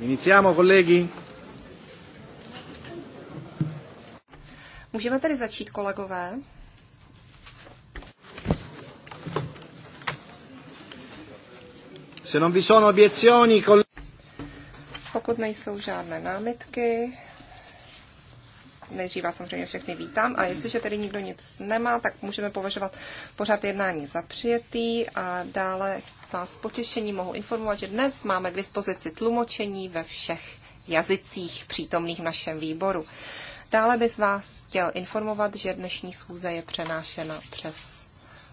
Iniciamo, kolegy. Můžeme tedy začít, kolegové. Se non vi sono obiezioni, kol... Pokud nejsou žádné námitky, nejdřív vás samozřejmě všechny vítám a jestliže tedy nikdo nic nemá, tak můžeme považovat pořád jednání za přijetý a dále vás potěšení mohu informovat, že dnes máme k dispozici tlumočení ve všech jazycích přítomných v našem výboru. Dále bych vás chtěl informovat, že dnešní schůze je přenášena přes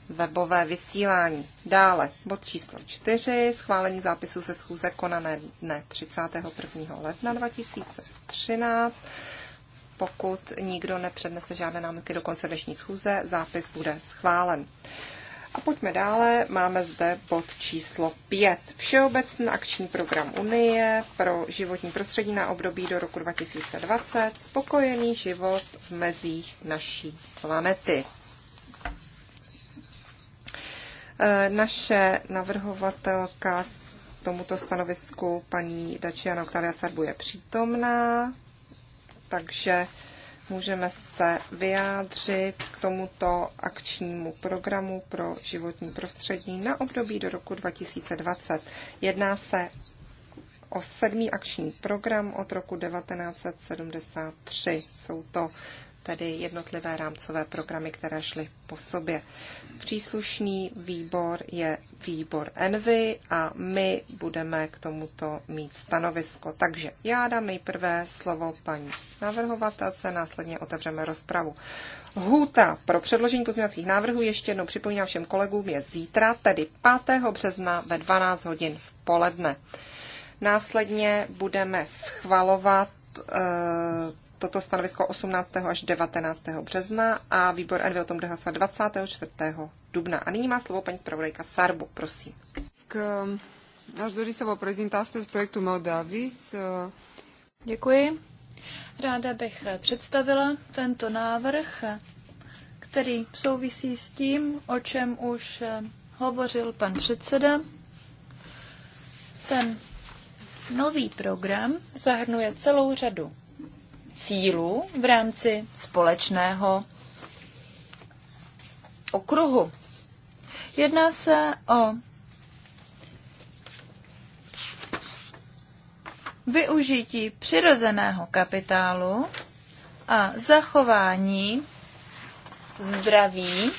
webové vysílání. Dále bod číslo 4, schválení zápisu ze schůze konané dne 31. ledna 2013. Pokud nikdo nepřednese žádné námitky do konce dnešní schůze, zápis bude schválen. A pojďme dále, máme zde bod číslo 5. Všeobecný akční program Unie pro životní prostředí na období do roku 2020, spokojený život v mezích naší planety. E, naše navrhovatelka z tomuto stanovisku paní Dačiana Octavia Sarbu je přítomná, takže můžeme se vyjádřit k tomuto akčnímu programu pro životní prostředí na období do roku 2020. Jedná se o sedmý akční program od roku 1973. Jsou to tedy jednotlivé rámcové programy, které šly po sobě. Příslušný výbor je výbor Envy a my budeme k tomuto mít stanovisko. Takže já dám nejprve slovo paní navrhovatelce, následně otevřeme rozpravu. Hůta pro předložení pozměňovacích návrhů, ještě jednou připomínám všem kolegům, je zítra, tedy 5. března ve 12 hodin v poledne. Následně budeme schvalovat e, toto stanovisko 18. až 19. března a výbor NV o tom bude hlasovat 24. dubna. A nyní má slovo paní zpravodajka Sarbu, prosím. K, až dori se vă prezint Děkuji. Ráda bych představila tento návrh, který souvisí s tím, o čem už eh, hovořil pan předseda. Ten nový program zahrnuje celou řadu cílů v rámci společného okruhu. Jedná se o využití přirozeného kapitálu a zachování zdraví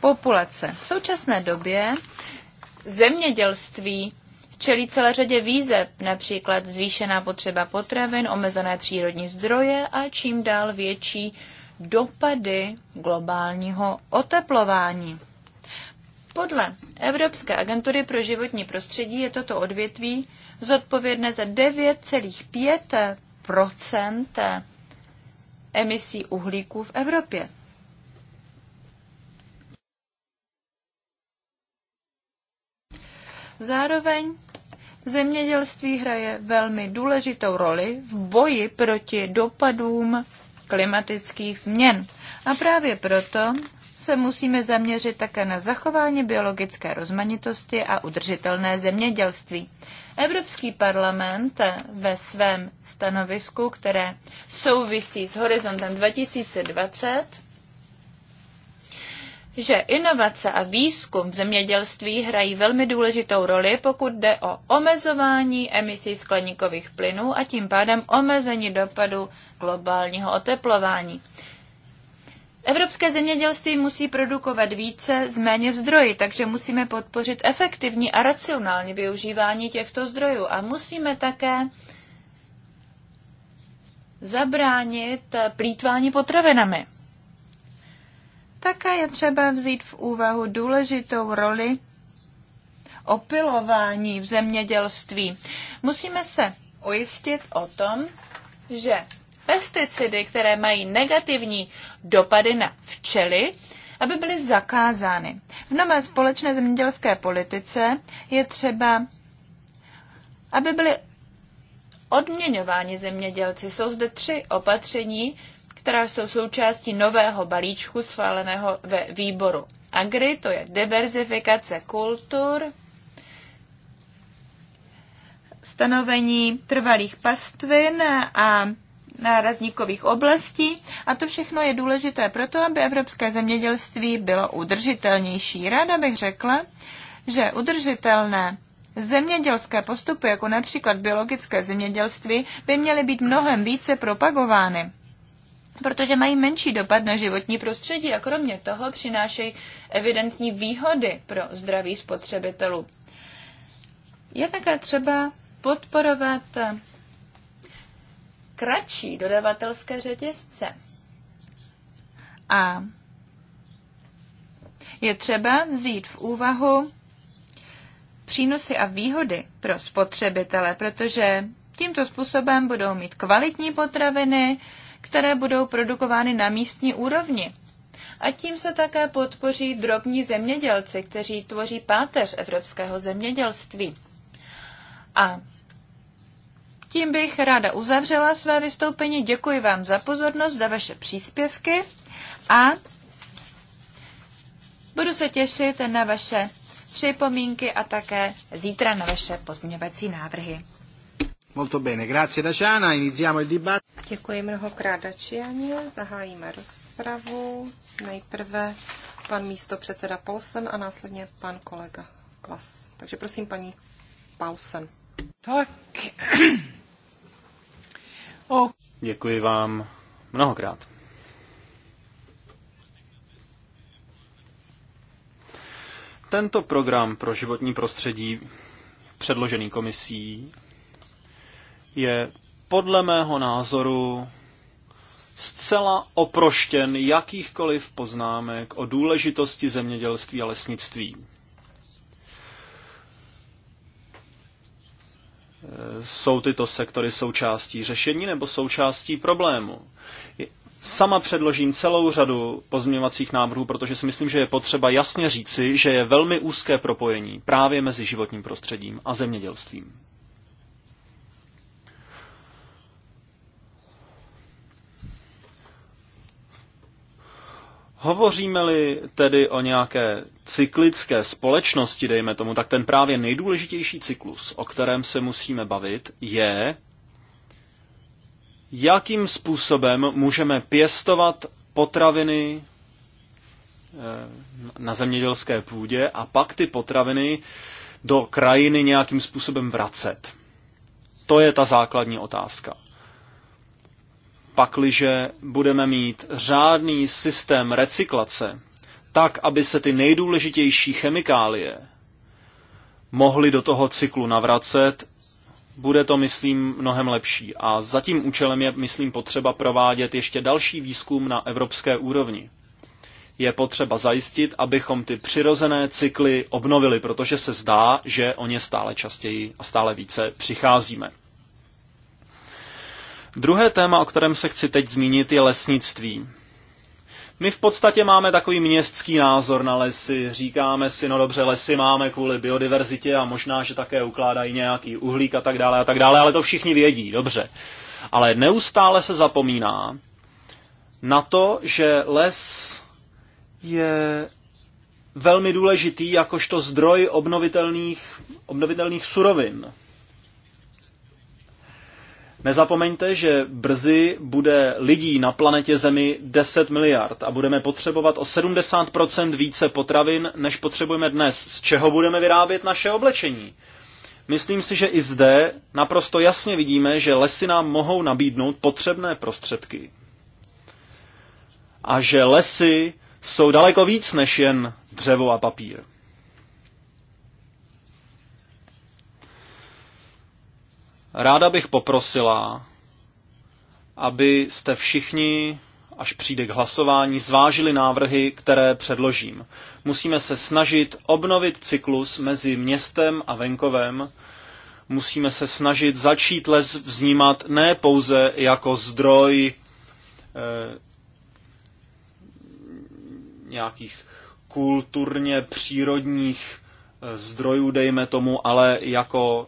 populace. V současné době zemědělství čelí celé řadě výzev, například zvýšená potřeba potravin, omezené přírodní zdroje a čím dál větší dopady globálního oteplování. Podle Evropské agentury pro životní prostředí je toto odvětví zodpovědné za 9,5 emisí uhlíků v Evropě. Zároveň Zemědělství hraje velmi důležitou roli v boji proti dopadům klimatických změn. A právě proto se musíme zaměřit také na zachování biologické rozmanitosti a udržitelné zemědělství. Evropský parlament ve svém stanovisku, které souvisí s horizontem 2020, že inovace a výzkum v zemědělství hrají velmi důležitou roli, pokud jde o omezování emisí skleníkových plynů a tím pádem omezení dopadu globálního oteplování. Evropské zemědělství musí produkovat více z méně zdroji, takže musíme podpořit efektivní a racionální využívání těchto zdrojů a musíme také zabránit plítvání potravinami. Také je třeba vzít v úvahu důležitou roli opilování v zemědělství. Musíme se ujistit o tom, že pesticidy, které mají negativní dopady na včely, aby byly zakázány. V nové společné zemědělské politice je třeba, aby byly odměňováni zemědělci. Jsou zde tři opatření, která jsou součástí nového balíčku schváleného ve výboru Agri, to je diverzifikace kultur, stanovení trvalých pastvin a nárazníkových oblastí a to všechno je důležité proto, aby evropské zemědělství bylo udržitelnější. Ráda bych řekla, že udržitelné zemědělské postupy, jako například biologické zemědělství, by měly být mnohem více propagovány protože mají menší dopad na životní prostředí a kromě toho přinášejí evidentní výhody pro zdraví spotřebitelů. Je také třeba podporovat kratší dodavatelské řetězce. A je třeba vzít v úvahu přínosy a výhody pro spotřebitele, protože tímto způsobem budou mít kvalitní potraviny, které budou produkovány na místní úrovni. A tím se také podpoří drobní zemědělci, kteří tvoří páteř evropského zemědělství. A tím bych ráda uzavřela své vystoupení. Děkuji vám za pozornost, za vaše příspěvky a budu se těšit na vaše připomínky a také zítra na vaše pozměňovací návrhy. Molto bene, grazie Daciana, iniziamo il dibattito. Děkuji mnohokrát Dačianě, zahájíme rozpravu. Nejprve pan místo předseda Paulsen a následně pan kolega Klas. Takže prosím paní Paulsen. Tak. o. Děkuji vám mnohokrát. Tento program pro životní prostředí předložený komisí je podle mého názoru zcela oproštěn jakýchkoliv poznámek o důležitosti zemědělství a lesnictví. Jsou tyto sektory součástí řešení nebo součástí problému? Sama předložím celou řadu pozměňovacích návrhů, protože si myslím, že je potřeba jasně říci, že je velmi úzké propojení právě mezi životním prostředím a zemědělstvím. Hovoříme-li tedy o nějaké cyklické společnosti, dejme tomu, tak ten právě nejdůležitější cyklus, o kterém se musíme bavit, je, jakým způsobem můžeme pěstovat potraviny eh, na zemědělské půdě a pak ty potraviny do krajiny nějakým způsobem vracet. To je ta základní otázka. Pakliže budeme mít řádný systém recyklace, tak, aby se ty nejdůležitější chemikálie mohly do toho cyklu navracet, bude to, myslím, mnohem lepší. A za tím účelem je, myslím, potřeba provádět ještě další výzkum na evropské úrovni. Je potřeba zajistit, abychom ty přirozené cykly obnovili, protože se zdá, že o ně stále častěji a stále více přicházíme. Druhé téma, o kterém se chci teď zmínit, je lesnictví. My v podstatě máme takový městský názor na lesy. Říkáme si, no dobře, lesy máme kvůli biodiverzitě a možná, že také ukládají nějaký uhlík a tak dále a tak dále, ale to všichni vědí, dobře. Ale neustále se zapomíná na to, že les je velmi důležitý jakožto zdroj obnovitelných, obnovitelných surovin. Nezapomeňte, že brzy bude lidí na planetě Zemi 10 miliard a budeme potřebovat o 70% více potravin, než potřebujeme dnes. Z čeho budeme vyrábět naše oblečení? Myslím si, že i zde naprosto jasně vidíme, že lesy nám mohou nabídnout potřebné prostředky. A že lesy jsou daleko víc než jen dřevo a papír. Ráda bych poprosila, abyste všichni, až přijde k hlasování, zvážili návrhy, které předložím. Musíme se snažit obnovit cyklus mezi městem a venkovem. Musíme se snažit začít les vznímat ne pouze jako zdroj eh, nějakých kulturně přírodních eh, zdrojů, dejme tomu, ale jako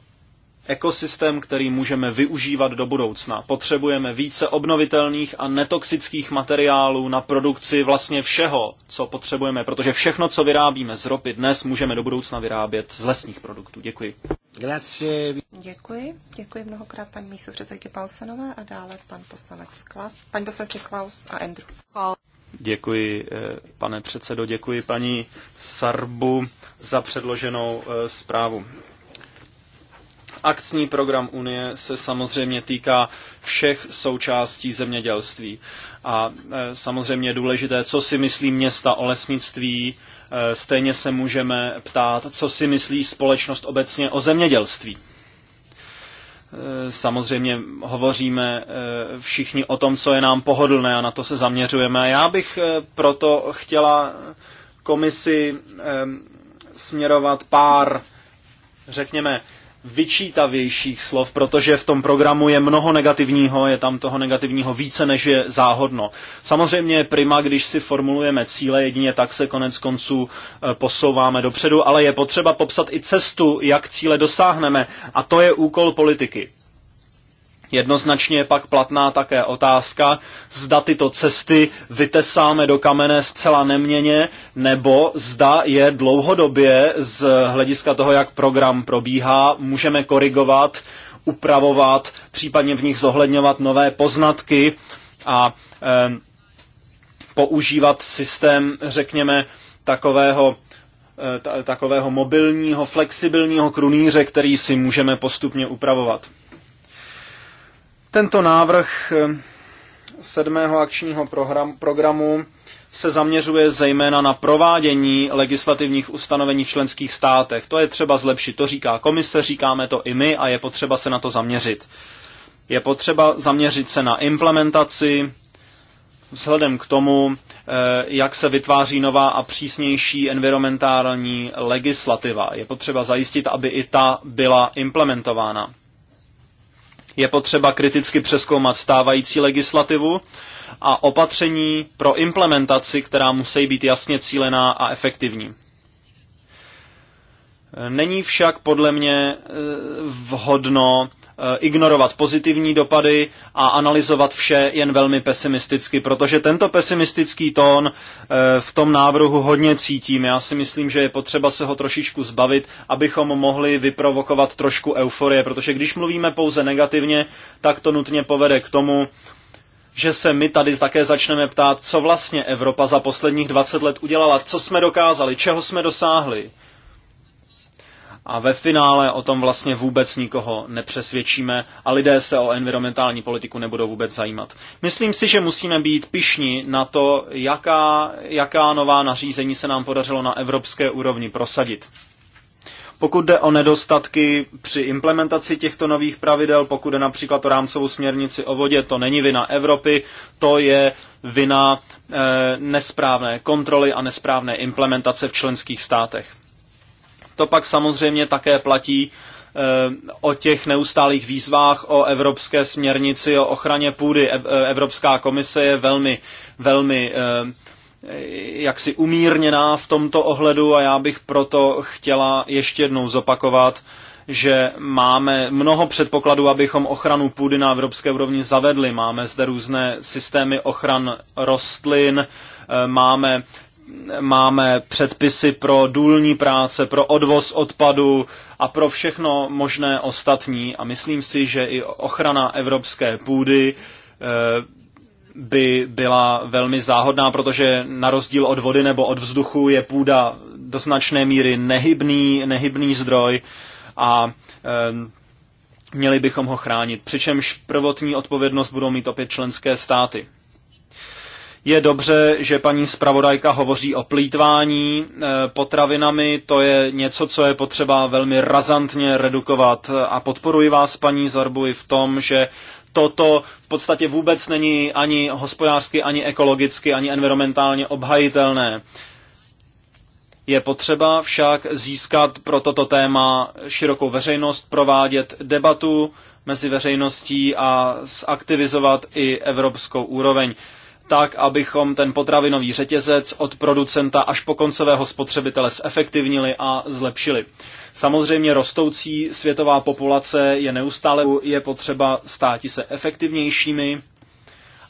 ekosystém, který můžeme využívat do budoucna. Potřebujeme více obnovitelných a netoxických materiálů na produkci vlastně všeho, co potřebujeme, protože všechno, co vyrábíme z ropy dnes, můžeme do budoucna vyrábět z lesních produktů. Děkuji. Grazie. Děkuji. Děkuji mnohokrát paní místo předsedky Palsenové a dále pan poslanec Klaus, paní poslanec Klaus a Andrew. Děkuji, eh, pane předsedo, děkuji paní Sarbu za předloženou eh, zprávu. Akční program Unie se samozřejmě týká všech součástí zemědělství. A e, samozřejmě je důležité, co si myslí města o lesnictví, e, stejně se můžeme ptát, co si myslí společnost obecně o zemědělství. E, samozřejmě hovoříme všichni o tom, co je nám pohodlné a na to se zaměřujeme. já bych proto chtěla komisi směrovat pár, řekněme, vyčítavějších slov, protože v tom programu je mnoho negativního, je tam toho negativního více, než je záhodno. Samozřejmě je prima, když si formulujeme cíle, jedině tak se konec konců e, posouváme dopředu, ale je potřeba popsat i cestu, jak cíle dosáhneme a to je úkol politiky. Jednoznačně je pak platná také otázka, zda tyto cesty vytesáme do kamene zcela neměně, nebo zda je dlouhodobě z hlediska toho, jak program probíhá, můžeme korigovat, upravovat, případně v nich zohledňovat nové poznatky a e, používat systém, řekněme, takového e, takového mobilního, flexibilního krunýře, který si můžeme postupně upravovat. Tento návrh eh, sedmého akčního programu se zaměřuje zejména na provádění legislativních ustanovení v členských státech. To je třeba zlepšit, to říká komise, říkáme to i my a je potřeba se na to zaměřit. Je potřeba zaměřit se na implementaci vzhledem k tomu, eh, jak se vytváří nová a přísnější environmentální legislativa. Je potřeba zajistit, aby i ta byla implementována. Je potřeba kriticky přeskoumat stávající legislativu a opatření pro implementaci, která musí být jasně cílená a efektivní. Není však podle mě eh, vhodno Eh, ignorovat pozitivní dopady a analyzovat vše jen velmi pesimisticky, protože tento pesimistický tón eh, v tom návrhu hodně cítím. Já si myslím, že je potřeba se ho trošičku zbavit, abychom mohli vyprovokovat trošku euforie, protože když mluvíme pouze negativně, tak to nutně povede k tomu, že se my tady také začneme ptát, co vlastně Evropa za posledních 20 let udělala, co jsme dokázali, čeho jsme dosáhli a ve finále o tom vlastně vůbec nikoho nepřesvědčíme a lidé se o environmentální politiku nebudou vůbec zajímat. Myslím si, že musíme být pišní na to, jaká, jaká nová nařízení se nám podařilo na evropské úrovni prosadit. Pokud jde o nedostatky při implementaci těchto nových pravidel, pokud jde například o rámcovou směrnici o vodě, to není vina Evropy, to je vina e, nesprávné kontroly a nesprávné implementace v členských státech. To pak samozřejmě také platí eh, o těch neustálých výzvách, o evropské směrnici, o ochraně půdy. E, eh, Evropská komise je velmi, velmi eh, jaksi umírněná v tomto ohledu a já bych proto chtěla ještě jednou zopakovat, že máme mnoho předpokladů, abychom ochranu půdy na evropské úrovni zavedli. Máme zde různé systémy ochran rostlin, máme máme předpisy pro důlní práce, pro odvoz odpadu a pro všechno možné ostatní. A myslím si, že i ochrana evropské půdy eh, by byla velmi záhodná, protože na rozdíl od vody nebo od vzduchu je půda do značné míry nehybný, nehybný zdroj a eh, měli bychom ho chránit. Přičemž prvotní odpovědnost budou mít opět členské státy. Je dobře, že paní zpravodajka hovoří o plítvání eh, potravinami, to je něco, co je potřeba velmi razantně redukovat a podporuji vás, paní Zarbuj, v tom, že toto v podstatě vůbec není ani hospodářsky, ani ekologicky, ani environmentálně obhajitelné. Je potřeba však získat pro toto téma širokou veřejnost, provádět debatu mezi veřejností a zaktivizovat i evropskou úroveň tak abychom ten potravinový řetězec od producenta až po koncového spotřebitele zefektivnili a zlepšili. Samozřejmě rostoucí světová populace je neustále, je potřeba státi se efektivnějšími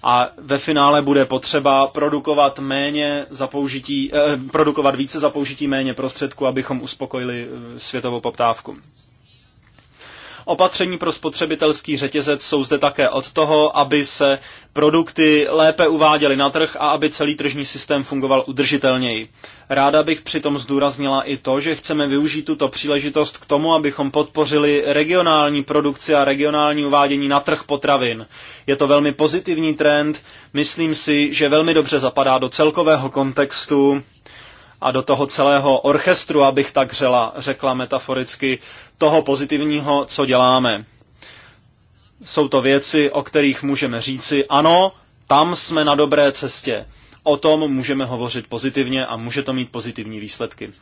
a ve finále bude potřeba produkovat méně za použití, eh, produkovat více za použití méně prostředků, abychom uspokojili eh, světovou poptávku. Opatření pro spotřebitelský řetězec jsou zde také od toho, aby se produkty lépe uváděly na trh a aby celý tržní systém fungoval udržitelněji. Ráda bych přitom zdůraznila i to, že chceme využít tuto příležitost k tomu, abychom podpořili regionální produkci a regionální uvádění na trh potravin. Je to velmi pozitivní trend, myslím si, že velmi dobře zapadá do celkového kontextu a do toho celého orchestru, abych tak řela, řekla metaforicky, toho pozitivního, co děláme. Jsou to věci, o kterých můžeme říci, ano, tam jsme na dobré cestě. O tom můžeme hovořit pozitivně a může to mít pozitivní výsledky.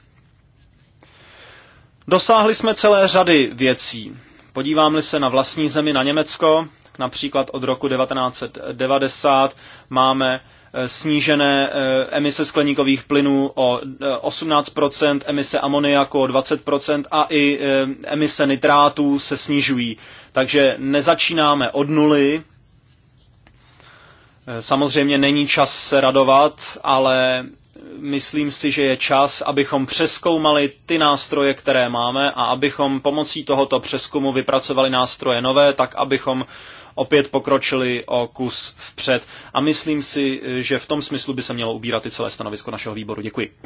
Dosáhli jsme celé řady věcí. Podíváme se na vlastní zemi, na Německo, například od roku 1990 máme Eh, snížené eh, emise skleníkových plynů o 18%, eh, emise amoniaku o 20% a i emise nitrátů se snižují. Takže nezačínáme od nuly. Samozřejmě není čas se radovat, ale myslím si, že je čas, abychom přeskoumali ty nástroje, které máme a abychom pomocí tohoto přeskumu vypracovali nástroje nové, tak abychom opět pokročili o kus vpřed. A myslím si, že v tom smyslu by se mělo ubírat i celé stanovisko našeho výboru. Děkuji.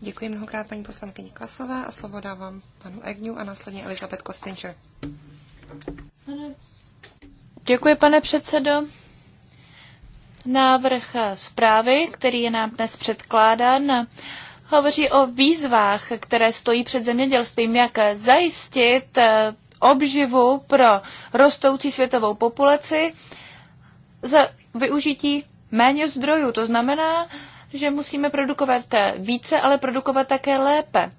Děkuji mnohokrát paní poslankyni Klasové a slovo dávám panu Egňu a následně Elizabeth Kostinger. Děkuji, pane předsedo. Návrh zprávy, který je nám dnes předkládán, hovoří o výzvách, které stojí před zemědělstvím, jak zajistit obživu pro rostoucí světovou populaci za využití méně zdrojů. To znamená, že musíme produkovat více, ale produkovat také lépe.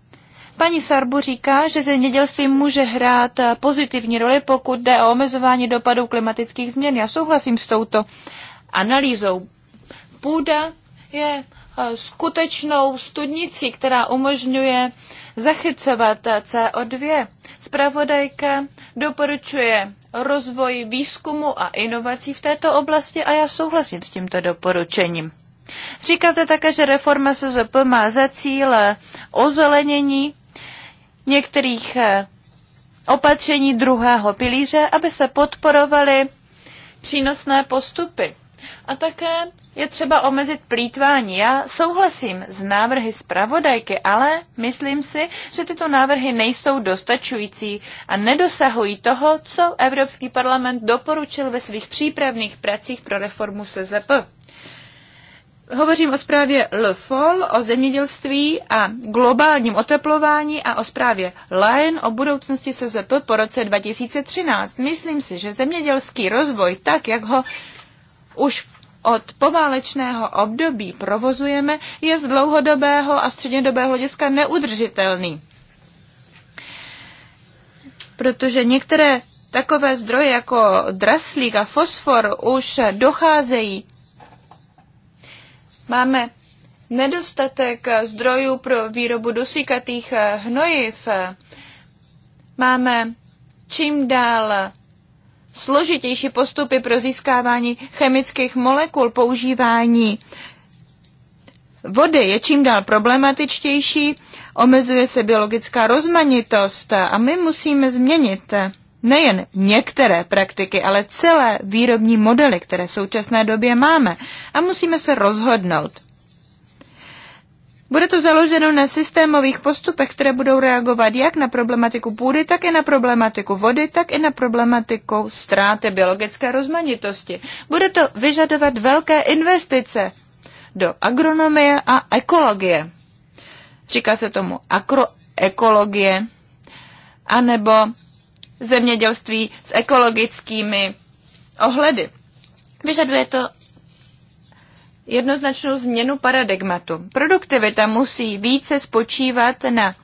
Paní Sarbu říká, že zemědělství může hrát pozitivní roli, pokud jde o omezování dopadů klimatických změn. Já souhlasím s touto analýzou. Půda je Eh, skutečnou studnicí, která umožňuje zachycovat CO2. Spravodajka doporučuje rozvoj výzkumu a inovací v této oblasti a já souhlasím s tímto doporučením. Říkáte také, že reforma SZP má za cíl eh, ozelenění některých eh, opatření druhého pilíře, aby se podporovaly přínosné postupy. A také je třeba omezit plítvání. Já souhlasím s návrhy zpravodajky, ale myslím si, že tyto návrhy nejsou dostačující a nedosahují toho, co Evropský parlament doporučil ve svých přípravných pracích pro reformu SZP. Hovořím o zprávě Le Fall, o zemědělství a globálním oteplování a o zprávě Lion o budoucnosti SZP po roce 2013. Myslím si, že zemědělský rozvoj, tak jak ho už od poválečného období provozujeme, je z dlouhodobého a střednědobého hlediska neudržitelný. Protože některé takové zdroje jako draslík a fosfor už docházejí. Máme nedostatek zdrojů pro výrobu dusíkatých hnojiv. Máme čím dál složitější postupy pro získávání chemických molekul, používání vody je čím dál problematičtější, omezuje se biologická rozmanitost a my musíme změnit nejen některé praktiky, ale celé výrobní modely, které v současné době máme. A musíme se rozhodnout, bude to založeno na systémových postupech, které budou reagovat jak na problematiku půdy, tak i na problematiku vody, tak i na problematiku ztráty biologické rozmanitosti. Bude to vyžadovat velké investice do agronomie a ekologie. Říká se tomu akroekologie, anebo zemědělství s ekologickými ohledy. Vyžaduje to jednoznačnou změnu paradigmatu. Produktivita musí více spočívat na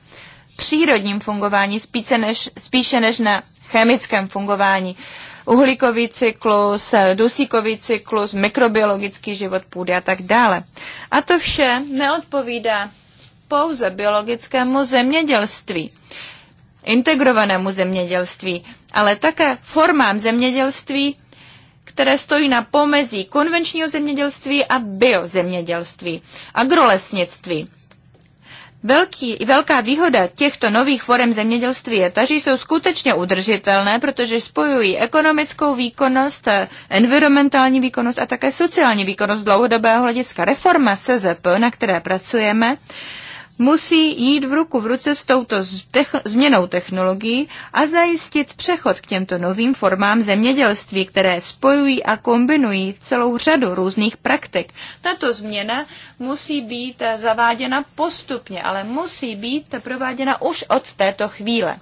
přírodním fungování spíše než, spíše než na chemickém fungování. Uhlíkový cyklus, dusíkový cyklus, mikrobiologický život půdy a tak dále. A to vše neodpovídá pouze biologickému zemědělství, integrovanému zemědělství, ale také formám zemědělství které stojí na pomezí konvenčního zemědělství a biozemědělství, agrolesnictví. Velký, velká výhoda těchto nových forem zemědělství je ta, že jsou skutečně udržitelné, protože spojují ekonomickou výkonnost, environmentální výkonnost a také sociální výkonnost dlouhodobého hlediska. Reforma SZP, na které pracujeme, uh, musí jít v ruku v ruce s touto změnou technologií a zajistit přechod k těmto novým formám zemědělství, které spojují a kombinují celou řadu různých praktik. Tato změna musí být eh, zaváděna postupně, ale musí být prováděna už od této chvíle.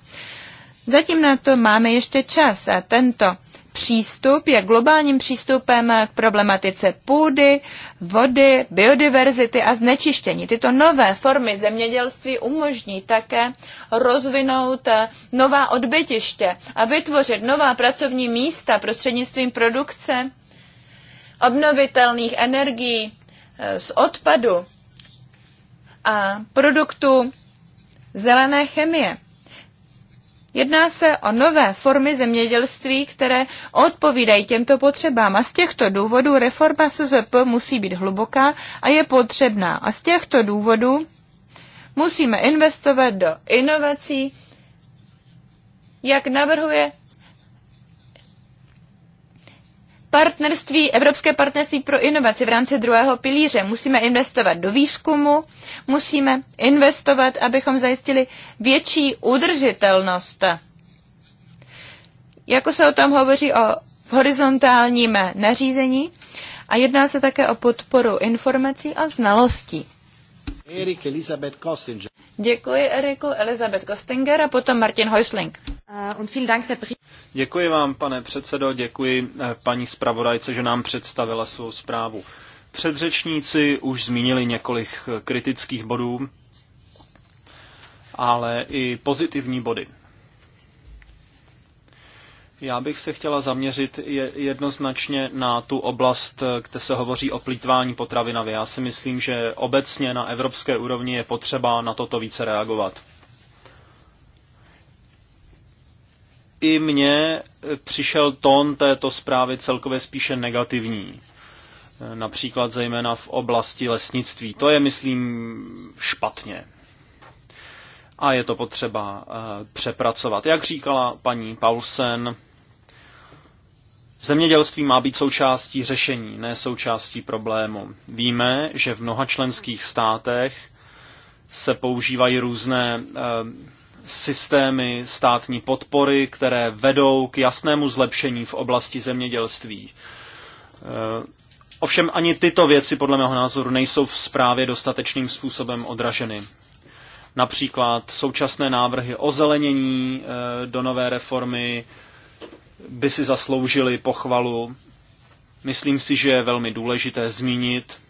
Zatím na to máme ještě čas a tento přístup je globálním přístupem k problematice půdy, vody, biodiverzity a znečištění. Tyto nové formy zemědělství umožní také rozvinout eh, nová odbytiště a vytvořit nová pracovní místa prostřednictvím produkce obnovitelných energií eh, z odpadu a produktů zelené chemie. Jedná se o nové formy zemědělství, které odpovídají těmto potřebám a z těchto důvodů reforma SZP musí být hluboká a je potřebná. A z těchto důvodů musíme investovat do inovací, jak navrhuje partnerství, Evropské partnerství pro inovaci v rámci druhého pilíře. Musíme investovat do výzkumu, musíme investovat, abychom zajistili větší udržitelnost. Jako se o tom hovoří o v horizontálním nařízení a jedná se také o podporu informací a znalostí. Erik Elisabeth Kostinger. Děkuji Eriku Elizabeth Kostinger a potom Martin Heusling. Eh, děkuji vám, pane předsedo, děkuji eh, paní zpravodajce, že nám představila svou zprávu. Předřečníci už zmínili několik eh, kritických bodů, ale i pozitivní body. Já bych se chtěla zaměřit jednoznačně na tu oblast, eh, kde se hovoří o plítvání potravinami. Já si myslím, že obecně na evropské úrovni je potřeba na toto více reagovat. I mně eh, přišel tón této zprávy celkově spíše negativní. Eh, například zejména v oblasti lesnictví. To je, myslím, špatně a je to potřeba přepracovat. Jak říkala paní Paulsen, Zemědělství má být součástí řešení, ne součástí problému. Víme, že v mnoha členských státech se používají různé e, systémy státní podpory, které vedou k jasnému zlepšení v oblasti zemědělství. E, Ovšem ani tyto věci podle mého názoru nejsou v zprávě dostatečným způsobem odraženy. Například současné návrhy o zelenění eh, do nové reformy, by si zasloužili pochvalu. Myslím si, že je velmi důležité zmínit,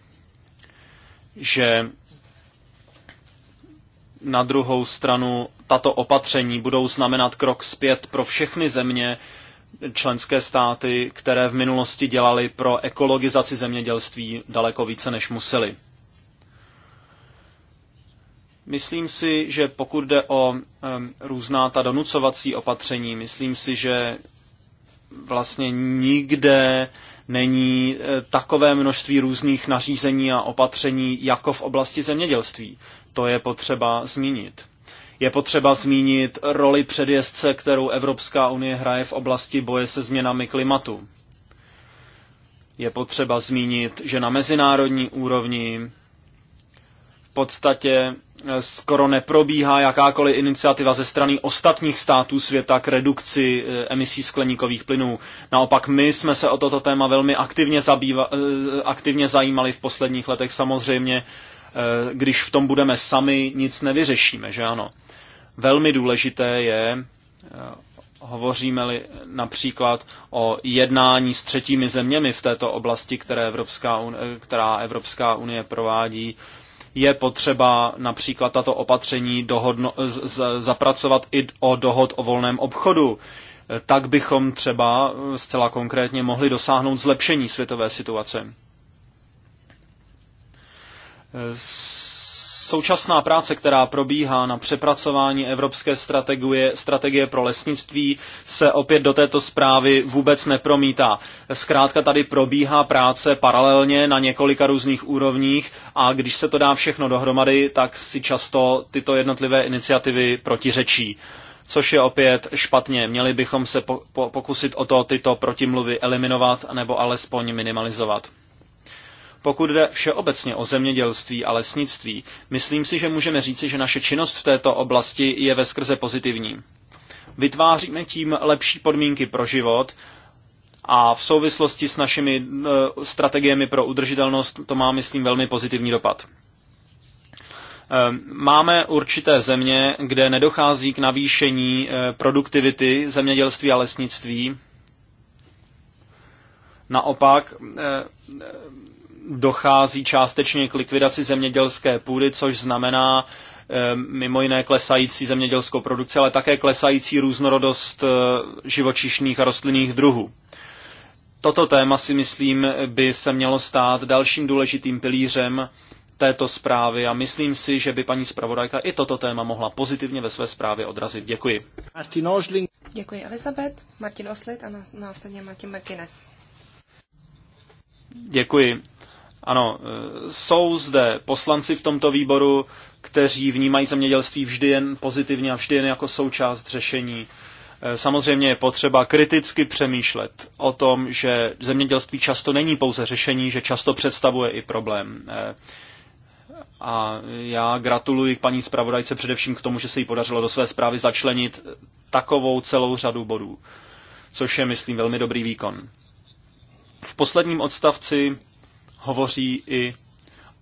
že na druhou stranu tato opatření budou znamenat krok zpět pro všechny země, členské státy, které v minulosti dělali pro ekologizaci zemědělství daleko více, než museli. Myslím si, že pokud jde o um, různá ta donucovací opatření, myslím si, že vlastně nikde není e, takové množství různých nařízení a opatření jako v oblasti zemědělství. To je potřeba zmínit. Je potřeba zmínit roli předjezdce, kterou Evropská unie hraje v oblasti boje se změnami klimatu. Je potřeba zmínit, že na mezinárodní úrovni v podstatě skoro neprobíhá jakákoliv iniciativa ze strany ostatních států světa k redukci e, emisí skleníkových plynů. Naopak my jsme se o toto téma velmi aktivně, zabýva, e, aktivně zajímali v posledních letech. Samozřejmě, e, když v tom budeme sami, nic nevyřešíme, že ano. Velmi důležité je, hovoříme-li například o jednání s třetími zeměmi v této oblasti, které Evropská, která Evropská unie provádí, je potřeba například tato opatření dohodno, z, z, zapracovat i o dohod o volném obchodu. Tak bychom třeba eh, zcela konkrétně mohli dosáhnout zlepšení světové situace. Eh, s současná práce, která probíhá na přepracování evropské strategie, strategie pro lesnictví, se opět do této zprávy vůbec nepromítá. Zkrátka tady probíhá práce paralelně na několika různých úrovních a když se to dá všechno dohromady, tak si často tyto jednotlivé iniciativy protiřečí což je opět špatně. Měli bychom se po, po, pokusit o to tyto protimluvy eliminovat nebo alespoň minimalizovat. Pokud jde všeobecně o zemědělství a lesnictví, myslím si, že můžeme říci, že naše činnost v této oblasti je ve skrze pozitivní. Vytváříme tím lepší podmínky pro život a v souvislosti s našimi e, strategiemi pro udržitelnost to má, myslím, velmi pozitivní dopad. E, máme určité země, kde nedochází k navýšení e, produktivity zemědělství a lesnictví. Naopak, dochází částečně k likvidaci zemědělské půdy, což znamená eh, mimo jiné klesající zemědělskou produkci, ale také klesající různorodost eh, živočišných a rostlinných druhů. Toto téma si myslím by se mělo stát dalším důležitým pilířem této zprávy a myslím si, že by paní zpravodajka i toto téma mohla pozitivně ve své zprávě odrazit. Děkuji. Martin Ožling. Děkuji Elizabet, Martin Oslit a následně Martin McInnes. Děkuji. Ano, e, jsou zde poslanci v tomto výboru, kteří vnímají zemědělství vždy jen pozitivně a vždy jen jako součást řešení. E, samozřejmě je potřeba kriticky přemýšlet o tom, že zemědělství často není pouze řešení, že často představuje i problém. E, a já gratuluji k paní zpravodajce především k tomu, že se jí podařilo do své zprávy začlenit takovou celou řadu bodů, což je, myslím, velmi dobrý výkon. V posledním odstavci hovoří i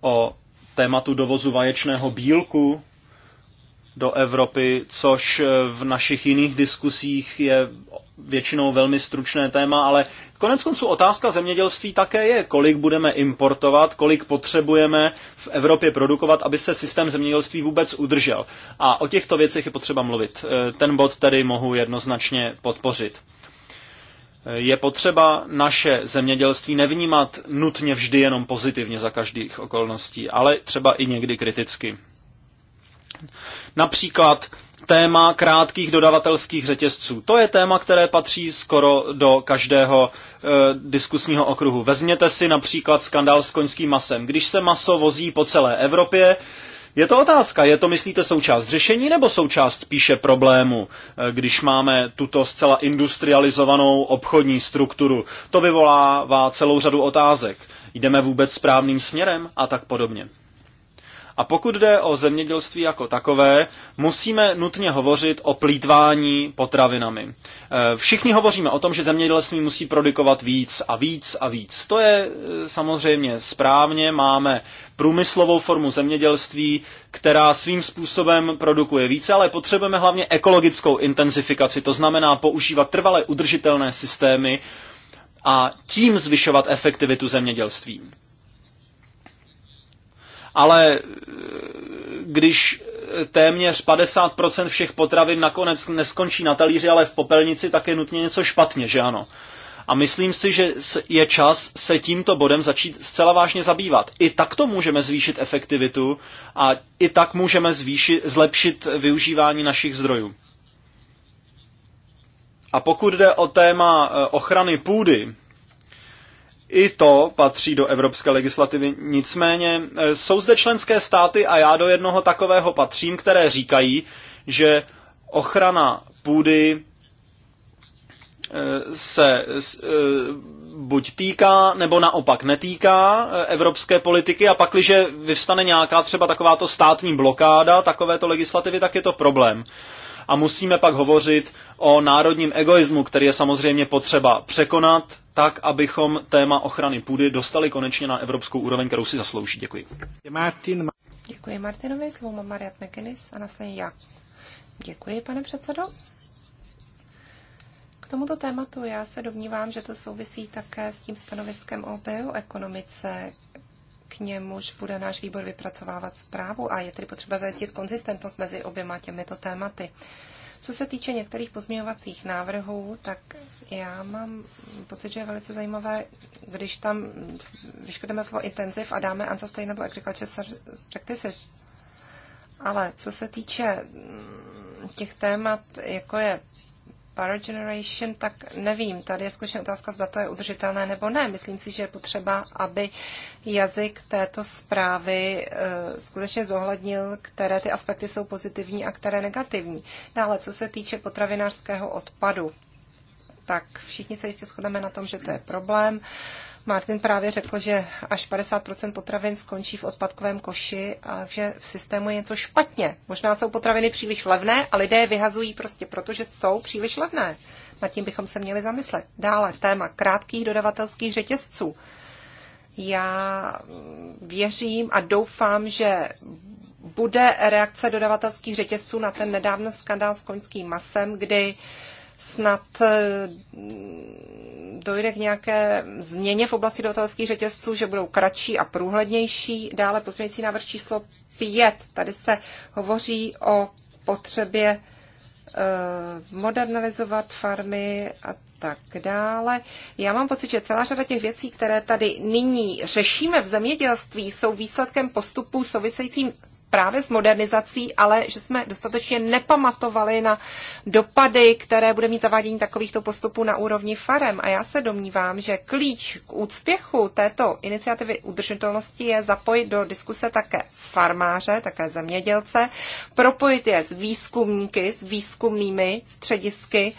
o tématu dovozu vaječného bílku do Evropy, což v našich jiných diskusích je většinou velmi stručné téma, ale konec konců otázka zemědělství také je, kolik budeme importovat, kolik potřebujeme v Evropě produkovat, aby se systém zemědělství vůbec udržel. A o těchto věcech je potřeba mluvit. E, ten bod tedy mohu jednoznačně podpořit je potřeba naše zemědělství nevnímat nutně vždy jenom pozitivně za každých okolností, ale třeba i někdy kriticky. Například téma krátkých dodavatelských řetězců. To je téma, které patří skoro do každého e, diskusního okruhu. Vezměte si například skandál s koňským masem. Když se maso vozí po celé Evropě, je to otázka, je to, myslíte, součást řešení nebo součást spíše problému, eh, když máme tuto zcela industrializovanou obchodní strukturu? To vyvolává celou řadu otázek. Jdeme vůbec správným směrem a tak podobně. A pokud jde o zemědělství jako takové, musíme nutně hovořit o plítvání potravinami. E, všichni hovoříme o tom, že zemědělství musí produkovat víc a víc a víc. To je e, samozřejmě správně. Máme průmyslovou formu zemědělství, která svým způsobem produkuje více, ale potřebujeme hlavně ekologickou intenzifikaci. To znamená používat trvale udržitelné systémy, a tím zvyšovat efektivitu zemědělství ale eh, když téměř 50% všech potravin nakonec neskončí na talíři, ale v popelnici, tak je nutně něco špatně, že ano? A myslím si, že je čas se tímto bodem začít zcela vážně zabývat. I tak to můžeme zvýšit efektivitu a i tak můžeme zvýšit, zlepšit využívání našich zdrojů. A pokud jde o téma eh, ochrany půdy, i to patří do evropské legislativy. Nicméně e, jsou zde členské státy a já do jednoho takového patřím, které říkají, že ochrana půdy e, se e, buď týká, nebo naopak netýká evropské politiky a pak, když vyvstane nějaká třeba takováto státní blokáda takovéto legislativy, tak je to problém. A musíme pak hovořit o národním egoismu, který je samozřejmě potřeba překonat, tak, abychom téma ochrany půdy dostali konečně na evropskou úroveň, kterou si zaslouží. Děkuji. Martin. Děkuji Martinovi, slovo má Mariat Mekenis a následně já. Děkuji, pane předsedo. K tomuto tématu já se domnívám, že to souvisí také s tím stanoviskem o bioekonomice, k němuž bude náš výbor vypracovávat zprávu a je tedy potřeba zajistit konzistentnost mezi oběma těmito tématy. Co se týče některých pozměňovacích návrhů, tak já mám pocit, že je velice zajímavé, když tam vyškrtneme slovo intenziv a dáme unsustainable agriculture practices. Ale co se týče mm, těch témat, jako je Power Generation, tak nevím. Tady je skutečně otázka, zda to je udržitelné nebo ne. Myslím si, že je potřeba, aby jazyk této zprávy eh, skutečně zohlednil, které ty aspekty jsou pozitivní a které negativní. Dále, co se týče potravinářského odpadu, tak všichni se jistě shodneme na tom, že to je problém. Uh, Martin právě řekl, že až 50% potravin skončí v odpadkovém koši a že v systému je něco špatně. Možná jsou potraviny příliš levné a lidé je vyhazují prostě proto, že jsou příliš levné. Nad tím bychom se měli zamyslet. Dále téma krátkých dodavatelských řetězců. Já věřím a doufám, že bude reakce dodavatelských řetězců na ten nedávný skandál s koňským masem, kdy uh, snad eh, dojde k nějaké změně v oblasti dodatelských řetězců, že budou kratší a průhlednější. Dále pozměňující návrh číslo 5. Tady se hovoří o potřebě eh, modernizovat farmy a tak dále. Já mám pocit, že celá řada těch věcí, které tady nyní řešíme v zemědělství, jsou výsledkem postupů souvisejícím právě s modernizací, ale že jsme dostatečně nepamatovali na dopady, které bude mít zavádění takovýchto postupů na úrovni farem. A já se domnívám, že klíč k úspěchu této iniciativy udržitelnosti je zapojit do diskuse také farmáře, také zemědělce, propojit je s výzkumníky, s výzkumnými středisky,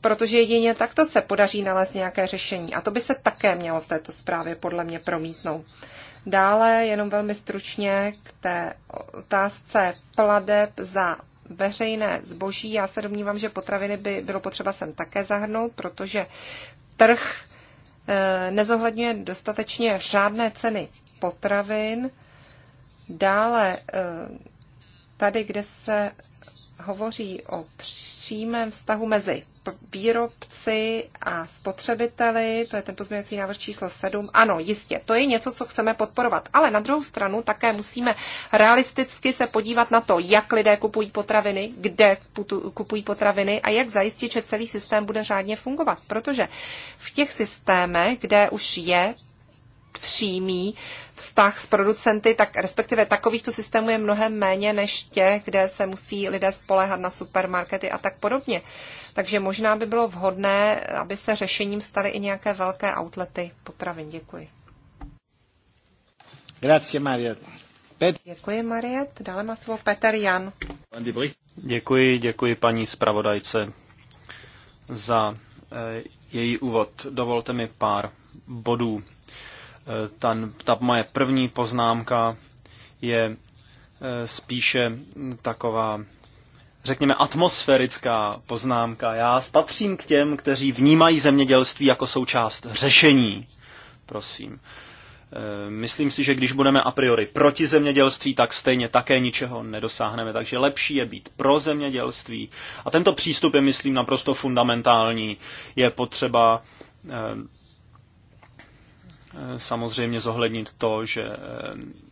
protože jedině takto se podaří nalézt nějaké řešení. A to by se také mělo v této zprávě podle mě promítnout. Dále jenom velmi stručně k té otázce pladeb za veřejné zboží. Já se domnívám, že potraviny by bylo potřeba sem také zahrnout, protože trh eh, nezohledňuje dostatečně řádné ceny potravin. Dále eh, tady, kde se hovoří o přímém vztahu mezi výrobci a spotřebiteli, to je ten pozměňovací návrh číslo 7. Ano, jistě, to je něco, co chceme podporovat, ale na druhou stranu také musíme realisticky se podívat na to, jak lidé kupují potraviny, kde kupují potraviny a jak zajistit, že celý systém bude řádně fungovat. Protože v těch systémech, kde už je přímý vztah s producenty, tak respektive takovýchto systémů je mnohem méně než těch, kde se musí lidé spolehat na supermarkety a tak podobně. Takže možná by bylo vhodné, aby se řešením staly i nějaké velké outlety potravin. Děkuji. Grazie, Mariet. Pet... Děkuji, Mariet. Dále má slovo Petr Jan. Děkuji, děkuji paní zpravodajce za eh, její úvod. Dovolte mi pár bodů ta, ta moje první poznámka je e, spíše taková, řekněme, atmosférická poznámka. Já spatřím k těm, kteří vnímají zemědělství jako součást řešení. Prosím. E, myslím si, že když budeme a priori proti zemědělství, tak stejně také ničeho nedosáhneme. Takže lepší je být pro zemědělství. A tento přístup je, myslím, naprosto fundamentální. Je potřeba e, samozřejmě zohlednit to, že eh,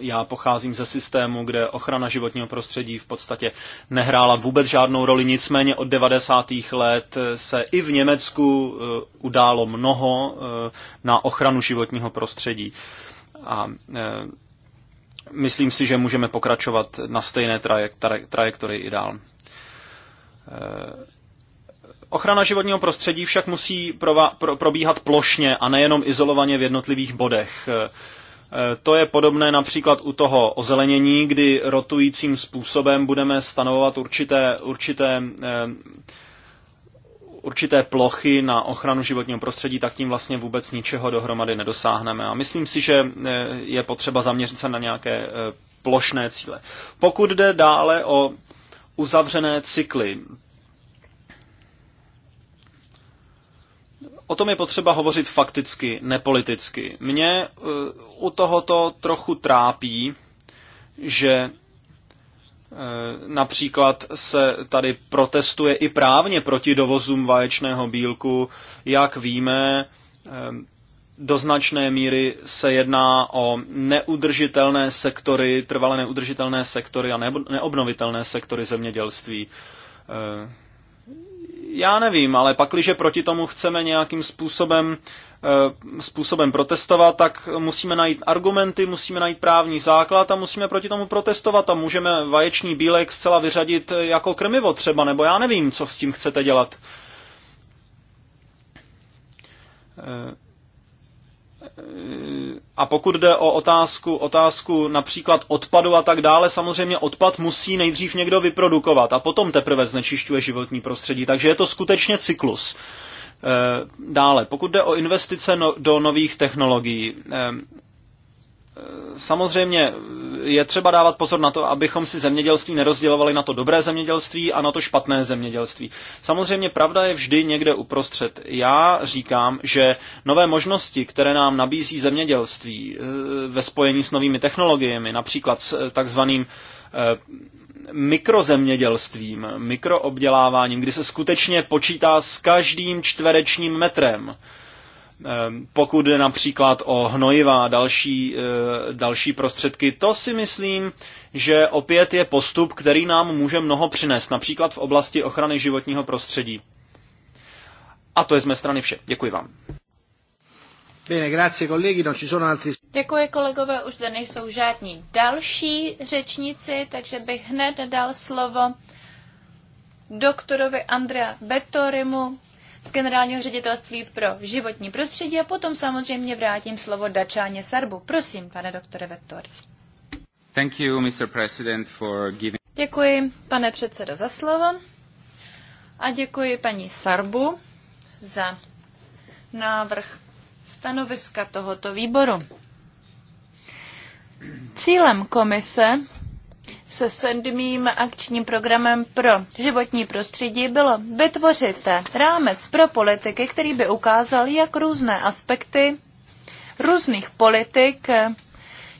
já pocházím ze systému, kde ochrana životního prostředí v podstatě nehrála vůbec žádnou roli, nicméně od 90. let se i v Německu eh, událo mnoho eh, na ochranu životního prostředí. A myslím si, že můžeme pokračovat na stejné trajektory i dál. Ochrana životního prostředí však musí probíhat plošně a nejenom izolovaně v jednotlivých bodech. E, to je podobné například u toho ozelenění, kdy rotujícím způsobem budeme stanovovat určité, určité, e, určité plochy na ochranu životního prostředí, tak tím vlastně vůbec ničeho dohromady nedosáhneme. A myslím si, že e, je potřeba zaměřit se na nějaké plošné cíle. Pokud jde dále o uzavřené cykly, O tom je potřeba hovořit fakticky, nepoliticky. Mě eh, u tohoto trochu trápí, že eh, Například se tady protestuje i právně proti dovozům vaječného bílku. Jak víme, eh, do značné míry se jedná o neudržitelné sektory, trvale neudržitelné sektory a neobnovitelné sektory zemědělství já nevím, ale pakliže proti tomu chceme nějakým způsobem, eh, způsobem protestovat, tak musíme najít argumenty, musíme najít právní základ a musíme proti tomu protestovat a můžeme vaječný bílek zcela vyřadit jako krmivo třeba, nebo já nevím, co s tím chcete dělat. Eh, a pokud jde o otázku, otázku například odpadu a tak dále, samozřejmě odpad musí nejdřív někdo vyprodukovat a potom teprve znečišťuje životní prostředí. Takže je to skutečně cyklus. Eh, dále, pokud jde o investice no, do nových technologií, eh, Samozřejmě je třeba dávat pozor na to, abychom si zemědělství nerozdělovali na to dobré zemědělství a na to špatné zemědělství. Samozřejmě pravda je vždy někde uprostřed. Já říkám, že nové možnosti, které nám nabízí zemědělství eh, ve spojení s novými technologiemi, například s eh, takzvaným eh, mikrozemědělstvím, mikroobděláváním, kdy se skutečně počítá s každým čtverečním metrem, Ehm, pokud jde například o hnojiva a další, eh, další prostředky, to si myslím, že opět je postup, který nám může mnoho přinést, například v oblasti ochrany životního prostředí. A to je z mé strany vše. Děkuji vám. Děkuji kolegové, už zde nejsou žádní další řečníci, takže bych hned dal slovo doktorovi Andrea Betorimu z Generálního ředitelství pro životní prostředí a potom samozřejmě vrátím slovo Dačáně Sarbu. Prosím, pane doktore Vettori. Thank you, Mr. President, for giving... Děkuji, pane předsedo, za slovo. A děkuji paní Sarbu za návrh stanoviska tohoto výboru. Cílem komise se sedmým akčním programem pro životní prostředí bylo vytvořit rámec pro politiky, který by ukázal, jak různé aspekty různých politik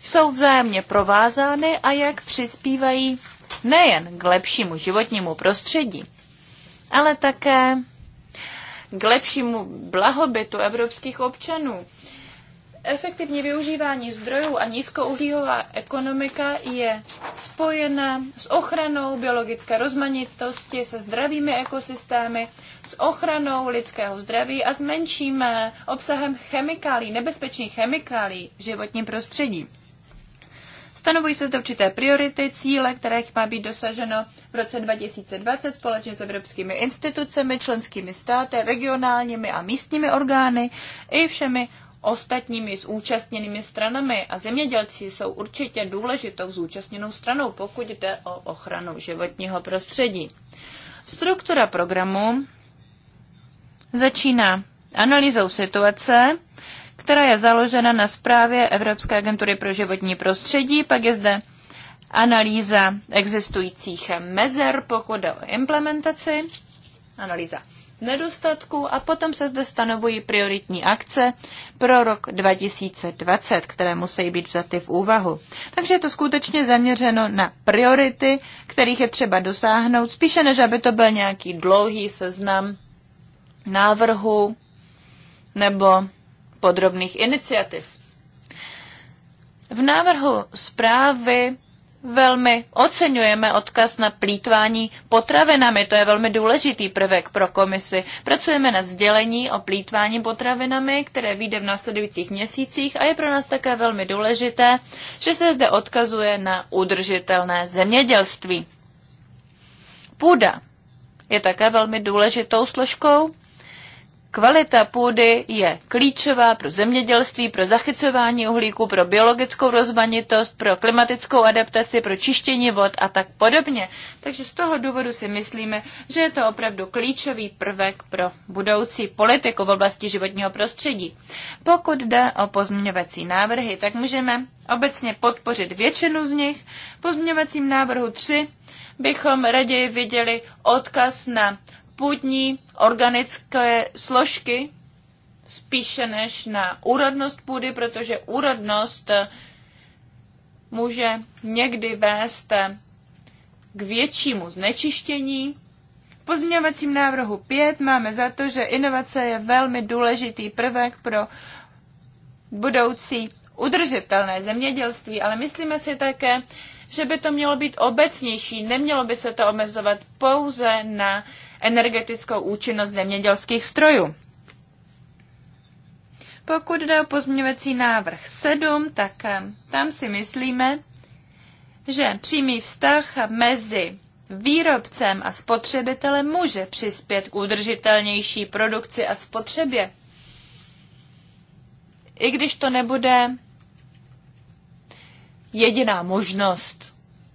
jsou vzájemně provázány a jak přispívají nejen k lepšímu životnímu prostředí, ale také k lepšímu blahobytu evropských občanů efektivní využívání zdrojů a nízkouhlíková ekonomika je spojena s ochranou biologické rozmanitosti, se zdravými ekosystémy, s ochranou lidského zdraví a s menším eh, obsahem chemikálí, nebezpečných chemikálí v životním prostředí. Stanovují se zde určité priority, cíle, které má být dosaženo v roce 2020 společně s evropskými institucemi, členskými státy, regionálními a místními orgány i všemi ostatními zúčastněnými stranami a zemědělci jsou určitě důležitou zúčastněnou stranou, pokud jde o ochranu životního prostředí. Struktura programu začíná analýzou situace, která je založena na zprávě Evropské agentury pro životní prostředí, pak je zde analýza existujících mezer, pokud jde o implementaci, analýza nedostatků a potom se zde stanovují prioritní akce pro rok 2020, které musí být vzaty v úvahu. Takže je to skutečně zaměřeno na priority, kterých je třeba dosáhnout, spíše než aby to byl nějaký dlouhý seznam návrhu nebo podrobných iniciativ. V návrhu zprávy velmi oceňujeme odkaz na plítvání potravinami. To je velmi důležitý prvek pro komisi. Pracujeme na sdělení o plítvání potravinami, které vyjde v následujících měsících a je pro nás také velmi důležité, že se zde odkazuje na udržitelné zemědělství. Půda je také velmi důležitou složkou Kvalita půdy je klíčová pro zemědělství, pro zachycování uhlíku, pro biologickou rozmanitost, pro klimatickou adaptaci, pro čištění vod a tak podobně. Takže z toho důvodu si myslíme, že je to opravdu klíčový prvek pro budoucí politiku v oblasti životního prostředí. Pokud jde o pozměňovací návrhy, tak můžeme obecně podpořit většinu z nich. Pozměňovacím návrhu 3 bychom raději viděli odkaz na půdní organické složky spíše než na úrodnost půdy, protože úrodnost eh, může někdy vést eh, k většímu znečištění. V pozměňovacím návrhu 5 máme za to, že inovace je velmi důležitý prvek pro budoucí udržitelné zemědělství, ale myslíme si také, že by to mělo být obecnější, nemělo by se to omezovat pouze na energetickou účinnost zemědělských strojů. Pokud jde o pozměňovací návrh 7, tak eh, tam si myslíme, že přímý vztah mezi výrobcem a spotřebitelem může přispět k udržitelnější produkci a spotřebě. I když to nebude jediná možnost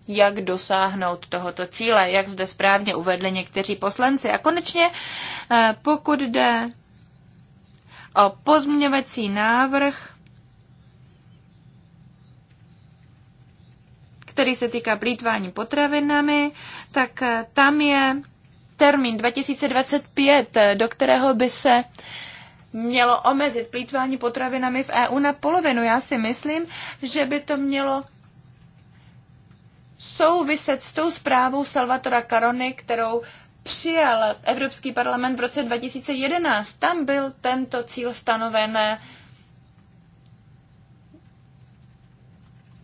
jak dosáhnout tohoto cíle, jak zde správně uvedli někteří poslanci. A konečně, eh, pokud jde o pozměňovací návrh, který se týká plítvání potravinami, tak eh, tam je termín 2025, eh, do kterého by se mělo omezit plítvání potravinami v EU na polovinu. Já si myslím, že by to mělo souviset s tou zprávou Salvatora Carony, kterou přijal Evropský parlament v roce 2011. Tam byl tento cíl stanoven eh,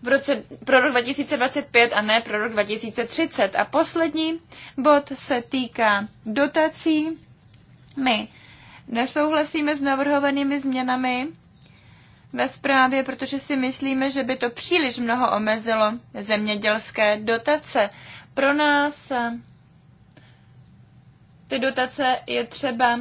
v roce, pro rok 2025 a ne pro rok 2030. A poslední bod se týká dotací. My nesouhlasíme s navrhovanými změnami ve zprávě, protože si myslíme, že by to příliš mnoho omezilo zemědělské dotace. Pro nás eh, ty dotace je třeba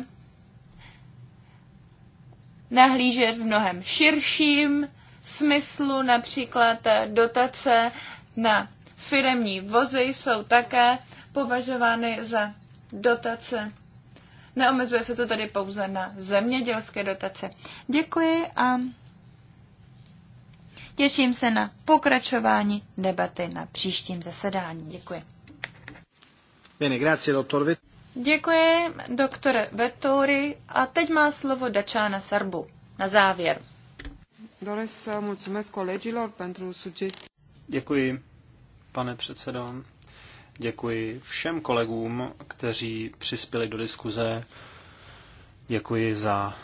nahlížet v mnohem širším smyslu, například eh, dotace na firemní vozy jsou také považovány za dotace. Neomezuje se to tady pouze na zemědělské dotace. Děkuji a Těším se na pokračování debaty na příštím zasedání. Děkuji. Bene, grazie, doktor Děkuji, doktore Vettori. A teď má slovo Dačána Sarbu. Na závěr. Děkuji, pane předsedo. Děkuji všem kolegům, kteří přispěli do diskuze. Děkuji za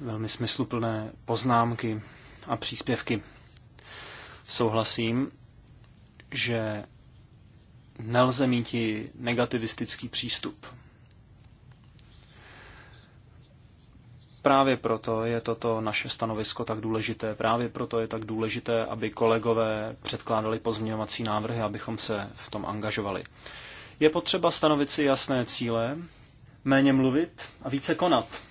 velmi smysluplné poznámky a příspěvky souhlasím, že nelze mít i negativistický přístup. Právě proto je toto naše stanovisko tak důležité, právě proto je tak důležité, aby kolegové předkládali pozměňovací návrhy, abychom se v tom angažovali. Je potřeba stanovit si jasné cíle, méně mluvit a více konat.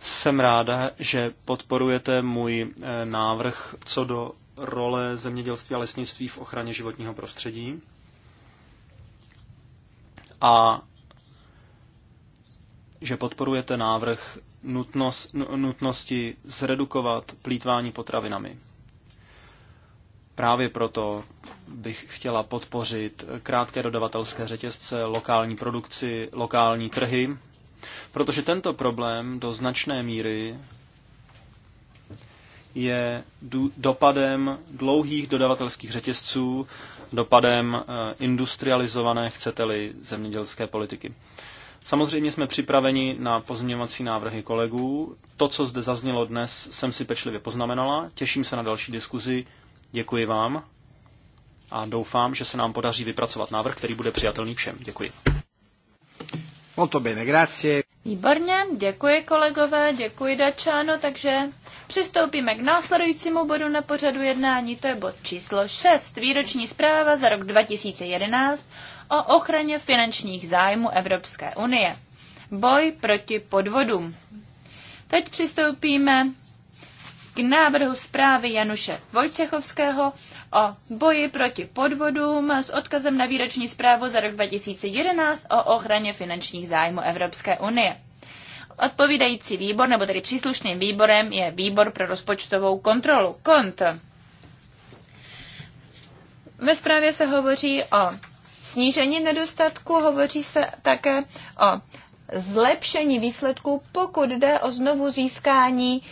Jsem ráda, že podporujete můj eh, návrh co do role zemědělství a lesnictví v ochraně životního prostředí. A že podporujete návrh nutnost, nutnosti zredukovat plítvání potravinami. Právě proto bych chtěla podpořit krátké dodavatelské řetězce, lokální produkci, lokální trhy Protože tento problém do značné míry je dopadem dlouhých dodavatelských řetězců, dopadem eh, industrializované, chcete-li, zemědělské politiky. Samozřejmě jsme připraveni na pozměňovací návrhy kolegů. To, co zde zaznělo dnes, jsem si pečlivě poznamenala. Těším se na další diskuzi. Děkuji vám a doufám, že se nám podaří vypracovat návrh, který bude přijatelný všem. Děkuji. Molto bene, grazie. Výborně, děkuji kolegové, děkuji Dačáno, takže přistoupíme k následujícímu bodu na pořadu jednání, to je bod číslo 6, výroční zpráva za rok 2011 o ochraně finančních zájmů Evropské unie. Boj proti podvodům. Teď přistoupíme k návrhu zprávy Januše Vojcechovského o boji proti podvodům s odkazem na výroční zprávu za rok 2011 o ochraně finančních zájmů Evropské unie. Odpovídající výbor, nebo tedy příslušným výborem, je výbor pro rozpočtovou kontrolu, KONT. Ve zprávě se hovoří o snížení nedostatku, hovoří se také o zlepšení výsledků, pokud jde o znovu získání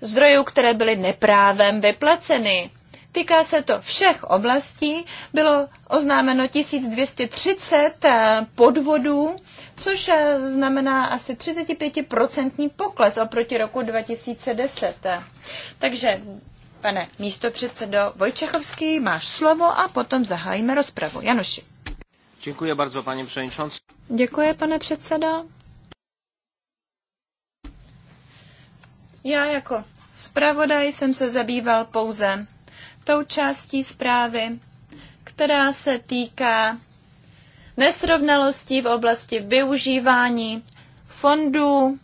zdrojů, které byly neprávem vyplaceny. Týká se to všech oblastí. Bylo oznámeno 1230 eh, podvodů, což eh, znamená asi 35% pokles oproti roku 2010. Takže, pane předsedo Vojčechovský, máš slovo a potom zahájíme rozpravu. Januši. Děkuji bardzo, paní předsedo. Děkuji, pane předsedo. Já jako zpravodaj jsem se zabýval pouze tou částí zprávy, která se týká nesrovnalostí v oblasti využívání fondů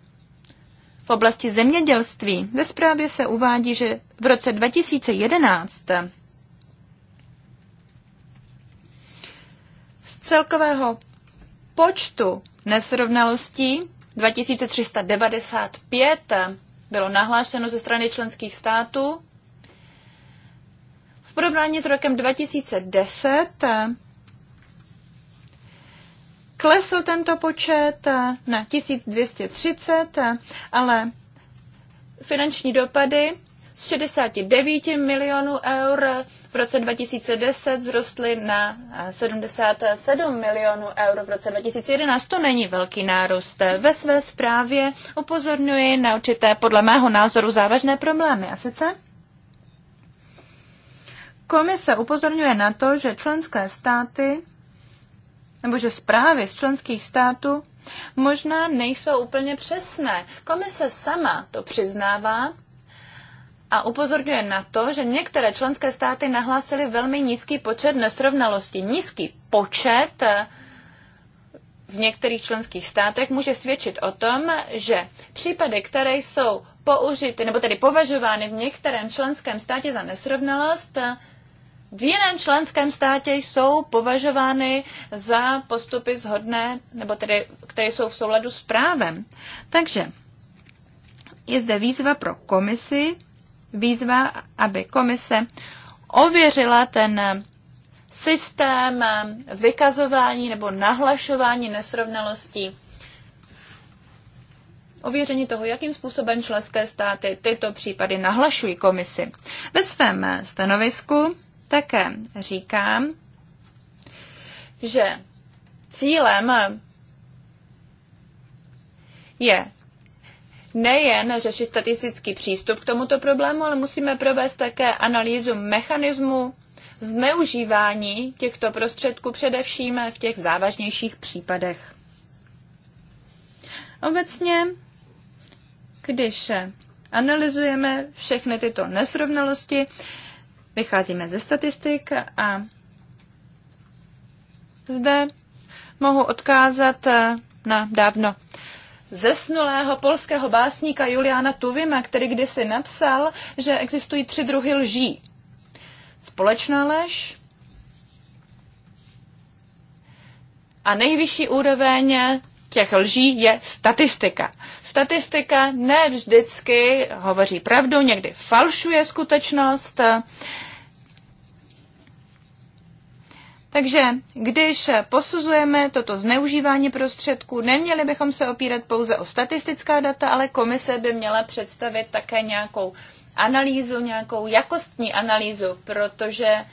v oblasti zemědělství. Ve zprávě se uvádí, že v roce 2011 z celkového počtu nesrovnalostí 2395 bylo nahlášeno ze strany členských států. V porovnání s rokem 2010 eh, klesl tento počet eh, na 1230, eh, ale finanční dopady z 69 milionů eur v roce 2010 vzrostly na 77 milionů eur v roce 2011. To není velký nárůst. Ve své zprávě upozorňuji na určité, podle mého názoru, závažné problémy. A sice? Komise upozorňuje na to, že členské státy nebo že zprávy z členských států možná nejsou úplně přesné. Komise sama to přiznává, a upozorňuje na to, že některé členské státy nahlásily velmi nízký počet nesrovnalostí. Nízký počet eh, v některých členských státech může svědčit o tom, že případy, které jsou použity nebo tedy považovány v některém členském státě za nesrovnalost, eh, v jiném členském státě jsou považovány za postupy zhodné, nebo tedy, které jsou v souladu s právem. Takže je zde výzva pro komisi, výzva, aby komise ověřila ten systém vykazování nebo nahlašování nesrovnalostí. Ověření toho, jakým způsobem členské státy tyto případy nahlašují komisi. Ve svém stanovisku také říkám, že cílem je nejen řešit statistický přístup k tomuto problému, ale musíme provést také analýzu mechanismu zneužívání těchto prostředků, především v těch závažnějších případech. Obecně, když analyzujeme všechny tyto nesrovnalosti, vycházíme ze statistik a zde mohu odkázat na dávno zesnulého polského básníka Juliana Tuvima, který kdysi napsal, že existují tři druhy lží. Společná lež a nejvyšší úroveň těch lží je statistika. Statistika ne vždycky hovoří pravdu, někdy falšuje skutečnost. Takže když posuzujeme toto zneužívání prostředků, neměli bychom se opírat pouze o statistická data, ale komise by měla představit také nějakou analýzu, nějakou jakostní analýzu, protože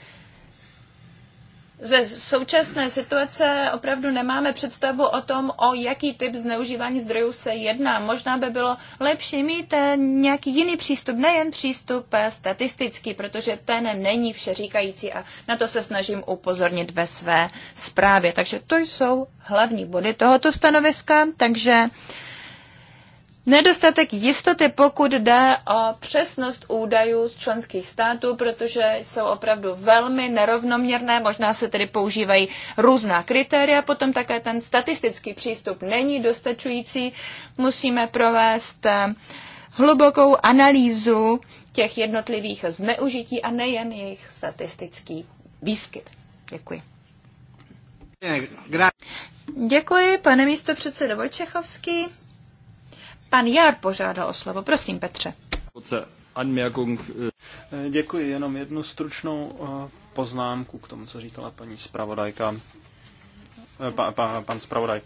ze současné situace opravdu nemáme představu o tom, o jaký typ zneužívání zdrojů se jedná. Možná by bylo lepší mít eh, nějaký jiný přístup, nejen přístup eh, statistický, protože ten není všeříkající a na to se snažím upozornit ve své zprávě. Takže to jsou hlavní body tohoto stanoviska, takže nedostatek jistoty, pokud jde o přesnost údajů z členských států, protože jsou opravdu velmi nerovnoměrné, možná se tedy používají různá kritéria, potom také ten statistický přístup není dostačující, musíme provést eh, hlubokou analýzu těch jednotlivých zneužití a nejen jejich statistický výskyt. Děkuji. Děkuji, pane místo předsedo Vojčechovský. Pan Jár požádal o slovo. Prosím, Petře. Eh, Děkuji, jenom jednu stručnou eh, poznámku k tomu, co říkala paní zpravodajka, eh, pa, pa, pan zpravodaj.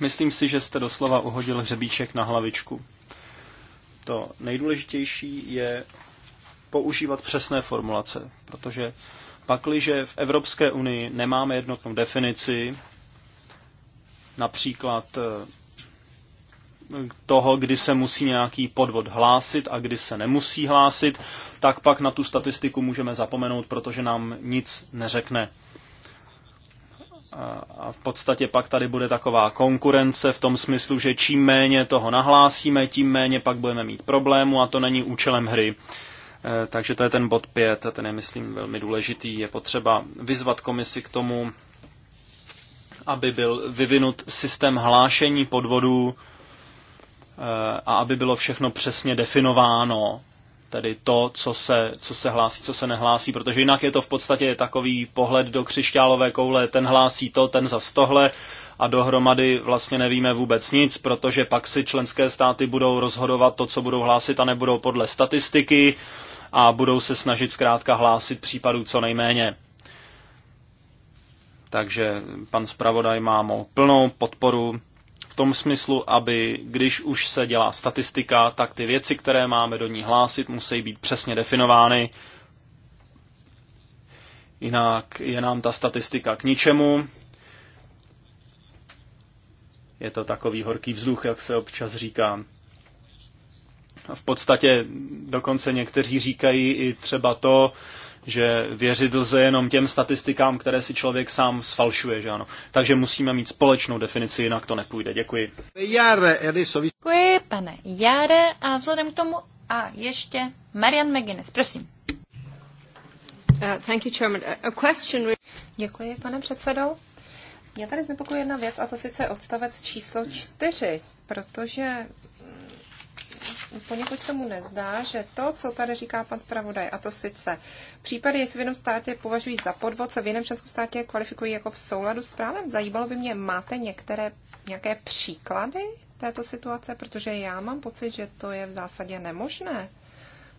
Myslím si, že jste doslova uhodil hřebíček na hlavičku. To nejdůležitější je používat přesné formulace, protože pakliže v Evropské unii nemáme jednotnou definici, například toho, kdy se musí nějaký podvod hlásit a kdy se nemusí hlásit, tak pak na tu statistiku můžeme zapomenout, protože nám nic neřekne. A v podstatě pak tady bude taková konkurence v tom smyslu, že čím méně toho nahlásíme, tím méně pak budeme mít problému a to není účelem hry. Eh, takže to je ten bod 5 a ten je, myslím, velmi důležitý. Je potřeba vyzvat komisi k tomu, aby byl vyvinut systém hlášení podvodů, Eh, a aby bylo všechno přesně definováno, tedy to, co se, co se hlásí, co se nehlásí, protože jinak je to v podstatě takový pohled do křišťálové koule, ten hlásí to, ten za tohle a dohromady vlastně nevíme vůbec nic, protože pak si členské státy budou rozhodovat to, co budou hlásit a nebudou podle statistiky a budou se snažit zkrátka hlásit případů co nejméně. Takže pan zpravodaj má mou plnou podporu tom smyslu, aby když už se dělá statistika, tak ty věci, které máme do ní hlásit, musí být přesně definovány. Jinak je nám ta statistika k ničemu. Je to takový horký vzduch, jak se občas říká. v podstatě dokonce někteří říkají i třeba to, že věřit lze jenom těm statistikám, které si člověk sám sfalšuje, že ano. Takže musíme mít společnou definici, jinak to nepůjde. Děkuji. Děkuji, pane Jare, a vzhledem k tomu a ještě Marian McGuinness, prosím. Uh, thank you, Chairman. A question... Děkuji, pane předsedo. Mě tady znepokojuje jedna věc, a to sice odstavec číslo čtyři, protože poněkud se mu nezdá, že to, co tady říká pan zpravodaj, a to sice případy, jestli v jednom státě považují za podvod, co v jiném členském státě kvalifikují jako v souladu s právem. Zajímalo by mě, máte některé, nějaké příklady této situace, protože já mám pocit, že to je v zásadě nemožné.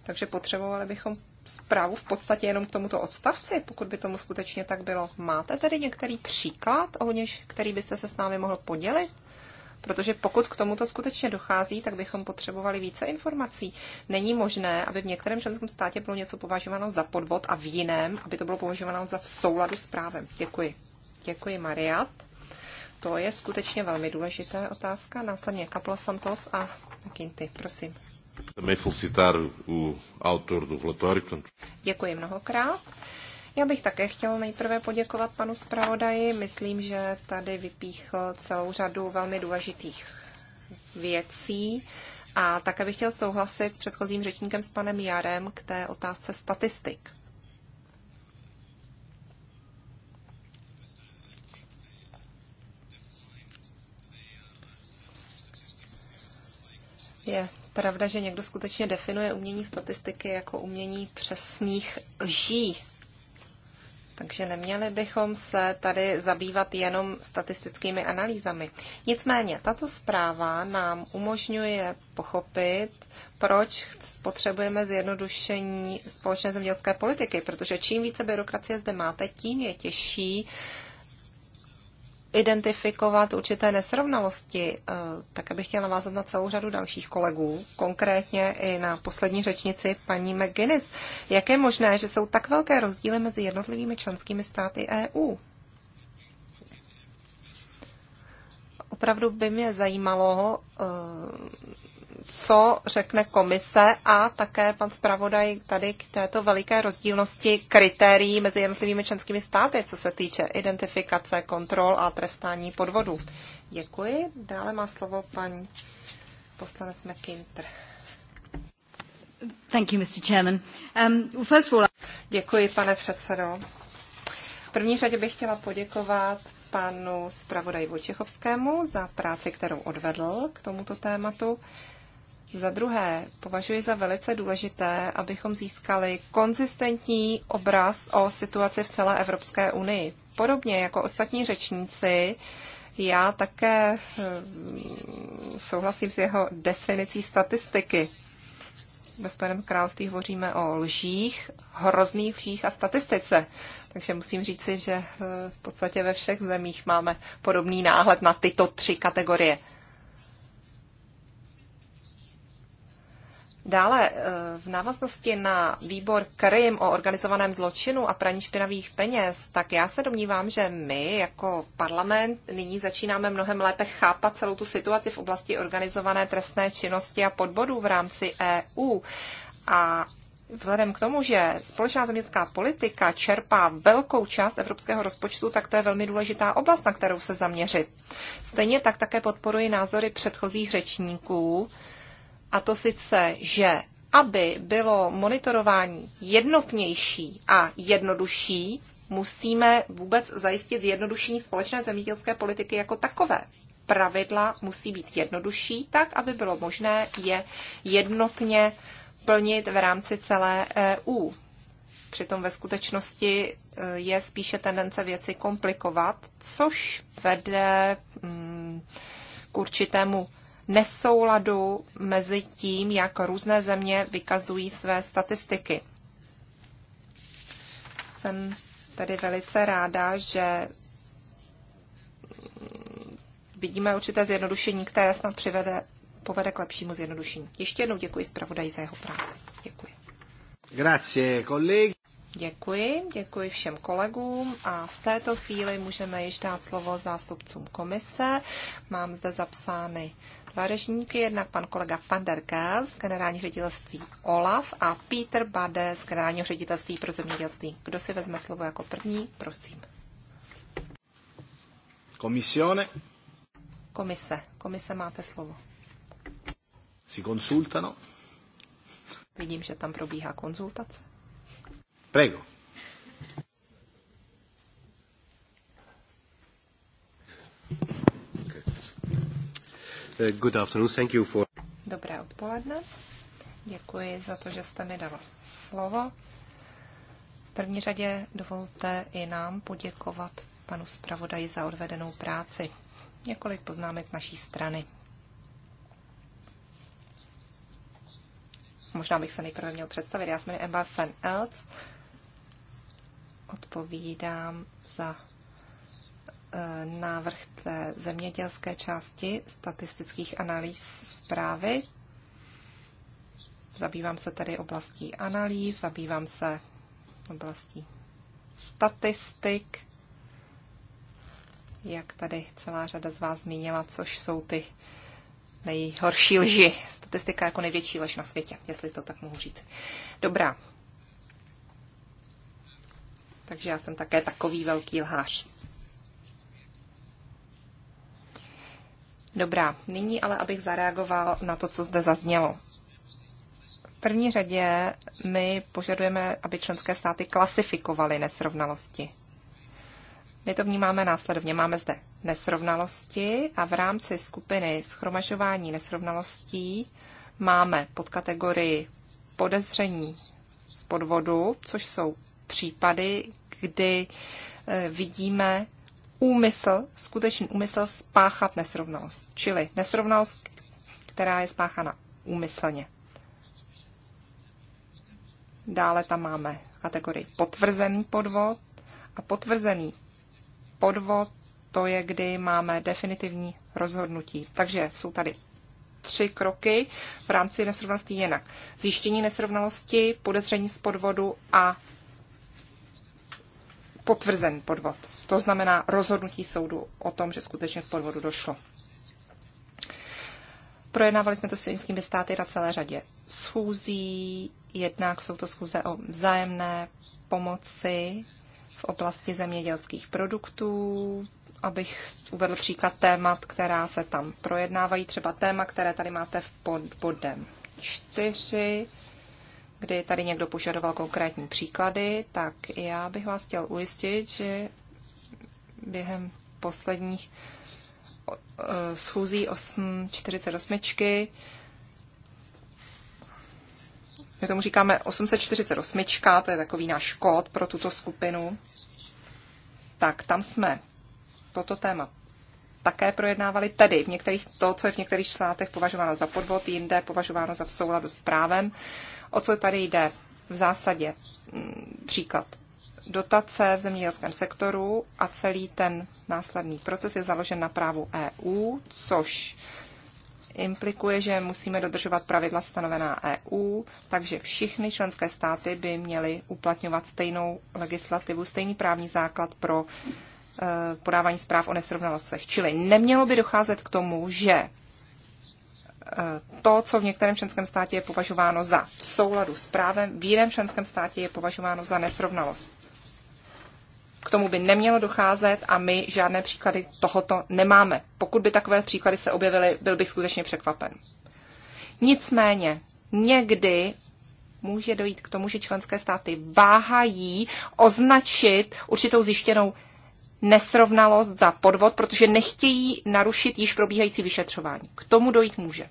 Takže potřebovali bychom zprávu v podstatě jenom k tomuto odstavci, pokud by tomu skutečně tak bylo. Máte tedy některý příklad, o něž, který byste se s námi mohl podělit? Protože pokud k tomuto skutečně dochází, tak bychom potřebovali více informací. Není možné, aby v některém členském státě bylo něco považováno za podvod a v jiném, aby to bylo považováno za v souladu s právem. Děkuji. Děkuji, Mariat. To je skutečně velmi důležitá otázka. Následně Kapla Santos a Kinty, prosím. Děkuji mnohokrát. Já bych také chtěl nejprve poděkovat panu zpravodaji. Myslím, že tady vypíchl celou řadu velmi důležitých věcí. A také bych chtěl souhlasit s předchozím řečníkem s panem Jarem k té otázce statistik. Je pravda, že někdo skutečně definuje umění statistiky jako umění přesných lží. Takže neměli bychom se tady zabývat jenom statistickými analýzami. Nicméně, tato zpráva nám umožňuje pochopit, proč potřebujeme zjednodušení společné zemědělské politiky, protože čím více byrokracie zde máte, tím je těžší identifikovat určité nesrovnalosti, eh, tak abych chtěla navázat na celou řadu dalších kolegů, konkrétně i na poslední řečnici paní McGuinness. Jak je možné, že jsou tak velké rozdíly mezi jednotlivými členskými státy EU? Opravdu by mě zajímalo, eh, co řekne komise a také pan zpravodaj tady k této veliké rozdílnosti kritérií mezi jednotlivými členskými státy, co se týče identifikace, kontrol a trestání podvodů. Děkuji. Dále má slovo pan poslanec McKinter. Thank you, Mr. Chairman. Um, first of all... Děkuji, pane předsedo. V první řadě bych chtěla poděkovat panu zpravodaji Vojčechovskému za práci, kterou odvedl k tomuto tématu. Za druhé, považuji za velice důležité, abychom získali konzistentní obraz o situaci v celé Evropské unii. Podobně jako ostatní řečníci, já také hm, souhlasím s jeho definicí statistiky. Ve Spojeném království hovoříme o lžích, hrozných lžích a statistice. Takže musím říci, že hm, v podstatě ve všech zemích máme podobný náhled na tyto tři kategorie. Dále eh, v návaznosti na výbor Krym o organizovaném zločinu a praní špinavých peněz, tak já se domnívám, že my jako parlament nyní začínáme mnohem lépe chápat celou tu situaci v oblasti organizované trestné činnosti a podvodů v rámci EU. A Vzhledem k tomu, že společná zemědělská politika čerpá velkou část evropského rozpočtu, tak to je velmi důležitá oblast, na kterou se zaměřit. Stejně tak také podporuji názory předchozích řečníků, a to sice, že aby bylo monitorování jednotnější a jednodušší, musíme vůbec zajistit zjednodušení společné zemědělské politiky jako takové. Pravidla musí být jednodušší, tak aby bylo možné je jednotně plnit v rámci celé EU. Přitom ve skutečnosti e, je spíše tendence věci komplikovat, což vede mm, k určitému nesouladu mezi tím, jak různé země vykazují své statistiky. Jsem tedy velice ráda, že vidíme určité zjednodušení, které snad přivede, povede k lepšímu zjednodušení. Ještě jednou děkuji zpravodaji za jeho práci. Děkuji. Grazie, kolegy. Děkuji, děkuji všem kolegům a v této chvíli můžeme již dát slovo zástupcům komise. Mám zde zapsány pádežníky, jednak pan kolega van der Kaas generální ředitelství OLAF a Peter Bade z generálního ředitelství pro zemědělství. Kdo si vezme slovo jako první, prosím. Komisione. Komise. Komise máte slovo. Si consultano. Vidím, že tam probíhá konzultace. Prego. Uh, good afternoon. Thank you for... Dobré odpoledne. Děkuji za to, že jste mi dal slovo. V první řadě dovolte i nám poděkovat panu zpravodaji za odvedenou práci. Několik poznámek naší strany. Možná bych se nejprve měl představit. Já jsem Emma Van Eltz, odpovídám za Eh, návrh té zemědělské části statistických analýz zprávy. Zabývám se tedy oblastí analýz, zabývám se oblastí statistik, jak tady celá řada z vás zmínila, což jsou ty nejhorší lži. Statistika jako největší lež na světě, jestli to tak mohu říct. Dobrá. Takže já jsem také takový velký lhář. Dobrá, nyní ale abych zareagoval na to, co zde zaznělo. V první řadě my požadujeme, aby členské státy klasifikovaly nesrovnalosti. My to vnímáme následovně. Máme zde nesrovnalosti a v rámci skupiny schromažování nesrovnalostí máme pod kategorii podezření z podvodu, což jsou případy, kdy eh, vidíme, úmysl, skutečný úmysl spáchat nesrovnalost, čili nesrovnalost, která je spáchána úmyslně. Dále tam máme kategorii potvrzený podvod a potvrzený podvod to je, kdy máme definitivní rozhodnutí. Takže jsou tady tři kroky v rámci nesrovnalosti jinak. Zjištění nesrovnalosti, podezření z podvodu a potvrzen podvod. To znamená rozhodnutí soudu o tom, že skutečně k podvodu došlo. Projednávali jsme to s členskými státy na celé řadě schůzí, jednak jsou to schůze o vzájemné pomoci v oblasti zemědělských produktů, abych uvedl příklad témat, která se tam projednávají, třeba téma, které tady máte v pod bodem 4, kdy tady někdo požadoval konkrétní příklady, tak já bych vás chtěl ujistit, že během posledních e, schůzí 848 my tomu říkáme 848, to je takový náš kód pro tuto skupinu. Tak tam jsme toto téma také projednávali, tedy v některých, to, co je v některých státech považováno za podvod, jinde považováno za v souladu s právem. O co tady jde? V zásadě mm, příklad dotace v zemědělském sektoru a celý ten následný proces je založen na právu EU, což implikuje, že musíme dodržovat pravidla stanovená EU, takže všichni členské státy by měly uplatňovat stejnou legislativu, stejný právní základ pro eh, podávání zpráv o nesrovnalostech. Čili nemělo by docházet k tomu, že Eh, to, co v některém členském státě je považováno za v souladu s právem, v jiném členském státě je považováno za nesrovnalost. K tomu by nemělo docházet a my žádné příklady tohoto nemáme. Pokud by takové příklady se objevily, byl bych skutečně překvapen. Nicméně, někdy může dojít k tomu, že členské státy váhají označit určitou zjištěnou nesrovnalost za podvod, protože nechtějí narušit již probíhající vyšetřování. K tomu dojít může.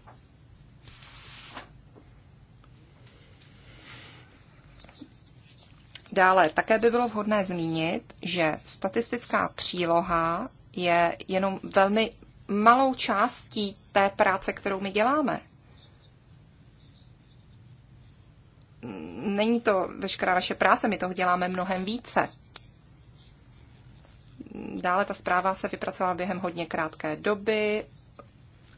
Dále také by bylo vhodné zmínit, že statistická příloha je jenom velmi malou částí té práce, kterou my děláme. Není to veškerá naše práce, my toho děláme mnohem více. Dále ta zpráva se vypracovala během hodně krátké doby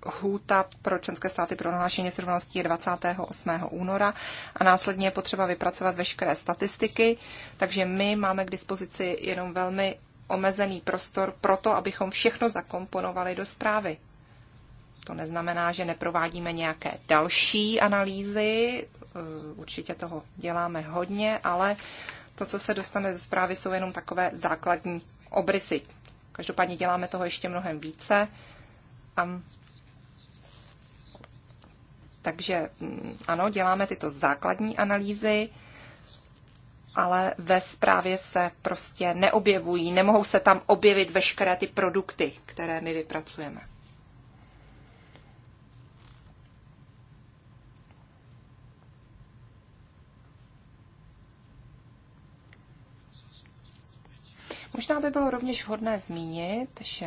Lhůta pro členské státy pro nahlášení nesrovnalostí je 28. února a následně je potřeba vypracovat veškeré statistiky, takže my máme k dispozici jenom velmi omezený prostor pro to, abychom všechno zakomponovali do zprávy. To neznamená, že neprovádíme nějaké další analýzy, eh, určitě toho děláme hodně, ale to, co se dostane do zprávy, jsou jenom takové základní obrysy. Každopádně děláme toho ještě mnohem více a takže mm, ano, děláme tyto základní analýzy, ale ve zprávě se prostě neobjevují, nemohou se tam objevit veškeré ty produkty, které my vypracujeme. Možná by bylo rovněž vhodné zmínit, že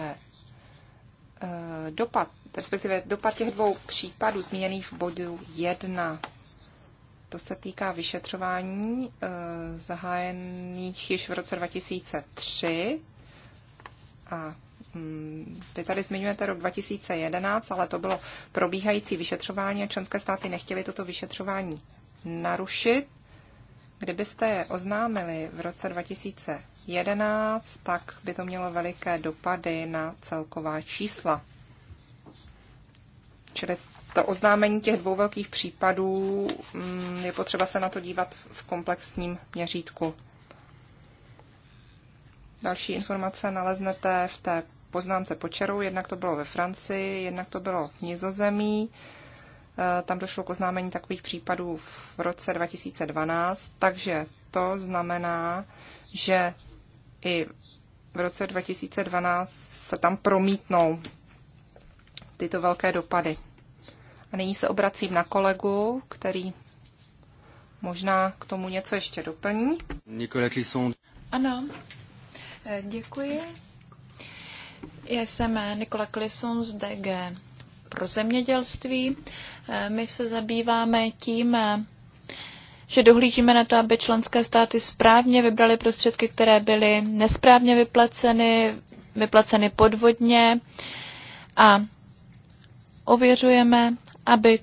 eh, dopad respektive dopad těch dvou případů zmíněných v bodu 1. To se týká vyšetřování e, zahájených již v roce 2003 a vy mm, tady zmiňujete rok 2011, ale to bylo probíhající vyšetřování a členské státy nechtěly toto vyšetřování narušit. Kdybyste je oznámili v roce 2011, tak by to mělo veliké dopady na celková čísla. Čili to oznámení těch dvou velkých případů mm, je potřeba se na to dívat v komplexním měřítku. Další informace naleznete v té poznámce počerou. Jednak to bylo ve Francii, jednak to bylo v Nizozemí. E, tam došlo k oznámení takových případů v roce 2012, takže to znamená, že i v roce 2012 se tam promítnou tyto velké dopady. A nyní se obracím na kolegu, který možná k tomu něco ještě doplní. Nikola Clisson. Ano, eh, děkuji. Já jsem eh, Nikola Klison z DG pro zemědělství. Eh, my se zabýváme tím, že dohlížíme na to, aby členské státy správně vybraly prostředky, které byly nesprávně vyplaceny, vyplaceny podvodně a ověřujeme, aby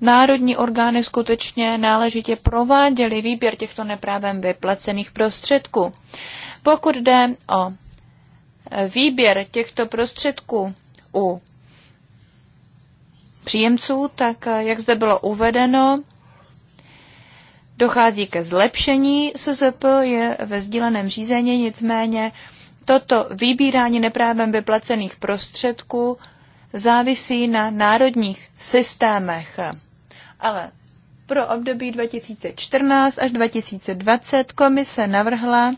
národní orgány skutečně náležitě prováděly výběr těchto neprávem vyplacených prostředků. Pokud jde o výběr těchto prostředků u příjemců, tak jak zde bylo uvedeno, dochází ke zlepšení. SZP je ve sdíleném řízení, nicméně toto vybírání neprávem vyplacených prostředků závisí na národních systémech. Ale pro období 2014 až 2020 komise navrhla,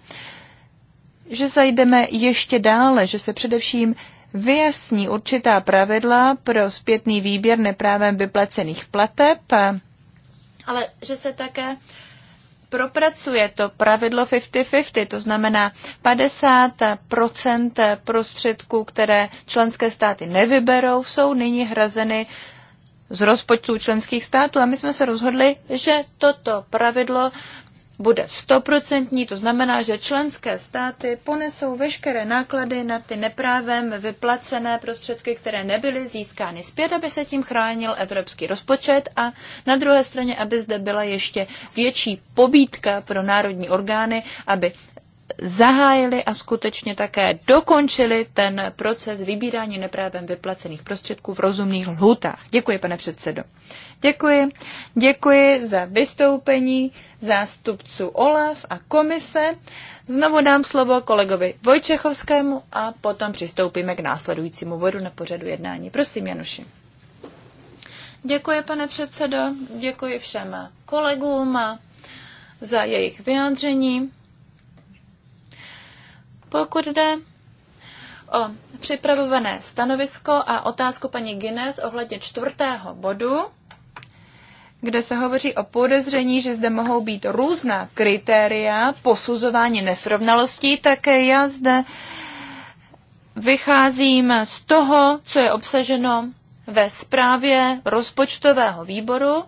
že zajdeme ještě dále, že se především vyjasní určitá pravidla pro zpětný výběr neprávem vyplacených plateb, ale že se také propracuje to pravidlo 50-50, to znamená 50 prostředků, které členské státy nevyberou, jsou nyní hrazeny z rozpočtu členských států a my jsme se rozhodli, že toto pravidlo bude stoprocentní, to znamená, že členské státy ponesou veškeré náklady na ty neprávem vyplacené prostředky, které nebyly získány zpět, aby se tím chránil evropský rozpočet a na druhé straně, aby zde byla ještě větší pobídka pro národní orgány, aby zahájili a skutečně také dokončili ten proces vybírání neprávem vyplacených prostředků v rozumných lhůtách. Děkuji, pane předsedo. Děkuji. Děkuji za vystoupení zástupců OLAF a komise. Znovu dám slovo kolegovi Vojčechovskému a potom přistoupíme k následujícímu vodu na pořadu jednání. Prosím, Januši. Děkuji, pane předsedo. Děkuji všem kolegům za jejich vyjádření. Pokud jde o připravované stanovisko a otázku paní Guinness ohledně čtvrtého bodu, kde se hovoří o podezření, že zde mohou být různá kritéria posuzování nesrovnalostí, tak já zde vycházím z toho, co je obsaženo ve zprávě rozpočtového výboru.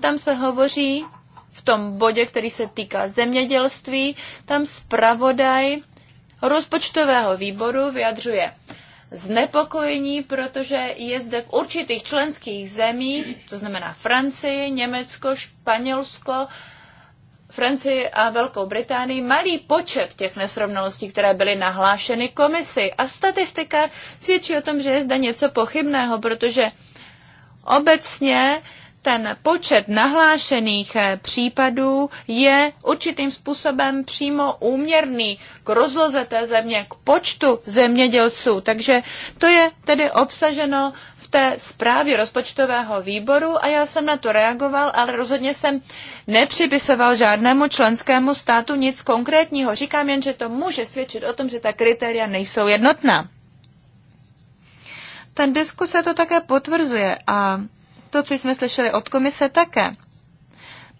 Tam se hovoří v tom bodě, který se týká zemědělství, tam zpravodaj rozpočtového výboru vyjadřuje znepokojení, protože je zde v určitých členských zemích, to znamená Francii, Německo, Španělsko, Francii a Velkou Británii malý počet těch nesrovnalostí, které byly nahlášeny komisi. A statistika svědčí o tom, že je zde něco pochybného, protože obecně ten počet nahlášených eh, případů je určitým způsobem přímo úměrný k rozloze té země, k počtu zemědělců. Takže to je tedy obsaženo v té zprávě rozpočtového výboru a já jsem na to reagoval, ale rozhodně jsem nepřipisoval žádnému členskému státu nic konkrétního. Říkám jen, že to může svědčit o tom, že ta kritéria nejsou jednotná. Ten diskus se to také potvrzuje a to, co jsme slyšeli od komise, také.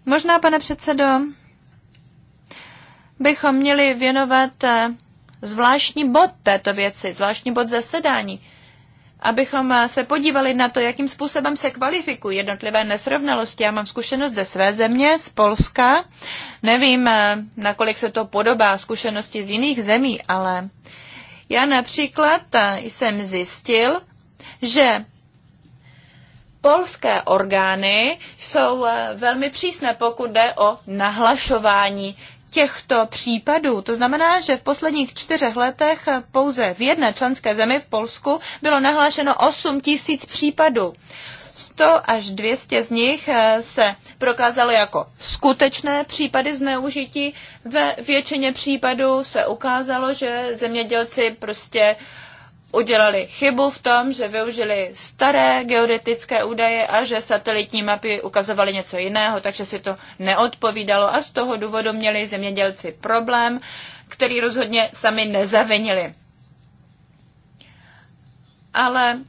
Možná, pane předsedo, bychom měli věnovat eh, zvláštní bod této věci, zvláštní bod zasedání, abychom eh, se podívali na to, jakým způsobem se kvalifikují jednotlivé nesrovnalosti. Já mám zkušenost ze své země, z Polska. Nevím, eh, nakolik se to podobá zkušenosti z jiných zemí, ale já například jsem zjistil, že polské orgány jsou eh, velmi přísné, pokud jde o nahlašování těchto případů. To znamená, že v posledních čtyřech letech eh, pouze v jedné členské zemi v Polsku bylo nahlášeno 8 tisíc případů. 100 až 200 z nich eh, se prokázalo jako skutečné případy zneužití. Ve většině případů se ukázalo, že zemědělci prostě uh, udělali chybu v tom, že využili staré geodetické údaje a že satelitní mapy ukazovaly něco jiného, takže si to neodpovídalo a z toho důvodu měli zemědělci problém, který rozhodně sami nezavinili. Ale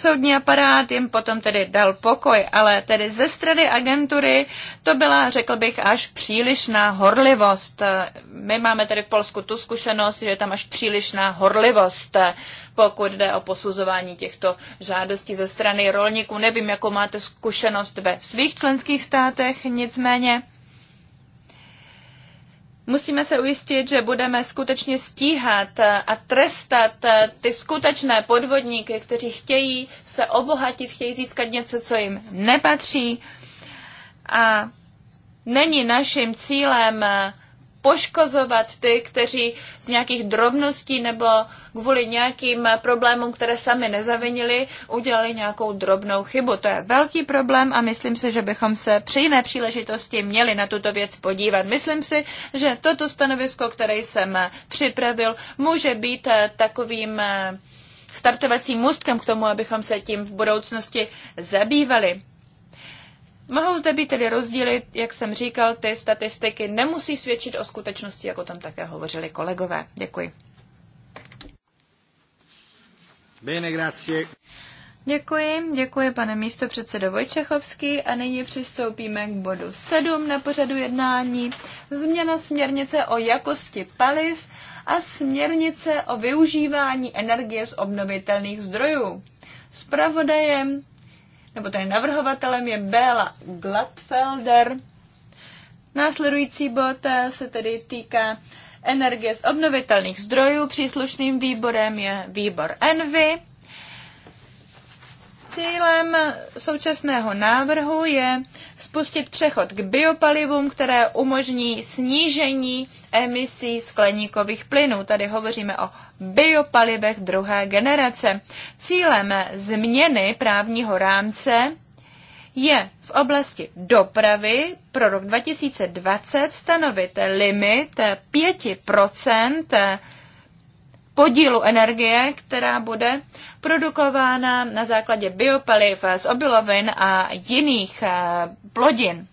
soudní aparát jim potom tedy dal pokoj, ale tedy ze strany agentury to byla, řekl bych, až přílišná horlivost. My máme tedy v Polsku tu zkušenost, že je tam až přílišná horlivost, pokud jde o posuzování těchto žádostí ze strany rolníků. Nevím, jakou máte zkušenost ve svých členských státech, nicméně Musíme se ujistit, že budeme skutečně stíhat a trestat ty skutečné podvodníky, kteří chtějí se obohatit, chtějí získat něco, co jim nepatří. A není naším cílem poškozovat ty, kteří z nějakých drobností nebo kvůli nějakým problémům, které sami nezavinili, udělali nějakou drobnou chybu. To je velký problém a myslím si, že bychom se při jiné příležitosti měli na tuto věc podívat. Myslím si, že toto stanovisko, které jsem připravil, může být takovým eh, startovacím můstkem k tomu, abychom se tím v budoucnosti zabývali. Mohou zde být tedy rozdíly, jak jsem říkal, ty statistiky nemusí svědčit o skutečnosti, jako tam také hovořili kolegové. Děkuji. Bene, grazie. Děkuji, děkuji pane místo předsedo Vojčechovský a nyní přistoupíme k bodu 7 na pořadu jednání. Změna směrnice o jakosti paliv a směrnice o využívání energie z obnovitelných zdrojů. Spravodajem nebo tady navrhovatelem je Béla Gladfelder. Následující bod eh, se tedy týká energie z obnovitelných zdrojů. Příslušným výborem je výbor Envy. Cílem současného návrhu je spustit přechod k biopalivům, které umožní snížení emisí skleníkových plynů. Tady hovoříme o biopalivech druhé generace. Cílem změny právního rámce je v oblasti dopravy pro rok 2020 stanovit limit 5 podílu energie, která bude produkována na základě biopaliv z obilovin a jiných eh, plodin.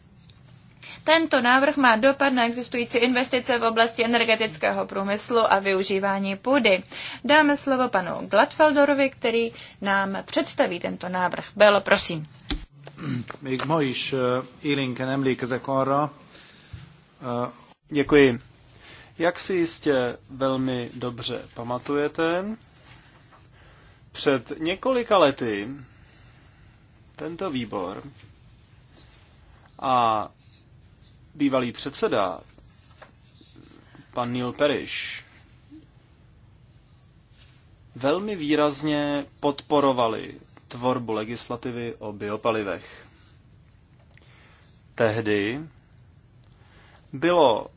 Tento návrh má dopad na existující investice v oblasti energetického průmyslu a využívání půdy. Dáme slovo panu Gladfeldorovi, který nám představí tento návrh. Bylo, prosím. Eh, eh, Děkuji. Jak si jistě velmi dobře pamatujete, před několika lety tento výbor a bývalý předseda, pan Neil Parrish, velmi výrazně podporovali tvorbu legislativy o biopalivech. Tehdy bylo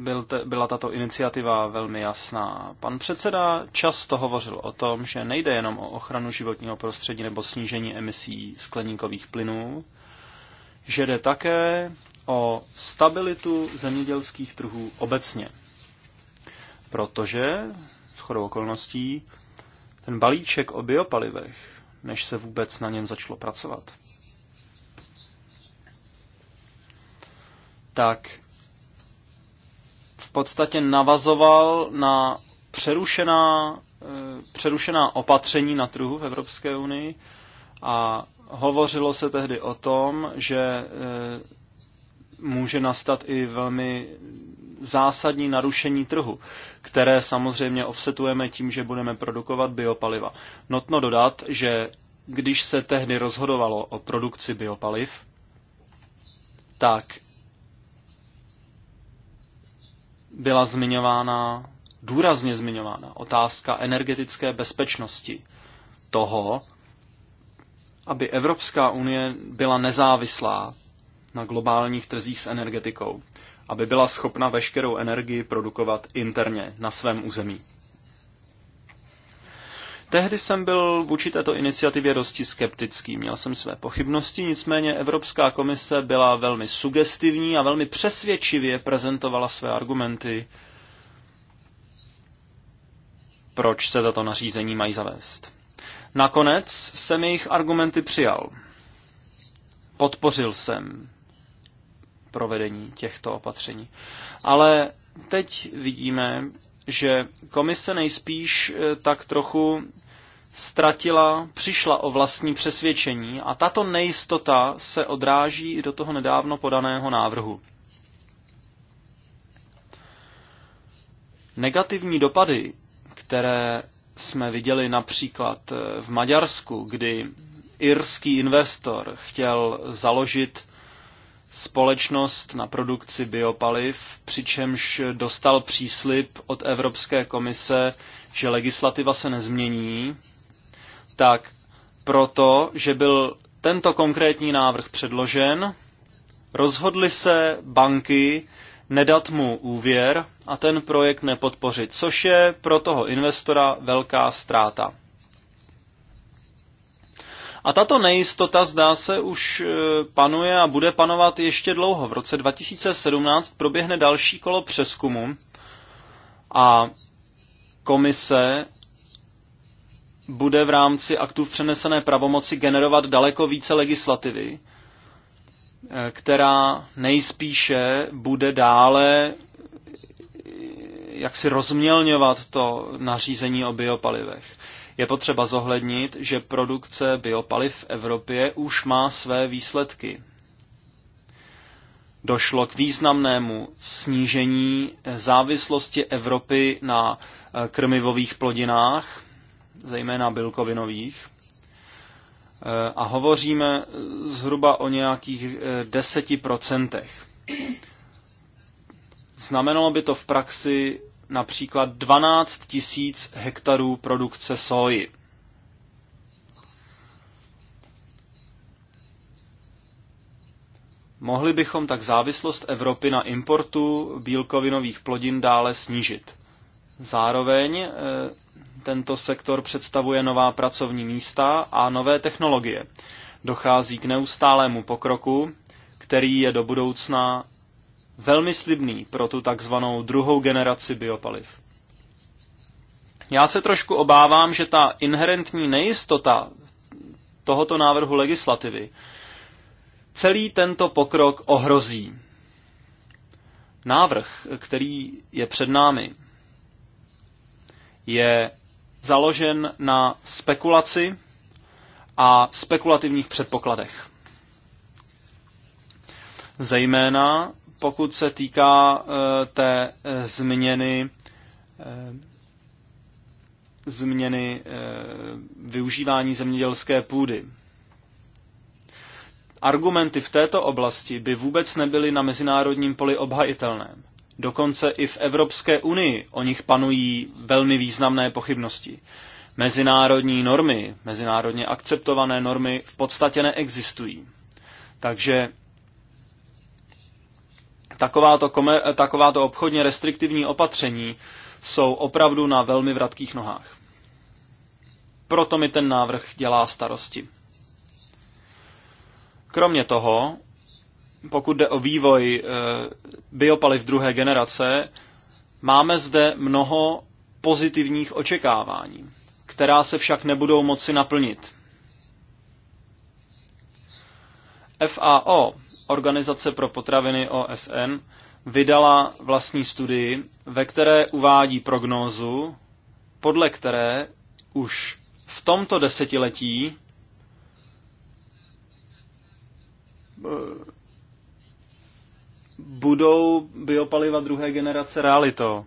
byl te, byla tato iniciativa velmi jasná. Pan předseda často hovořil o tom, že nejde jenom o ochranu životního prostředí nebo snížení emisí skleníkových plynů, že jde také o stabilitu zemědělských trhů obecně. Protože, chodou okolností, ten balíček o biopalivech, než se vůbec na něm začalo pracovat, tak podstatě navazoval na přerušená, eh, přerušená opatření na trhu v Evropské unii a hovořilo se tehdy o tom, že eh, může nastat i velmi zásadní narušení trhu, které samozřejmě offsetujeme tím, že budeme produkovat biopaliva. Notno dodat, že když se tehdy rozhodovalo o produkci biopaliv, tak byla zmiňována, důrazně zmiňována otázka energetické bezpečnosti toho, aby Evropská unie byla nezávislá na globálních trzích s energetikou, aby byla schopna veškerou energii produkovat interně na svém území. Tehdy jsem byl vůči této iniciativě dosti skeptický, měl jsem své pochybnosti, nicméně Evropská komise byla velmi sugestivní a velmi přesvědčivě prezentovala své argumenty, proč se tato nařízení mají zavést. Nakonec jsem jejich argumenty přijal. Podpořil jsem provedení těchto opatření. Ale teď vidíme, že komise nejspíš eh, tak trochu ztratila, přišla o vlastní přesvědčení a tato nejistota se odráží i do toho nedávno podaného návrhu. Negativní dopady, které jsme viděli například v Maďarsku, kdy irský investor chtěl založit společnost na produkci biopaliv, přičemž dostal příslip od Evropské komise, že legislativa se nezmění, tak proto, že byl tento konkrétní návrh předložen, rozhodly se banky nedat mu úvěr a ten projekt nepodpořit, což je pro toho investora velká ztráta. A tato nejistota, zdá se, už e, panuje a bude panovat ještě dlouho. V roce 2017 proběhne další kolo přeskumu a komise bude v rámci aktů v přenesené pravomoci generovat daleko více legislativy, eh, která nejspíše bude dále eh, jak si rozmělňovat to nařízení o biopalivech. Je potřeba zohlednit, že produkce biopaliv v Evropě už má své výsledky. Došlo k významnému snížení závislosti Evropy na eh, krmivových plodinách, zejména bílkovinových. Eh, a hovoříme zhruba o nějakých eh, deseti procentech. Znamenalo by to v praxi například 12 tisíc hektarů produkce soji. Mohli bychom tak závislost Evropy na importu bílkovinových plodin dále snížit. Zároveň eh, tento sektor představuje nová pracovní místa a nové technologie. Dochází k neustálému pokroku, který je do budoucna velmi slibný pro tu takzvanou druhou generaci biopaliv. Já se trošku obávám, že ta inherentní nejistota tohoto návrhu legislativy celý tento pokrok ohrozí. Návrh, který je před námi, je založen na spekulaci a spekulativních předpokladech. Zejména pokud se týká eh, té eh, změny eh, změny využívání zemědělské půdy. Argumenty v této oblasti by vůbec nebyly na mezinárodním poli obhajitelné. Dokonce i v Evropské unii o nich panují velmi významné pochybnosti. Mezinárodní normy, mezinárodně akceptované normy v podstatě neexistují. Takže takováto, komer- takováto obchodně restriktivní opatření jsou opravdu na velmi vratkých nohách. Proto mi ten návrh dělá starosti. Kromě toho pokud jde o vývoj eh, biopaliv druhé generace, máme zde mnoho pozitivních očekávání, která se však nebudou moci naplnit. FAO, Organizace pro potraviny OSN, vydala vlastní studii, ve které uvádí prognózu, podle které už v tomto desetiletí eh, budou biopaliva druhé generace realitou.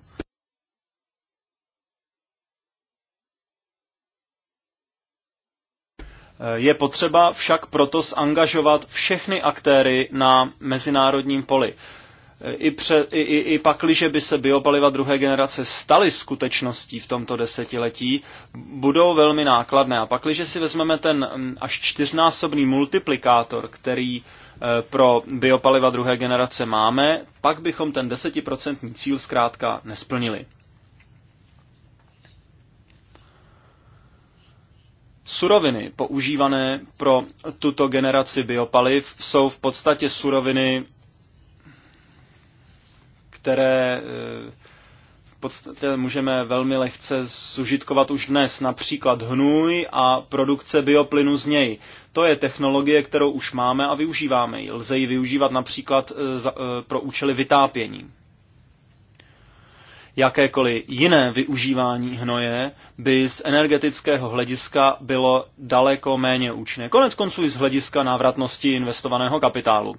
Je potřeba však proto zangažovat všechny aktéry na mezinárodním poli. I, pře, i, i, i pakliže by se biopaliva druhé generace staly skutečností v tomto desetiletí, budou velmi nákladné. A pakliže si vezmeme ten mm, až čtyřnásobný multiplikátor, který uh, Eh, pro biopaliva druhé generace máme, pak bychom ten desetiprocentní cíl zkrátka nesplnili. Suroviny používané pro tuto generaci biopaliv jsou v podstatě suroviny, které eh, podstatě můžeme velmi lehce zužitkovat už dnes, například hnůj a produkce bioplynu z něj. To je technologie, kterou už máme a využíváme ji. Lze ji využívat například e, e, pro účely vytápění. Jakékoliv jiné využívání hnoje by z energetického hlediska bylo daleko méně účinné. Konec konců i z hlediska návratnosti investovaného kapitálu.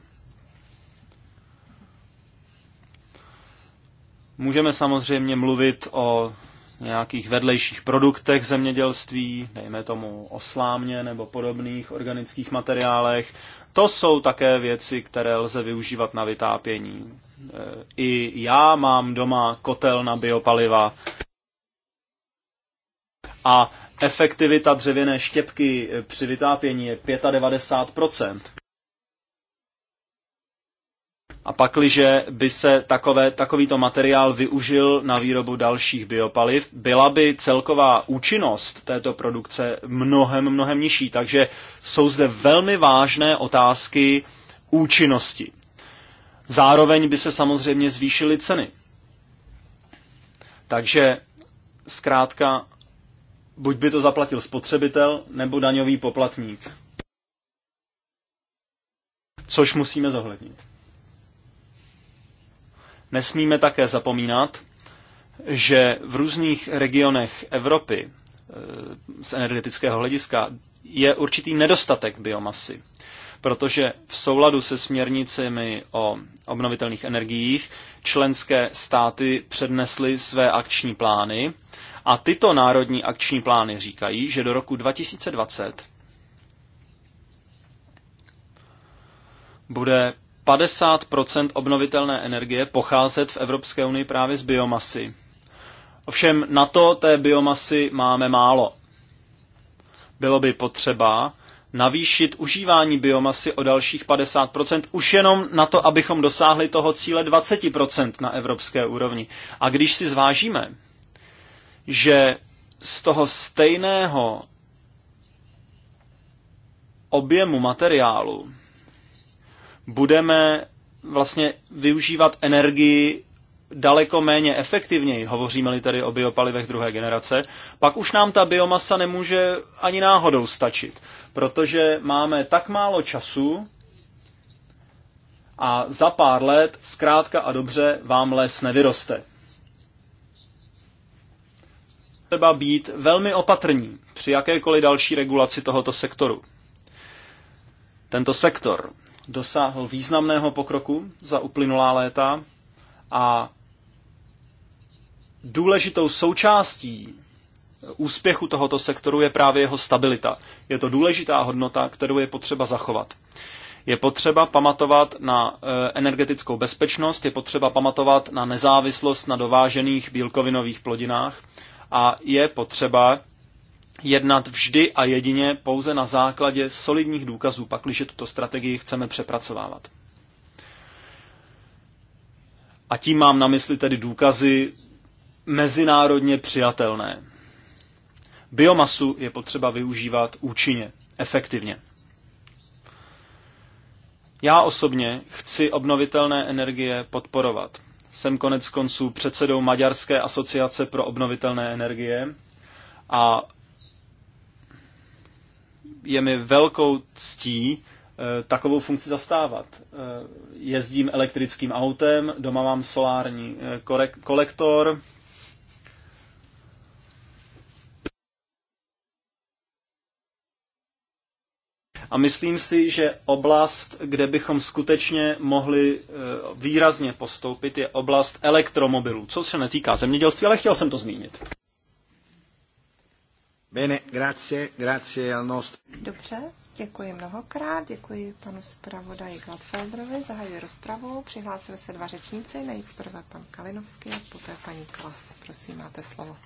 Můžeme samozřejmě mluvit o nějakých vedlejších produktech zemědělství, dejme tomu slámě nebo podobných organických materiálech. To jsou také věci, které lze využívat na vytápění. E, I já mám doma kotel na biopaliva a efektivita dřevěné štěpky při vytápění je 95%. A pakliže by se takové, takovýto materiál využil na výrobu dalších biopaliv, byla by celková účinnost této produkce mnohem, mnohem nižší. Takže jsou zde velmi vážné otázky účinnosti. Zároveň by se samozřejmě zvýšily ceny. Takže zkrátka, buď by to zaplatil spotřebitel nebo daňový poplatník. Což musíme zohlednit. Nesmíme také zapomínat, že v různých regionech Evropy eh, z energetického hlediska je určitý nedostatek biomasy, protože v souladu se směrnicemi o obnovitelných energiích členské státy přednesly své akční plány a tyto národní akční plány říkají, že do roku 2020 bude 50 obnovitelné energie pocházet v Evropské unii právě z biomasy. Ovšem na to té biomasy máme málo. Bylo by potřeba navýšit užívání biomasy o dalších 50%, už jenom na to, abychom dosáhli toho cíle 20% na evropské úrovni. A když si zvážíme, že z toho stejného objemu materiálu budeme vlastně využívat energii daleko méně efektivněji, hovoříme-li tady o biopalivech druhé generace, pak už nám ta biomasa nemůže ani náhodou stačit, protože máme tak málo času a za pár let zkrátka a dobře vám les nevyroste. Třeba být velmi opatrní při jakékoliv další regulaci tohoto sektoru. Tento sektor dosáhl významného pokroku za uplynulá léta a důležitou součástí úspěchu tohoto sektoru je právě jeho stabilita. Je to důležitá hodnota, kterou je potřeba zachovat. Je potřeba pamatovat na e, energetickou bezpečnost, je potřeba pamatovat na nezávislost na dovážených bílkovinových plodinách a je potřeba jednat vždy a jedině pouze na základě solidních důkazů, pakliže tuto strategii chceme přepracovávat. A tím mám na mysli tedy důkazy mezinárodně přijatelné. Biomasu je potřeba využívat účinně, efektivně. Já osobně chci obnovitelné energie podporovat. Jsem konec konců předsedou Maďarské asociace pro obnovitelné energie a je mi velkou ctí eh, takovou funkci zastávat. Eh, jezdím elektrickým autem, doma mám solární eh, kolektor, A myslím si, že oblast, kde bychom skutečně mohli výrazně postoupit, je oblast elektromobilů, co se netýká zemědělství, ale chtěl jsem to zmínit. Bene, grazie, grazie al nostro. Dobře, děkuji mnohokrát, děkuji panu zpravodaji Gladfeldrovi, zahajuji rozpravu, přihlásili se dva řečníci, nejprve pan Kalinovský a poté paní Klas. Prosím, máte slovo.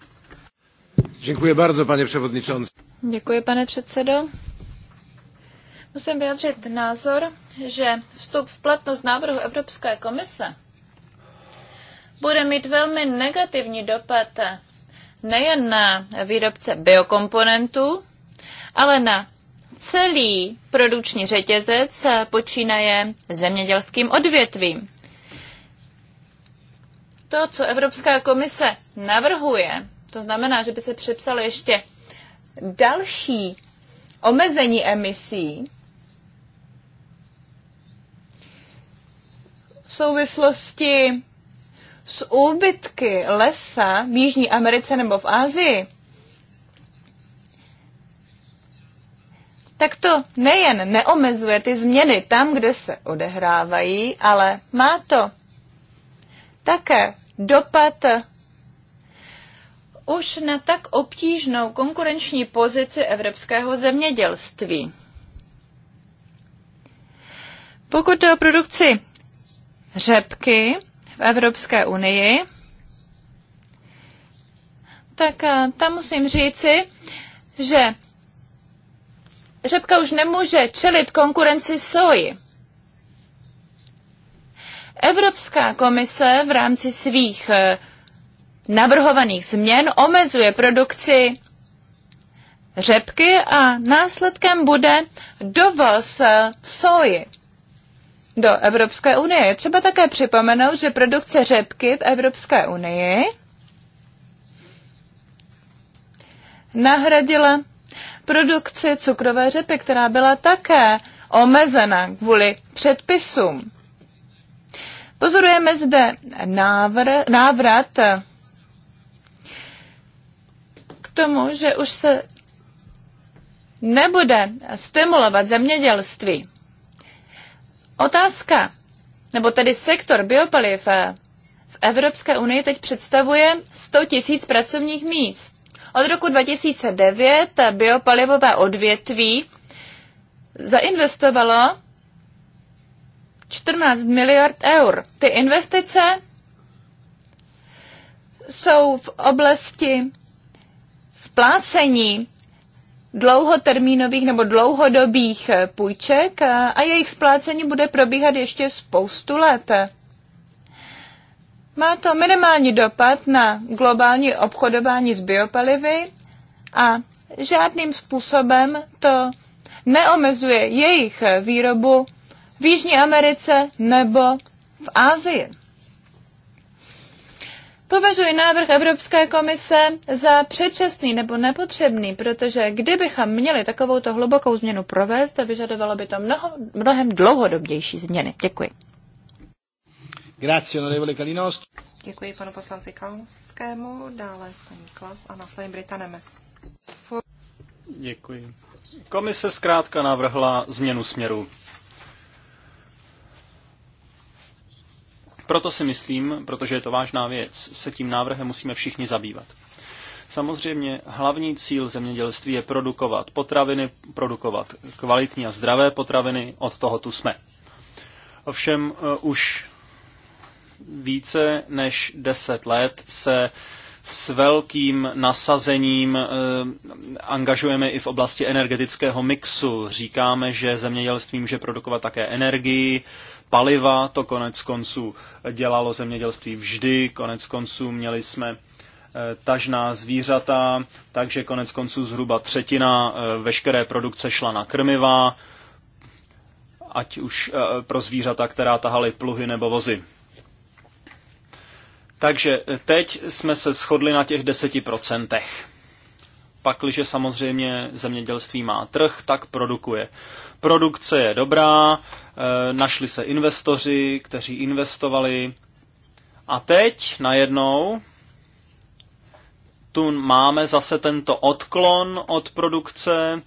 Děkuji bardzo, pane převodničonci. Děkuji, pane předsedo. Musím vyjádřit názor, že vstup v platnost návrhu Evropské komise bude mít velmi negativní dopad nejen na výrobce biokomponentů, ale na celý produkční řetězec počínaje zemědělským odvětvím. To, co Evropská komise navrhuje, to znamená, že by se přepsalo ještě další omezení emisí v souvislosti s úbytky lesa v Jižní Americe nebo v Asii, tak to nejen neomezuje ty změny tam, kde se odehrávají, ale má to také dopad už na tak obtížnou konkurenční pozici evropského zemědělství. Pokud jde o produkci řepky, v Evropské unii, tak eh, tam musím říci, že řepka už nemůže čelit konkurenci soji. Evropská komise v rámci svých eh, navrhovaných změn omezuje produkci řepky a následkem bude dovoz eh, soji do Evropské unie. Je třeba také připomenout, že produkce řepky v Evropské unii nahradila produkci cukrové řepy, která byla také omezena kvůli předpisům. Pozorujeme zde návr, návrat k tomu, že už se nebude stimulovat zemědělství. Otázka, nebo tedy sektor biopaliv eh, v Evropské unii teď představuje 100 tisíc pracovních míst. Od roku 2009 biopalivové odvětví zainvestovalo 14 miliard eur. Ty investice jsou v oblasti splácení dlouhotermínových nebo dlouhodobých eh, půjček eh, a jejich splácení bude probíhat ještě spoustu let. Má to minimální dopad na globální obchodování s biopalivy a žádným způsobem to neomezuje jejich eh, výrobu v Jižní Americe nebo v Ázii. Považuji návrh Evropské komise za předčasný nebo nepotřebný, protože kdybychom měli takovouto hlubokou změnu provést, to vyžadovalo by to mnoho, mnohem dlouhodobější změny. Děkuji. Grazie, onorevole Kalinovský. Děkuji panu poslanci Kalinovskému, dále paní Klas a následně Brita Nemes. Děkuji. Komise zkrátka navrhla změnu směru. Proto si myslím, protože je to vážná věc, se tím návrhem musíme všichni zabývat. Samozřejmě hlavní cíl zemědělství je produkovat potraviny, produkovat kvalitní a zdravé potraviny, od toho tu jsme. Ovšem eh, už více než deset let se s velkým nasazením eh, angažujeme i v oblasti energetického mixu. Říkáme, že zemědělství může produkovat také energii, paliva, to konec konců dělalo zemědělství vždy, konec konců měli jsme eh, tažná zvířata, takže konec konců zhruba třetina eh, veškeré produkce šla na krmiva, ať už pro zvířata, která tahaly pluhy nebo vozy. Takže teď jsme se shodli na těch 10%. Pakliže samozřejmě zemědělství má trh, tak produkuje. Produkce je dobrá, eh, našli se investoři, kteří investovali. A teď najednou tu máme zase tento odklon od produkce,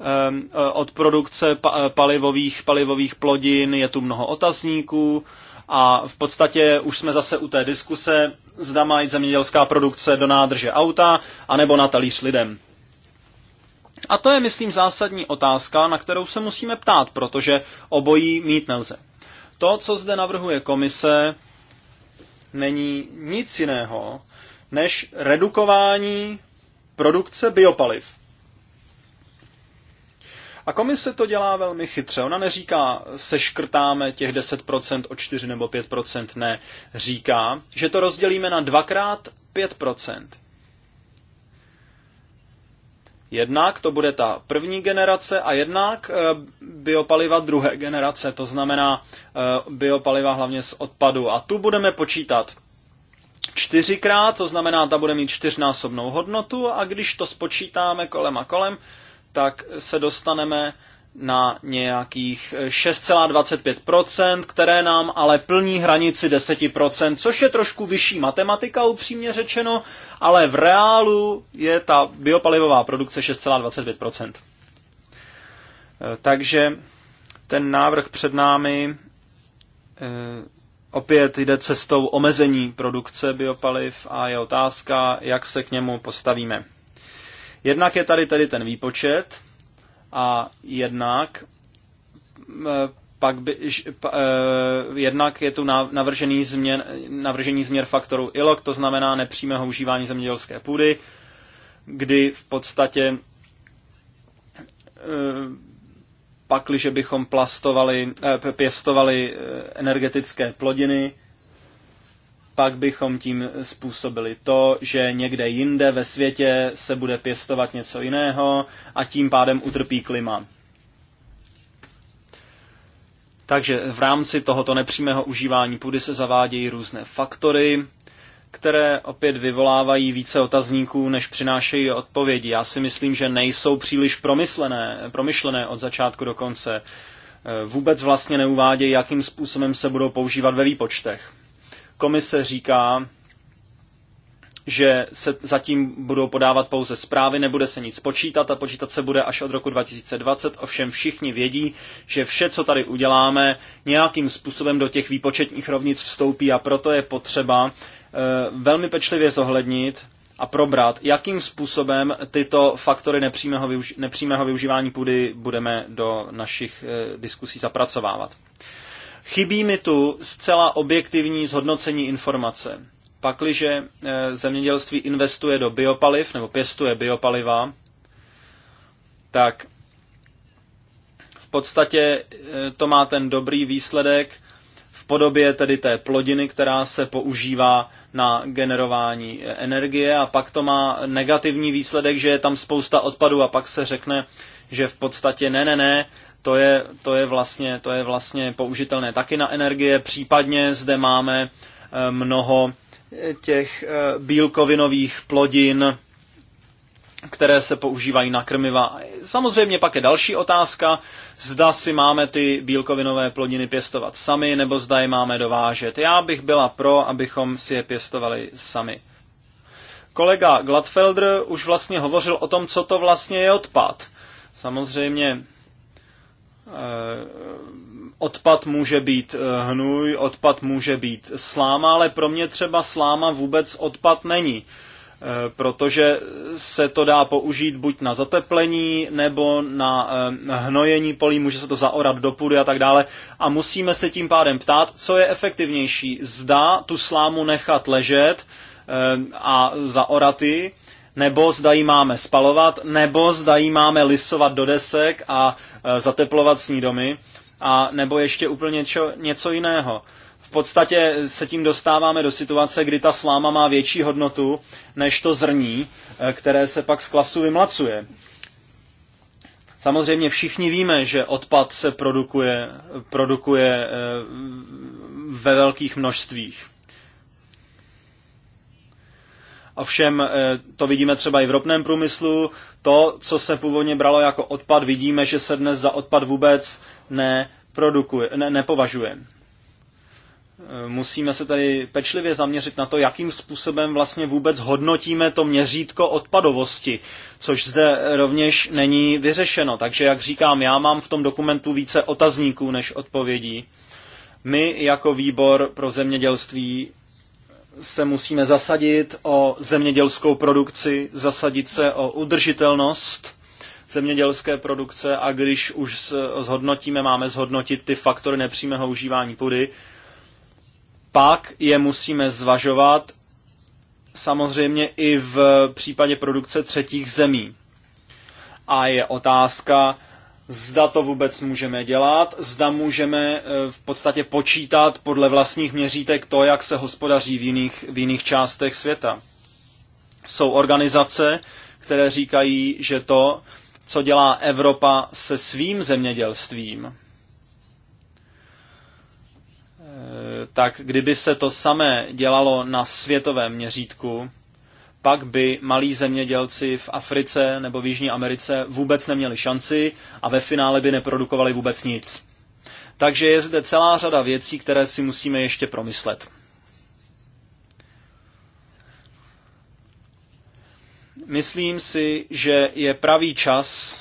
eh, od produkce palivových, palivových plodin, je tu mnoho otazníků, a v podstatě už jsme zase u té diskuse, zda má jít zemědělská produkce do nádrže auta, anebo na talíř lidem. A to je, myslím, zásadní otázka, na kterou se musíme ptát, protože obojí mít nelze. To, co zde navrhuje komise, není nic jiného než redukování produkce biopaliv. A komise to dělá velmi chytře. Ona neříká, seškrtáme těch 10% o 4 nebo 5%, ne. Říká, že to rozdělíme na dvakrát 5%. Jednak to bude ta první generace a jednak eh, biopaliva druhé generace, to znamená eh, biopaliva hlavně z odpadu. A tu budeme počítat čtyřikrát, to znamená, ta bude mít čtyřnásobnou hodnotu a když to spočítáme kolem a kolem, tak se dostaneme na nějakých 6,25%, které nám ale plní hranici 10%, což je trošku vyšší matematika, upřímně řečeno, ale v reálu je ta biopalivová produkce 6,25%. Eh, takže ten návrh před námi eh, opět jde cestou omezení produkce biopaliv a je otázka, jak se k němu postavíme. Jednak je tady tedy ten výpočet a jednak eh, pak by, pa, eh, jednak je tu navržený změr, navržený změr faktoru ILOC, to znamená nepřímého užívání zemědělské půdy, kdy v podstatě eh, pakliže bychom plastovali, pěstovali energetické plodiny, pak bychom tím způsobili to, že někde jinde ve světě se bude pěstovat něco jiného a tím pádem utrpí klima. Takže v rámci tohoto nepřímého užívání půdy se zavádějí různé faktory, které opět vyvolávají více otazníků, než přinášejí odpovědi. Já si myslím, že nejsou příliš promyslené, promyšlené od začátku do konce. Eh, vůbec vlastně neuvádějí, jakým způsobem se budou používat ve výpočtech. Komise říká, že se zatím budou podávat pouze zprávy, nebude se nic počítat a počítat se bude až od roku 2020. Ovšem všichni vědí, že vše, co tady uděláme, nějakým způsobem do těch výpočetních rovnic vstoupí a proto je potřeba eh, velmi pečlivě zohlednit a probrat, jakým způsobem tyto faktory nepřímého, využi- nepřímého využívání půdy budeme do našich e, diskusí zapracovávat. Chybí mi tu zcela objektivní zhodnocení informace. Pakliže eh, zemědělství investuje do biopaliv nebo pěstuje biopaliva, tak v podstatě eh, to má ten dobrý výsledek v podobě tedy té plodiny, která se používá na generování eh, energie a pak to má negativní výsledek, že je tam spousta odpadů a pak se řekne, že v podstatě ne, ne, ne, to je, to je, vlastně, to je vlastně použitelné taky na energie. Případně zde máme eh, mnoho eh, těch eh, bílkovinových plodin, které se používají na krmiva. Samozřejmě pak je další otázka, zda si máme ty bílkovinové plodiny pěstovat sami, nebo zda je máme dovážet. Já bych byla pro, abychom si je pěstovali sami. Kolega Gladfelder už vlastně hovořil o tom, co to vlastně je odpad. Samozřejmě Eh, odpad může být eh, hnůj, odpad může být sláma, ale pro mě třeba sláma vůbec odpad není, eh, protože se to dá použít buď na zateplení nebo na hnojení polí, může se to zaorat do půdy a tak dále. A musíme se tím pádem ptát, co je efektivnější. Zda tu slámu nechat ležet a zaorat ji, nebo zda ji máme spalovat, nebo zda ji máme lisovat do desek a Eh, zateplovací domy, a nebo ještě úplně čo, něco jiného. V podstatě se tím dostáváme do situace, kdy ta sláma má větší hodnotu než to zrní, eh, které se pak z klasu vymlacuje. Samozřejmě všichni víme, že odpad se produkuje, produkuje eh, ve velkých množstvích. Ovšem to vidíme třeba i v ropném průmyslu, to, co se původně bralo jako odpad, vidíme, že se dnes za odpad vůbec neprodukuje, ne, nepovažuje. E, musíme se tady pečlivě zaměřit na to, jakým způsobem vlastně vůbec hodnotíme to měřítko odpadovosti, což zde rovněž není vyřešeno. Takže, jak říkám, já mám v tom dokumentu více otazníků než odpovědí. My jako výbor pro zemědělství se musíme zasadit o zemědělskou produkci, zasadit se o udržitelnost zemědělské produkce a když už zhodnotíme, máme zhodnotit ty faktory nepřímého užívání půdy, pak je musíme zvažovat samozřejmě i v případě produkce třetích zemí. A je otázka, zda to vůbec můžeme dělat, zda můžeme eh, v podstatě počítat podle vlastních měřítek to, jak se hospodaří v jiných, v jiných částech světa. Jsou organizace, které říkají, že to, co dělá Evropa se svým zemědělstvím, eh, tak kdyby se to samé dělalo na světovém měřítku, pak by malí zemědělci v Africe nebo v Jižní Americe vůbec neměli šanci a ve finále by neprodukovali vůbec nic. Takže je zde celá řada věcí, které si musíme ještě promyslet. Myslím si, že je pravý čas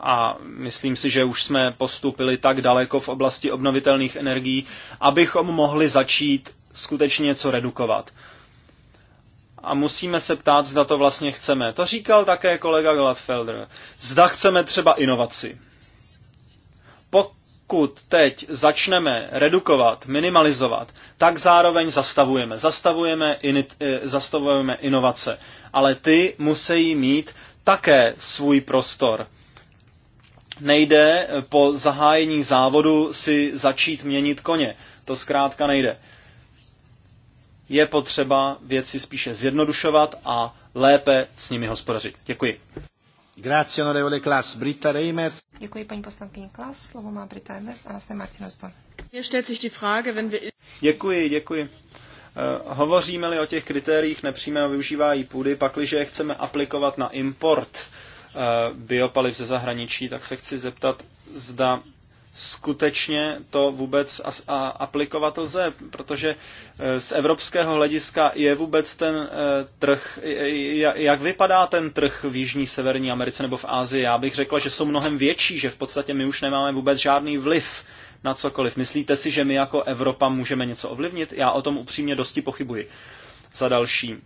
a myslím si, že už jsme postupili tak daleko v oblasti obnovitelných energií, abychom mohli začít skutečně něco redukovat a musíme se ptát, zda to vlastně chceme. To říkal také kolega Gladfelder. Zda chceme třeba inovaci. Pokud teď začneme redukovat, minimalizovat, tak zároveň zastavujeme. Zastavujeme, in, eh, zastavujeme inovace. Ale ty musí mít také svůj prostor. Nejde po zahájení závodu si začít měnit koně. To zkrátka nejde je potřeba věci spíše zjednodušovat a lépe s nimi hospodařit. Děkuji. Grazie, onorevole Klas. Brita Reimers. Děkuji, paní poslankyně Klas. Slovo má Brita Reimers a následně Martin Osborn. Děkuji, děkuji. Eh, hovoříme-li o těch kritériích nepřímého využívání půdy, pakliže je chceme aplikovat na import eh, biopaliv ze zahraničí, tak se chci zeptat, zda skutečně to vůbec aplikovat lze, protože eh, z evropského hlediska je vůbec ten eh, trh, jak vypadá ten trh v Jižní, Severní Americe nebo v Ázii? Já bych řekla, že jsou mnohem větší, že v podstatě my už nemáme vůbec žádný vliv na cokoliv. Myslíte si, že my jako Evropa můžeme něco ovlivnit? Já o tom upřímně dosti pochybuji. Za další,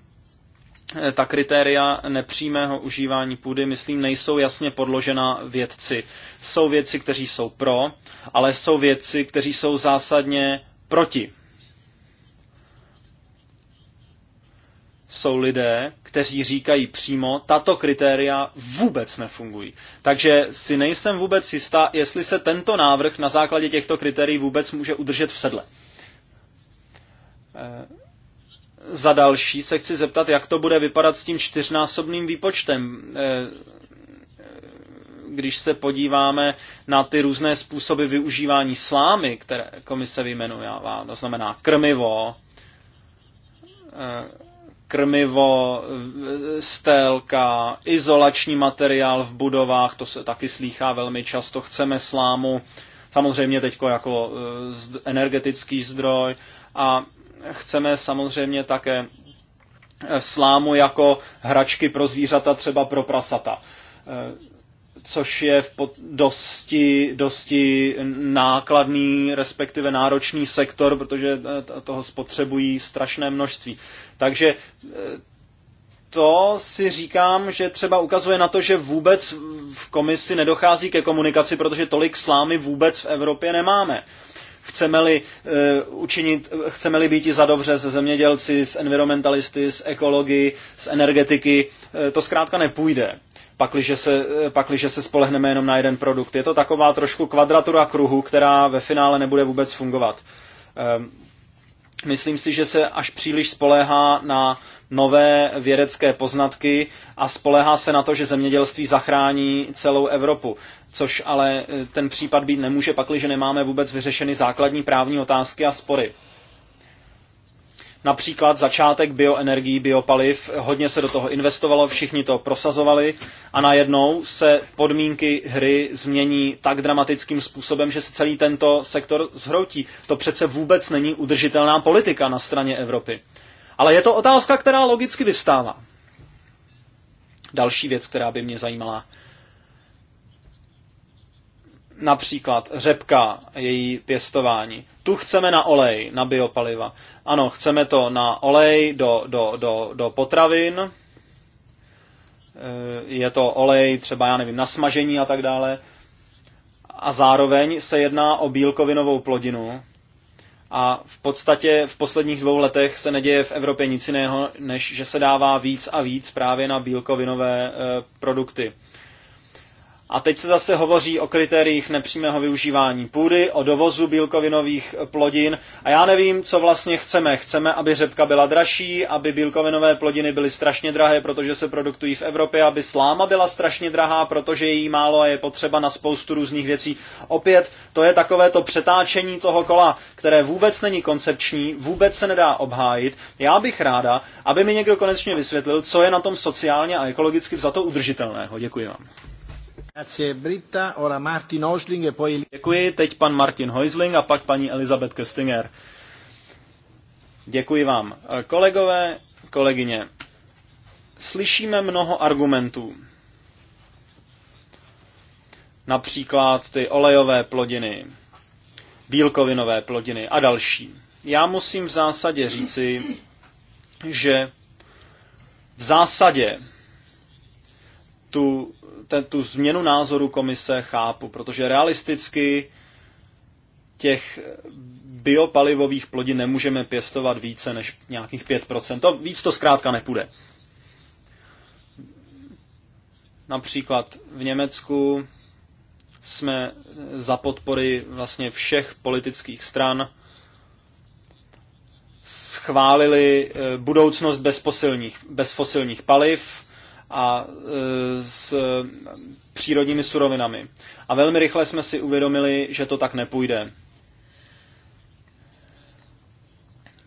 Eh, ta kritéria nepřímého užívání půdy, myslím, nejsou jasně podložena vědci. Jsou vědci, kteří jsou pro, ale jsou vědci, kteří jsou zásadně proti. Jsou lidé, kteří říkají přímo, tato kritéria vůbec nefungují. Takže si nejsem vůbec jistá, jestli se tento návrh na základě těchto kritérií vůbec může udržet v sedle. Eh, za další se chci zeptat, jak to bude vypadat s tím čtyřnásobným výpočtem. Eh, eh, když se podíváme na ty různé způsoby využívání slámy, které komise vyjmenujává, to znamená krmivo, eh, krmivo, stélka, izolační materiál v budovách, to se taky slýchá velmi často, chceme slámu, samozřejmě teď jako energetický zdroj a chceme samozřejmě také eh, slámu jako hračky pro zvířata, třeba pro prasata eh, což je v dosti, dosti nákladný, respektive náročný sektor, protože eh, toho spotřebují strašné množství. Takže to si říkám, že třeba ukazuje na to, že vůbec v komisi nedochází ke komunikaci, protože tolik slámy vůbec v Evropě nemáme. Chceme-li, eh, učinit, eh, chceme-li být i za dobře se zemědělci, s environmentalisty, s ekology, s energetiky, eh, to zkrátka nepůjde pakliže se, pakliže se spolehneme jenom na jeden produkt. Je to taková trošku kvadratura kruhu, která ve finále nebude vůbec fungovat. Ehm, myslím si, že se až příliš spoléhá na nové vědecké poznatky a spolehá se na to, že zemědělství zachrání celou Evropu. Což ale e, ten případ být nemůže, pakliže nemáme vůbec vyřešeny základní právní otázky a spory. Například začátek bioenergií, biopaliv, hodně se do toho investovalo, všichni to prosazovali a najednou se podmínky hry změní tak dramatickým způsobem, že se celý tento sektor zhroutí. To přece vůbec není udržitelná politika na straně Evropy. Ale je to otázka, která logicky vystává. Další věc, která by mě zajímala. Například řepka, její pěstování. Tu chceme na olej, na biopaliva. Ano, chceme to na olej do, do, do, do potravin. E, je to olej třeba, já nevím, na smažení a tak dále. A zároveň se jedná o bílkovinovou plodinu, a v podstatě v posledních dvou letech se neděje v Evropě nic jiného, než že se dává víc a víc právě na bílkovinové eh, produkty. A teď se zase hovoří o kritériích nepřímého využívání půdy, o dovozu bílkovinových plodin a já nevím, co vlastně chceme. Chceme, aby řepka byla dražší, aby bílkovinové plodiny byly strašně drahé, protože se produkují v Evropě, aby sláma byla strašně drahá, protože je jí málo a je potřeba na spoustu různých věcí. Opět, to je takové to přetáčení toho kola, které vůbec není koncepční, vůbec se nedá obhájit. Já bych ráda, aby mi někdo konečně vysvětlil, co je na tom sociálně a ekologicky za to udržitelného. Děkuji vám. E Děkuji, teď pan Martin Heusling a pak paní Elizabeth Köstinger. Děkuji vám. Kolegové, kolegyně, slyšíme mnoho argumentů. Například ty olejové plodiny, bílkovinové plodiny a další. Já musím v zásadě říci, že v zásadě tu ten, tu změnu názoru komise chápu, protože realisticky těch biopalivových plodin nemůžeme pěstovat více než nějakých 5%. To, víc to zkrátka nepůjde. Například v Německu jsme za podpory vlastně všech politických stran schválili eh, budoucnost bez, posilních, bez fosilních paliv a e, s přírodními surovinami. A velmi rychle jsme si uvědomili, že to tak nepůjde.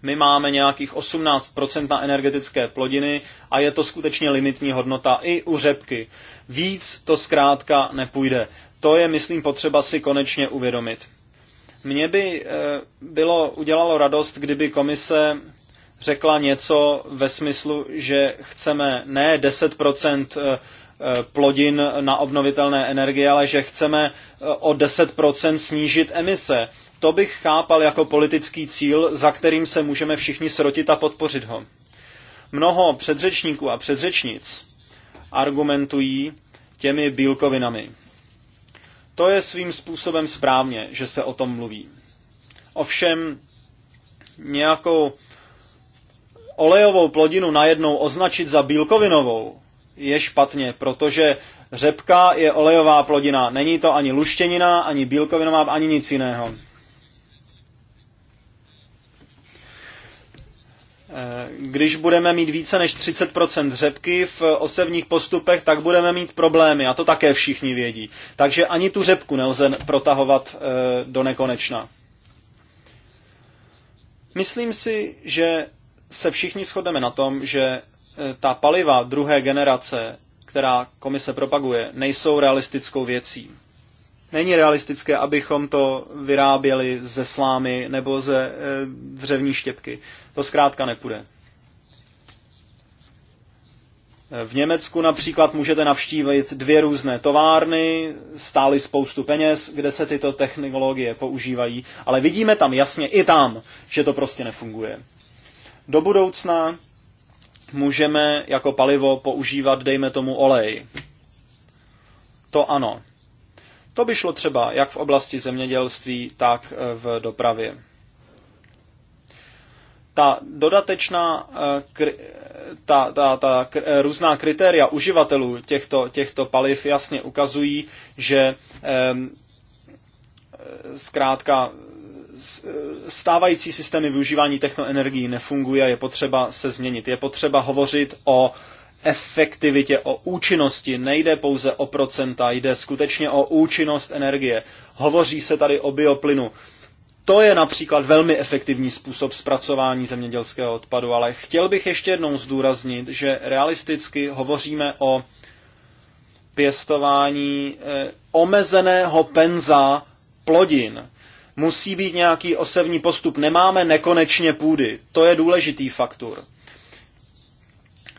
My máme nějakých 18% na energetické plodiny a je to skutečně limitní hodnota i u řepky. Víc to zkrátka nepůjde. To je, myslím, potřeba si konečně uvědomit. Mně by e, bylo, udělalo radost, kdyby komise řekla něco ve smyslu, že chceme ne 10% eh, eh, plodin na obnovitelné energie, ale že chceme eh, o 10% snížit emise. To bych chápal jako politický cíl, za kterým se můžeme všichni srotit a podpořit ho. Mnoho předřečníků a předřečnic argumentují těmi bílkovinami. To je svým způsobem správně, že se o tom mluví. Ovšem, nějakou olejovou plodinu najednou označit za bílkovinovou je špatně, protože řepka je olejová plodina. Není to ani luštěnina, ani bílkovinová, ani nic jiného. Eh, když budeme mít více než 30% řepky v osevních postupech, tak budeme mít problémy a to také všichni vědí. Takže ani tu řepku nelze protahovat eh, do nekonečna. Myslím si, že se všichni shodneme na tom, že e, ta paliva druhé generace, která komise propaguje, nejsou realistickou věcí. Není realistické, abychom to vyráběli ze slámy nebo ze e, dřevní štěpky. To zkrátka nepůjde. V Německu například můžete navštívit dvě různé továrny, stály spoustu peněz, kde se tyto technologie používají, ale vidíme tam jasně i tam, že to prostě nefunguje. Do budoucna můžeme jako palivo používat, dejme tomu, olej. To ano. To by šlo třeba jak v oblasti zemědělství, tak eh, v dopravě. Ta dodatečná, eh, ta, ta, ta eh, různá kritéria uživatelů těchto, těchto paliv jasně ukazují, že ehm, zkrátka stávající systémy využívání technoenergií nefungují, a je potřeba se změnit. Je potřeba hovořit o efektivitě, o účinnosti. Nejde pouze o procenta, jde skutečně o účinnost energie. Hovoří se tady o bioplynu. To je například velmi efektivní způsob zpracování zemědělského odpadu, ale chtěl bych ještě jednou zdůraznit, že realisticky hovoříme o pěstování eh, omezeného penza plodin. Musí být nějaký osevní postup. Nemáme nekonečně půdy. To je důležitý faktor.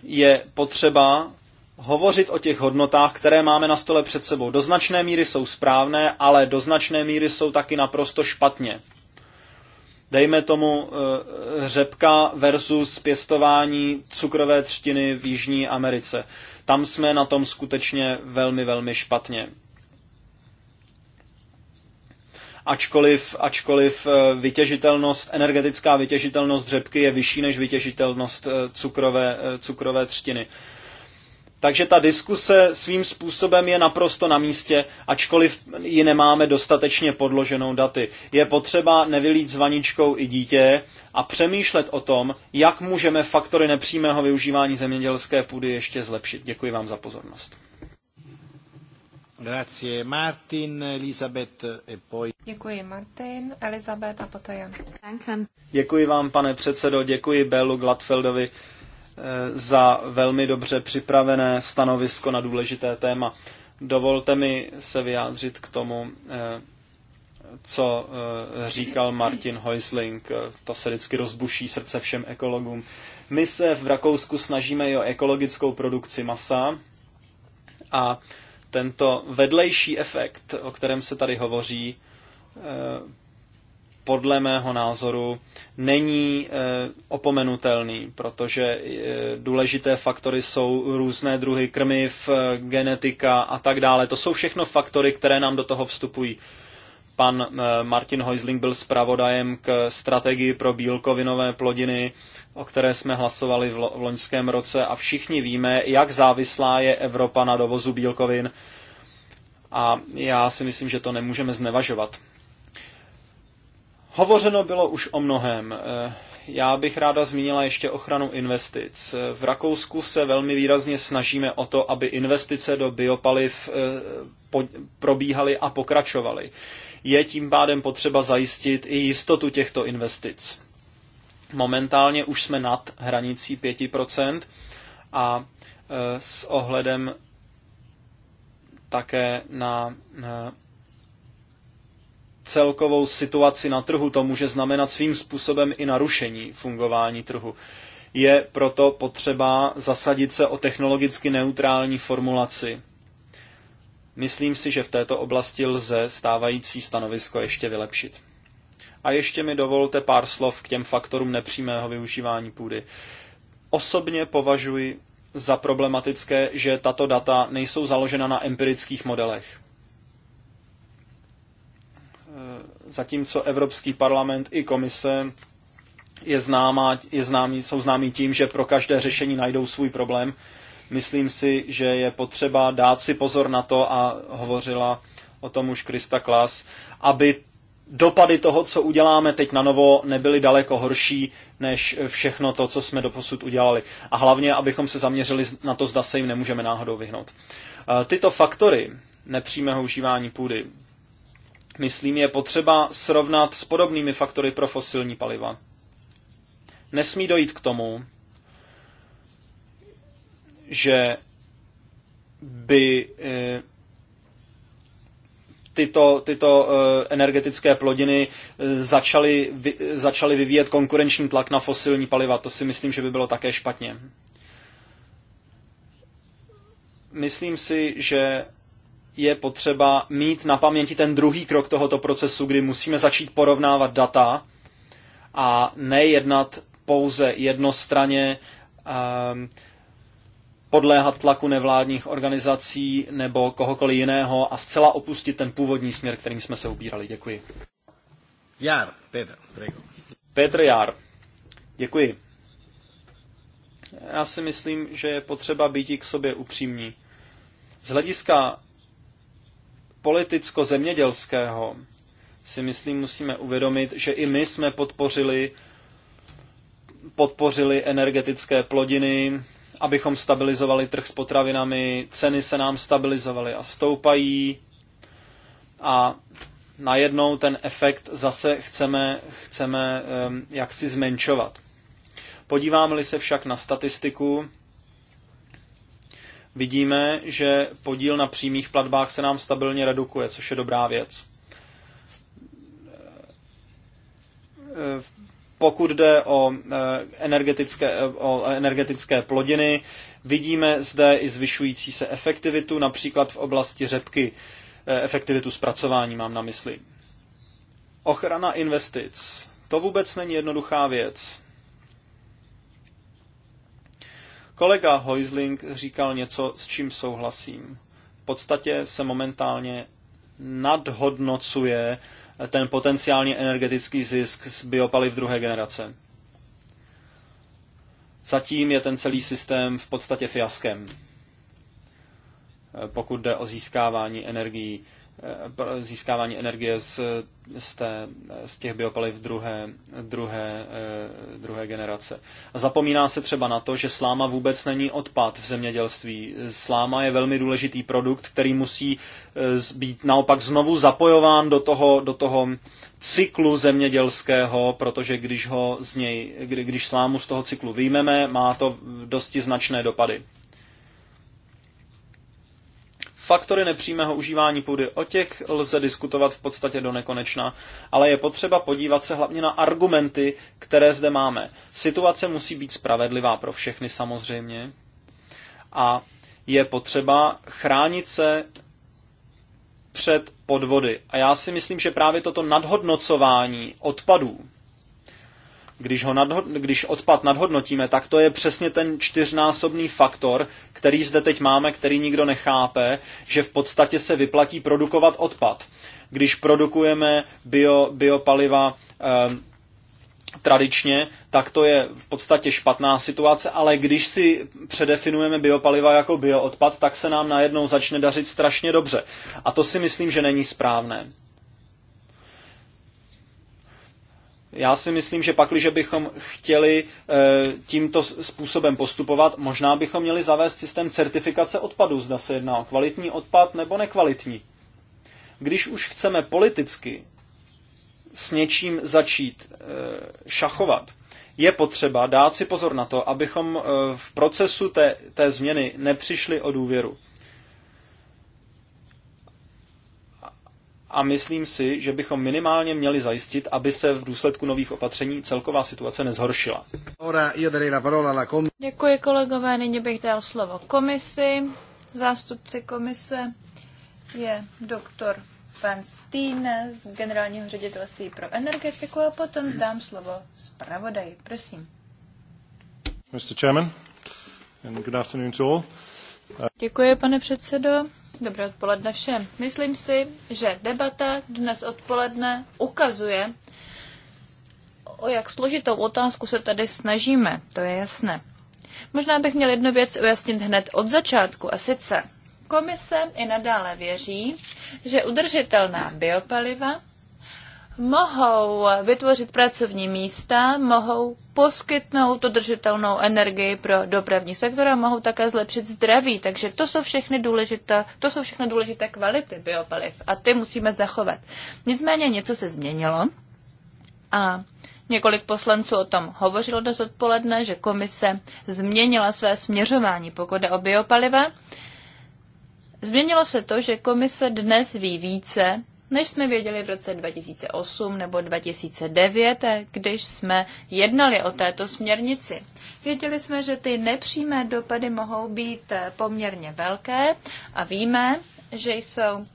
Je potřeba hovořit o těch hodnotách, které máme na stole před sebou. Do značné míry jsou správné, ale do značné míry jsou taky naprosto špatně. Dejme tomu eh, řepka versus pěstování cukrové třtiny v Jižní Americe. Tam jsme na tom skutečně velmi, velmi špatně ačkoliv, ačkoliv eh, vytěžitelnost, energetická vytěžitelnost řepky je vyšší než vytěžitelnost eh, cukrové, eh, cukrové třtiny. Takže ta diskuse svým způsobem je naprosto na místě, ačkoliv ji nemáme dostatečně podloženou daty. Je potřeba nevylít s vaničkou i dítě a přemýšlet o tom, jak můžeme faktory nepřímého využívání zemědělské půdy ještě zlepšit. Děkuji vám za pozornost. Grazie Martin, Elizabeth e poi... Děkuji Martin, Elizabeth a poté Jan. Děkuji vám, pane předsedo, děkuji Belu Gladfeldovi eh, za velmi dobře připravené stanovisko na důležité téma. Dovolte mi se vyjádřit k tomu, eh, co eh, říkal Martin Heusling. To se vždycky rozbuší srdce všem ekologům. My se v Rakousku snažíme i o ekologickou produkci masa a tento vedlejší efekt, o kterém se tady hovoří, eh, podle mého názoru není eh, opomenutelný, protože eh, důležité faktory jsou různé druhy krmiv, genetika a tak dále. To jsou všechno faktory, které nám do toho vstupují. Pan eh, Martin Heusling byl zpravodajem k strategii pro bílkovinové plodiny, o které jsme hlasovali v, loňském roce a všichni víme, jak závislá je Evropa na dovozu bílkovin a já si myslím, že to nemůžeme znevažovat. Hovořeno bylo už o mnohem. Eh, já bych ráda zmínila ještě ochranu investic. Eh, v Rakousku se velmi výrazně snažíme o to, aby investice do biopaliv probíhaly a pokračovaly je tím pádem potřeba zajistit i jistotu těchto investic. Momentálně už jsme nad hranicí 5% a e, s ohledem také na e, celkovou situaci na trhu to může znamenat svým způsobem i narušení fungování trhu. Je proto potřeba zasadit se o technologicky neutrální formulaci Myslím si, že v této oblasti lze stávající stanovisko ještě vylepšit. A ještě mi dovolte pár slov k těm faktorům nepřímého využívání půdy. Osobně považuji za problematické, že tato data nejsou založena na empirických modelech. Zatímco Evropský parlament i komise je známá, je známý, jsou známí tím, že pro každé řešení najdou svůj problém, Myslím si, že je potřeba dát si pozor na to, a hovořila o tom už Krista Klas, aby dopady toho, co uděláme teď na novo, nebyly daleko horší než všechno to, co jsme doposud udělali. A hlavně, abychom se zaměřili na to, zda se jim nemůžeme náhodou vyhnout. E, tyto faktory nepřímého užívání půdy, myslím, je potřeba srovnat s podobnými faktory pro fosilní paliva. Nesmí dojít k tomu, že by eh, tyto, tyto eh, energetické plodiny eh, začaly, začaly vyvíjet konkurenční tlak na fosilní paliva. To si myslím, že by bylo také špatně. Myslím si, že je potřeba mít na paměti ten druhý krok tohoto procesu, kdy musíme začít porovnávat data a nejednat pouze jednostraně um, ehm, podléhat tlaku nevládních organizací nebo kohokoliv jiného a zcela opustit ten původní směr, kterým jsme se ubírali. Děkuji. Jár, Petr, prego. Petr Jár, děkuji. Já si myslím, že je potřeba být k sobě upřímní. Z hlediska politicko-zemědělského si myslím, musíme uvědomit, že i my jsme podpořili podpořili energetické plodiny, abychom stabilizovali trh s potravinami, ceny se nám stabilizovaly a stoupají a najednou ten efekt zase chceme, chceme jaksi zmenšovat. Podíváme-li se však na statistiku, vidíme, že podíl na přímých platbách se nám stabilně redukuje, což je dobrá věc. Pokud jde o eh, energetické, eh, o energetické plodiny, vidíme zde i zvyšující se efektivitu, například v oblasti řepky, eh, efektivitu zpracování mám na mysli. Ochrana investic. To vůbec není jednoduchá věc. Kolega Heusling říkal něco, s čím souhlasím. V podstatě se momentálně nadhodnocuje ten potenciálně energetický zisk z biopaliv druhé generace. Zatím je ten celý systém v podstatě fiaskem, eh, pokud jde o získávání energií. Eh, získávání energie z, z, té, z těch biopaliv druhé, druhé, eh, druhé generace. A zapomíná se třeba na to, že sláma vůbec není odpad v zemědělství. Sláma je velmi důležitý produkt, který musí eh, být naopak znovu zapojován do toho, do toho cyklu zemědělského, protože když, ho z něj, kdy, když slámu z toho cyklu vyjmeme, má to dosti značné dopady. Faktory nepřímého užívání půdy o těch lze diskutovat v podstatě do nekonečna, ale je potřeba podívat se hlavně na argumenty, které zde máme. Situace musí být spravedlivá pro všechny samozřejmě a je potřeba chránit se před podvody. A já si myslím, že právě toto nadhodnocování odpadů když, ho nadho- když odpad nadhodnotíme, tak to je přesně ten čtyřnásobný faktor, který zde teď máme, který nikdo nechápe, že v podstatě se vyplatí produkovat odpad. Když produkujeme bio, biopaliva eh, tradičně, tak to je v podstatě špatná situace, ale když si předefinujeme biopaliva jako bioodpad, tak se nám najednou začne dařit strašně dobře. A to si myslím, že není správné. Já si myslím, že pakliže bychom chtěli eh, tímto způsobem postupovat, možná bychom měli zavést systém certifikace odpadů, zda se jedná o kvalitní odpad nebo nekvalitní. Když už chceme politicky s něčím začít eh, šachovat, je potřeba dát si pozor na to, abychom eh, v procesu té, té změny nepřišli o důvěru. a myslím si, že bychom minimálně měli zajistit, aby se v důsledku nových opatření celková situace nezhoršila. Děkuji kolegové, nyní bych dal slovo komisi. Zástupci komise je doktor Van Steen z Generálního ředitelství pro energetiku a potom dám slovo zpravodaji. Prosím. Mr. Chairman, and good afternoon to all. Děkuji, pane předsedo. Dobré odpoledne všem. Myslím si, že debata dnes odpoledne ukazuje, o jak složitou otázku se tady snažíme, to je jasné. Možná bych měl jednu věc ujasnit hned od začátku, a sice komise i nadále věří, že udržitelná biopaliva mohou vytvořit pracovní místa, mohou poskytnout udržitelnou energii pro dopravní sektor a mohou také zlepšit zdraví. Takže to jsou všechny důležité, to jsou všechny důležité kvality biopaliv a ty musíme zachovat. Nicméně něco se změnilo a Několik poslanců o tom hovořilo dnes odpoledne, že komise změnila své směřování, pokud jde o biopaliva. Změnilo se to, že komise dnes ví více než jsme věděli v roce 2008 nebo 2009, když jsme jednali o této směrnici. Věděli jsme, že ty nepřímé dopady mohou být poměrně velké a víme, že jsou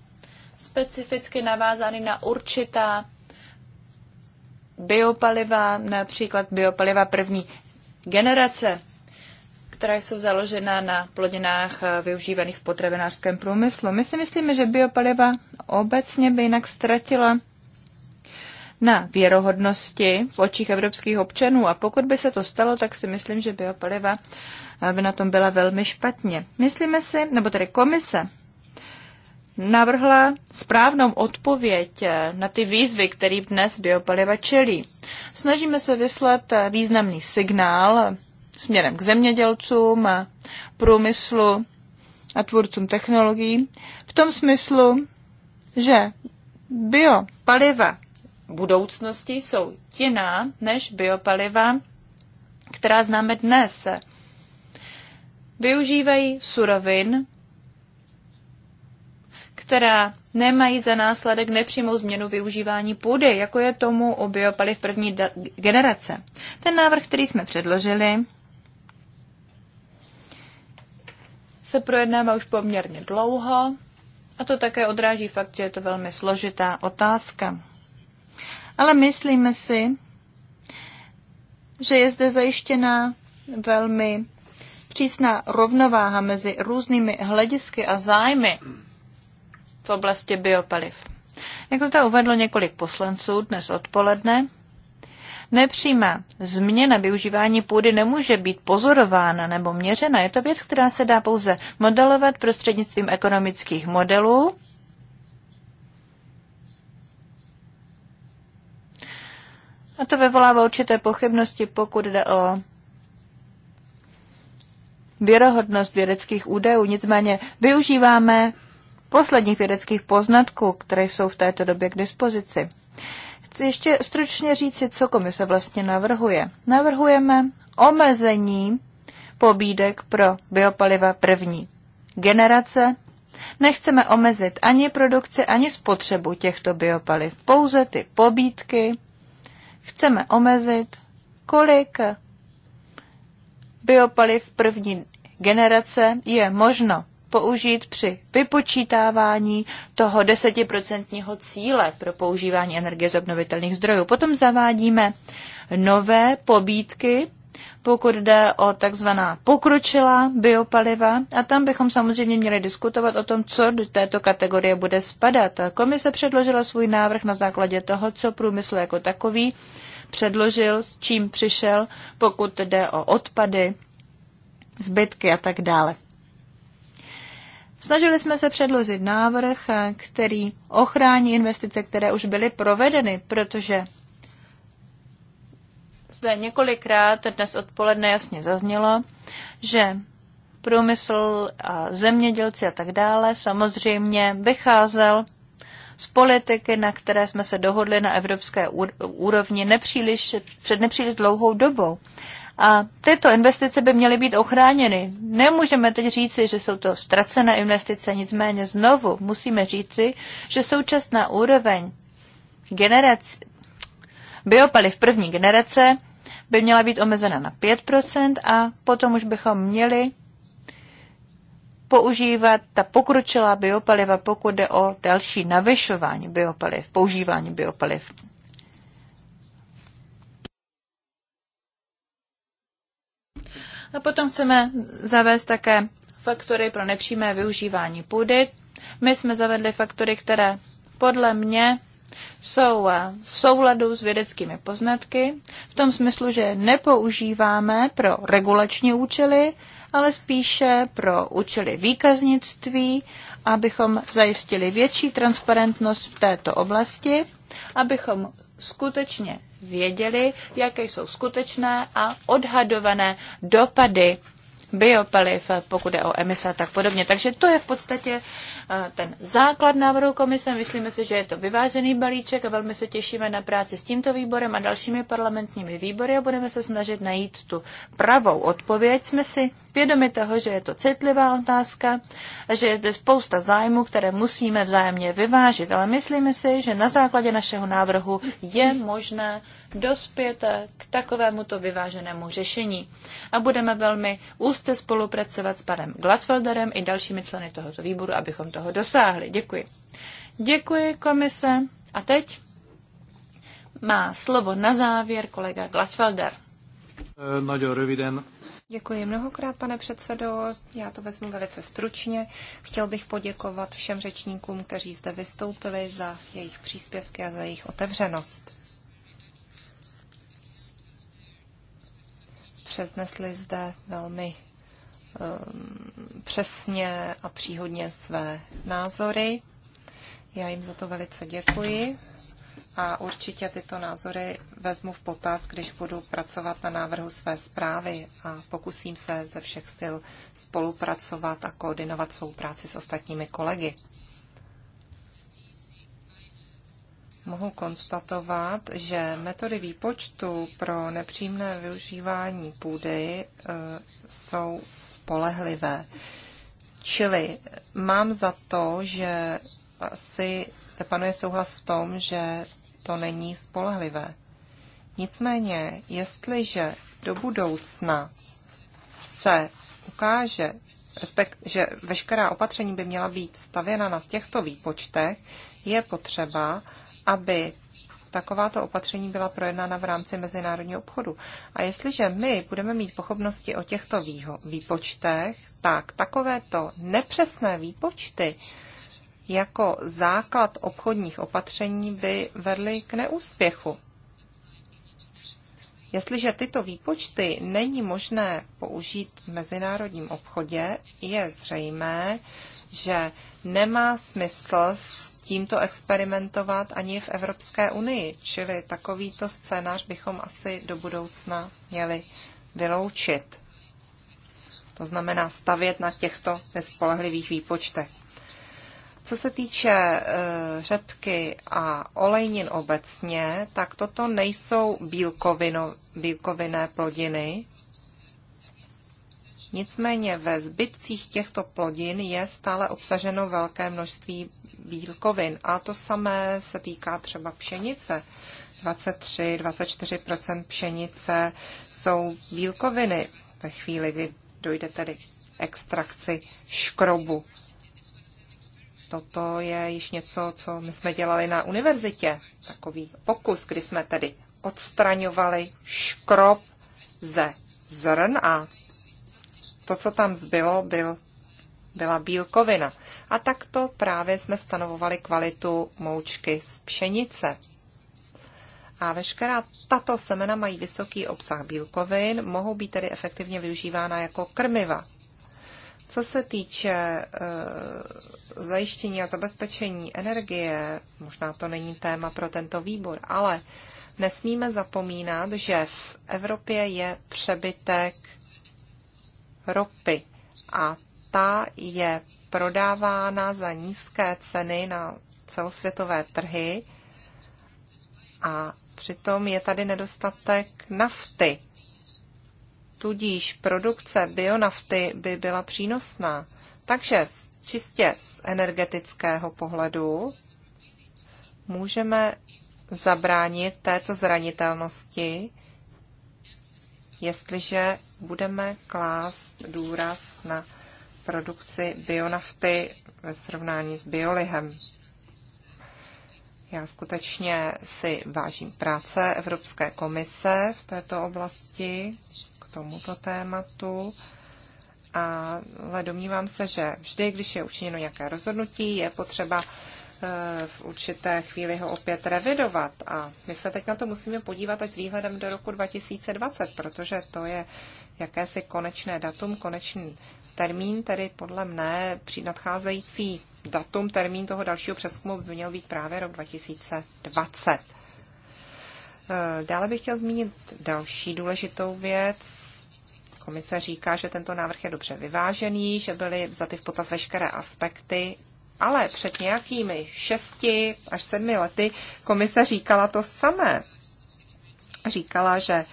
specificky navázány na určitá biopaliva, například biopaliva první generace která jsou založena na plodinách eh, využívaných v potravinářském průmyslu. My si myslíme, že biopaliva obecně by jinak ztratila na věrohodnosti v očích evropských občanů a pokud by se to stalo, tak si myslím, že biopaliva eh, by na tom byla velmi špatně. Myslíme si, nebo tedy komise navrhla správnou odpověď eh, na ty výzvy, který dnes biopaliva čelí. Snažíme se vyslat významný signál směrem k zemědělcům, průmyslu a tvůrcům technologií v tom smyslu, že biopaliva budoucnosti jsou jiná než biopaliva, která známe dnes. Využívají surovin, která nemají za následek nepřímou změnu využívání půdy, jako je tomu u biopaliv první generace. Ten návrh, který jsme předložili, se projednává už poměrně dlouho a to také odráží fakt, že je to velmi složitá otázka. Ale myslíme si, že je zde zajištěna velmi přísná rovnováha mezi různými hledisky a zájmy v oblasti biopaliv. Jak to uvedlo několik poslanců dnes odpoledne, Nepřímá změna využívání půdy nemůže být pozorována nebo měřena. Je to věc, která se dá pouze modelovat prostřednictvím ekonomických modelů. A to vyvolává určité pochybnosti, pokud jde o věrohodnost vědeckých údajů. Nicméně využíváme posledních vědeckých poznatků, které jsou v této době k dispozici. Chci ještě stručně říci, co komise vlastně navrhuje. Navrhujeme omezení pobídek pro biopaliva první generace. Nechceme omezit ani produkci, ani spotřebu těchto biopaliv. Pouze ty pobídky chceme omezit, kolik biopaliv první generace je možno použít při vypočítávání toho desetiprocentního cíle pro používání energie z obnovitelných zdrojů. Potom zavádíme nové pobídky, pokud jde o takzvaná pokročilá biopaliva. A tam bychom samozřejmě měli diskutovat o tom, co do této kategorie bude spadat. Komise předložila svůj návrh na základě toho, co průmysl jako takový předložil, s čím přišel, pokud jde o odpady, zbytky a tak dále. Snažili jsme se předložit návrh, eh, který ochrání investice, které už byly provedeny, protože zde několikrát dnes odpoledne jasně zaznělo, že průmysl a zemědělci a tak dále samozřejmě vycházel z politiky, na které jsme se dohodli na evropské úrovni nepříliš, před nepříliš dlouhou dobou. A tyto investice by měly být ochráněny. Nemůžeme teď říci, že jsou to ztracené investice, nicméně znovu musíme říci, že současná úroveň generace, biopaliv první generace by měla být omezena na 5% a potom už bychom měli používat ta pokročilá biopaliva, pokud jde o další navyšování biopaliv, používání biopaliv. A potom chceme zavést také faktory pro nepřímé využívání půdy. My jsme zavedli faktory, které podle mě jsou eh, v souladu s vědeckými poznatky, v tom smyslu, že nepoužíváme pro regulační účely, ale spíše pro účely výkaznictví, abychom zajistili větší transparentnost v této oblasti, abychom skutečně věděli, jaké jsou skutečné a odhadované dopady biopaliv, pokud je o emise a tak podobně. Takže to je v podstatě ten základ návrhu komise. Myslíme si, že je to vyvážený balíček a velmi se těšíme na práci s tímto výborem a dalšími parlamentními výbory a budeme se snažit najít tu pravou odpověď. Jsme si vědomi toho, že je to citlivá otázka a že je zde spousta zájmů, které musíme vzájemně vyvážit, ale myslíme si, že na základě našeho návrhu je možné dospět k takovémuto vyváženému řešení. A budeme velmi úzce spolupracovat s panem Gladfelderem i dalšími členy tohoto výboru, abychom toho dosáhli. Děkuji. Děkuji komise. A teď má slovo na závěr kolega Gladfelder. Děkuji mnohokrát, pane předsedo. Já to vezmu velice stručně. Chtěl bych poděkovat všem řečníkům, kteří zde vystoupili za jejich příspěvky a za jejich otevřenost. přeznesli zde velmi eh, přesně a příhodně své názory. Já jim za to velice děkuji a určitě tyto názory vezmu v potaz, když budu pracovat na návrhu své zprávy a pokusím se ze všech sil spolupracovat a koordinovat svou práci s ostatními kolegy. mohu konstatovat, že metody výpočtu pro nepřímné využívání půdy e, jsou spolehlivé. Čili mám za to, že asi zde panuje souhlas v tom, že to není spolehlivé. Nicméně, jestliže do budoucna se ukáže, respekt, že veškerá opatření by měla být stavěna na těchto výpočtech, je potřeba, aby takováto opatření byla projednána v rámci mezinárodního obchodu. A jestliže my budeme mít pochopnosti o těchto výho- výpočtech, tak takovéto nepřesné výpočty jako základ obchodních opatření by vedly k neúspěchu. Jestliže tyto výpočty není možné použít v mezinárodním obchodě, je zřejmé, že nemá smysl tímto experimentovat ani v Evropské unii, čili takovýto scénář bychom asi do budoucna měli vyloučit. To znamená stavět na těchto nespolehlivých výpočtech. Co se týče eh, řepky a olejnin obecně, tak toto nejsou bílkovino, bílkovinné plodiny, Nicméně ve zbytcích těchto plodin je stále obsaženo velké množství bílkovin a to samé se týká třeba pšenice. 23-24 pšenice jsou bílkoviny ve chvíli, kdy dojde tedy k extrakci škrobu. Toto je již něco, co my jsme dělali na univerzitě. Takový pokus, kdy jsme tedy odstraňovali škrob ze zrn a to, co tam zbylo, byl, byla bílkovina. A takto právě jsme stanovovali kvalitu moučky z pšenice. A veškerá tato semena mají vysoký obsah bílkovin, mohou být tedy efektivně využívána jako krmiva. Co se týče e, zajištění a zabezpečení energie, možná to není téma pro tento výbor, ale nesmíme zapomínat, že v Evropě je přebytek ropy a ta je prodávána za nízké ceny na celosvětové trhy a přitom je tady nedostatek nafty. Tudíž produkce bionafty by byla přínosná. Takže čistě z energetického pohledu můžeme zabránit této zranitelnosti jestliže budeme klást důraz na produkci bionafty ve srovnání s biolihem. Já skutečně si vážím práce Evropské komise v této oblasti k tomuto tématu, ale domnívám se, že vždy, když je učiněno nějaké rozhodnutí, je potřeba Eh, v určité chvíli ho opět revidovat. A my se teď na to musíme podívat až s výhledem do roku 2020, protože to je jakési konečné datum, konečný termín, tedy podle mne při nadcházející datum, termín toho dalšího přeskumu by měl být právě rok 2020. Eh, dále bych chtěl zmínit další důležitou věc. Komise říká, že tento návrh je dobře vyvážený, že byly vzaty v potaz veškeré aspekty ale před nějakými šesti až sedmi lety komise říkala to samé. Říkala, že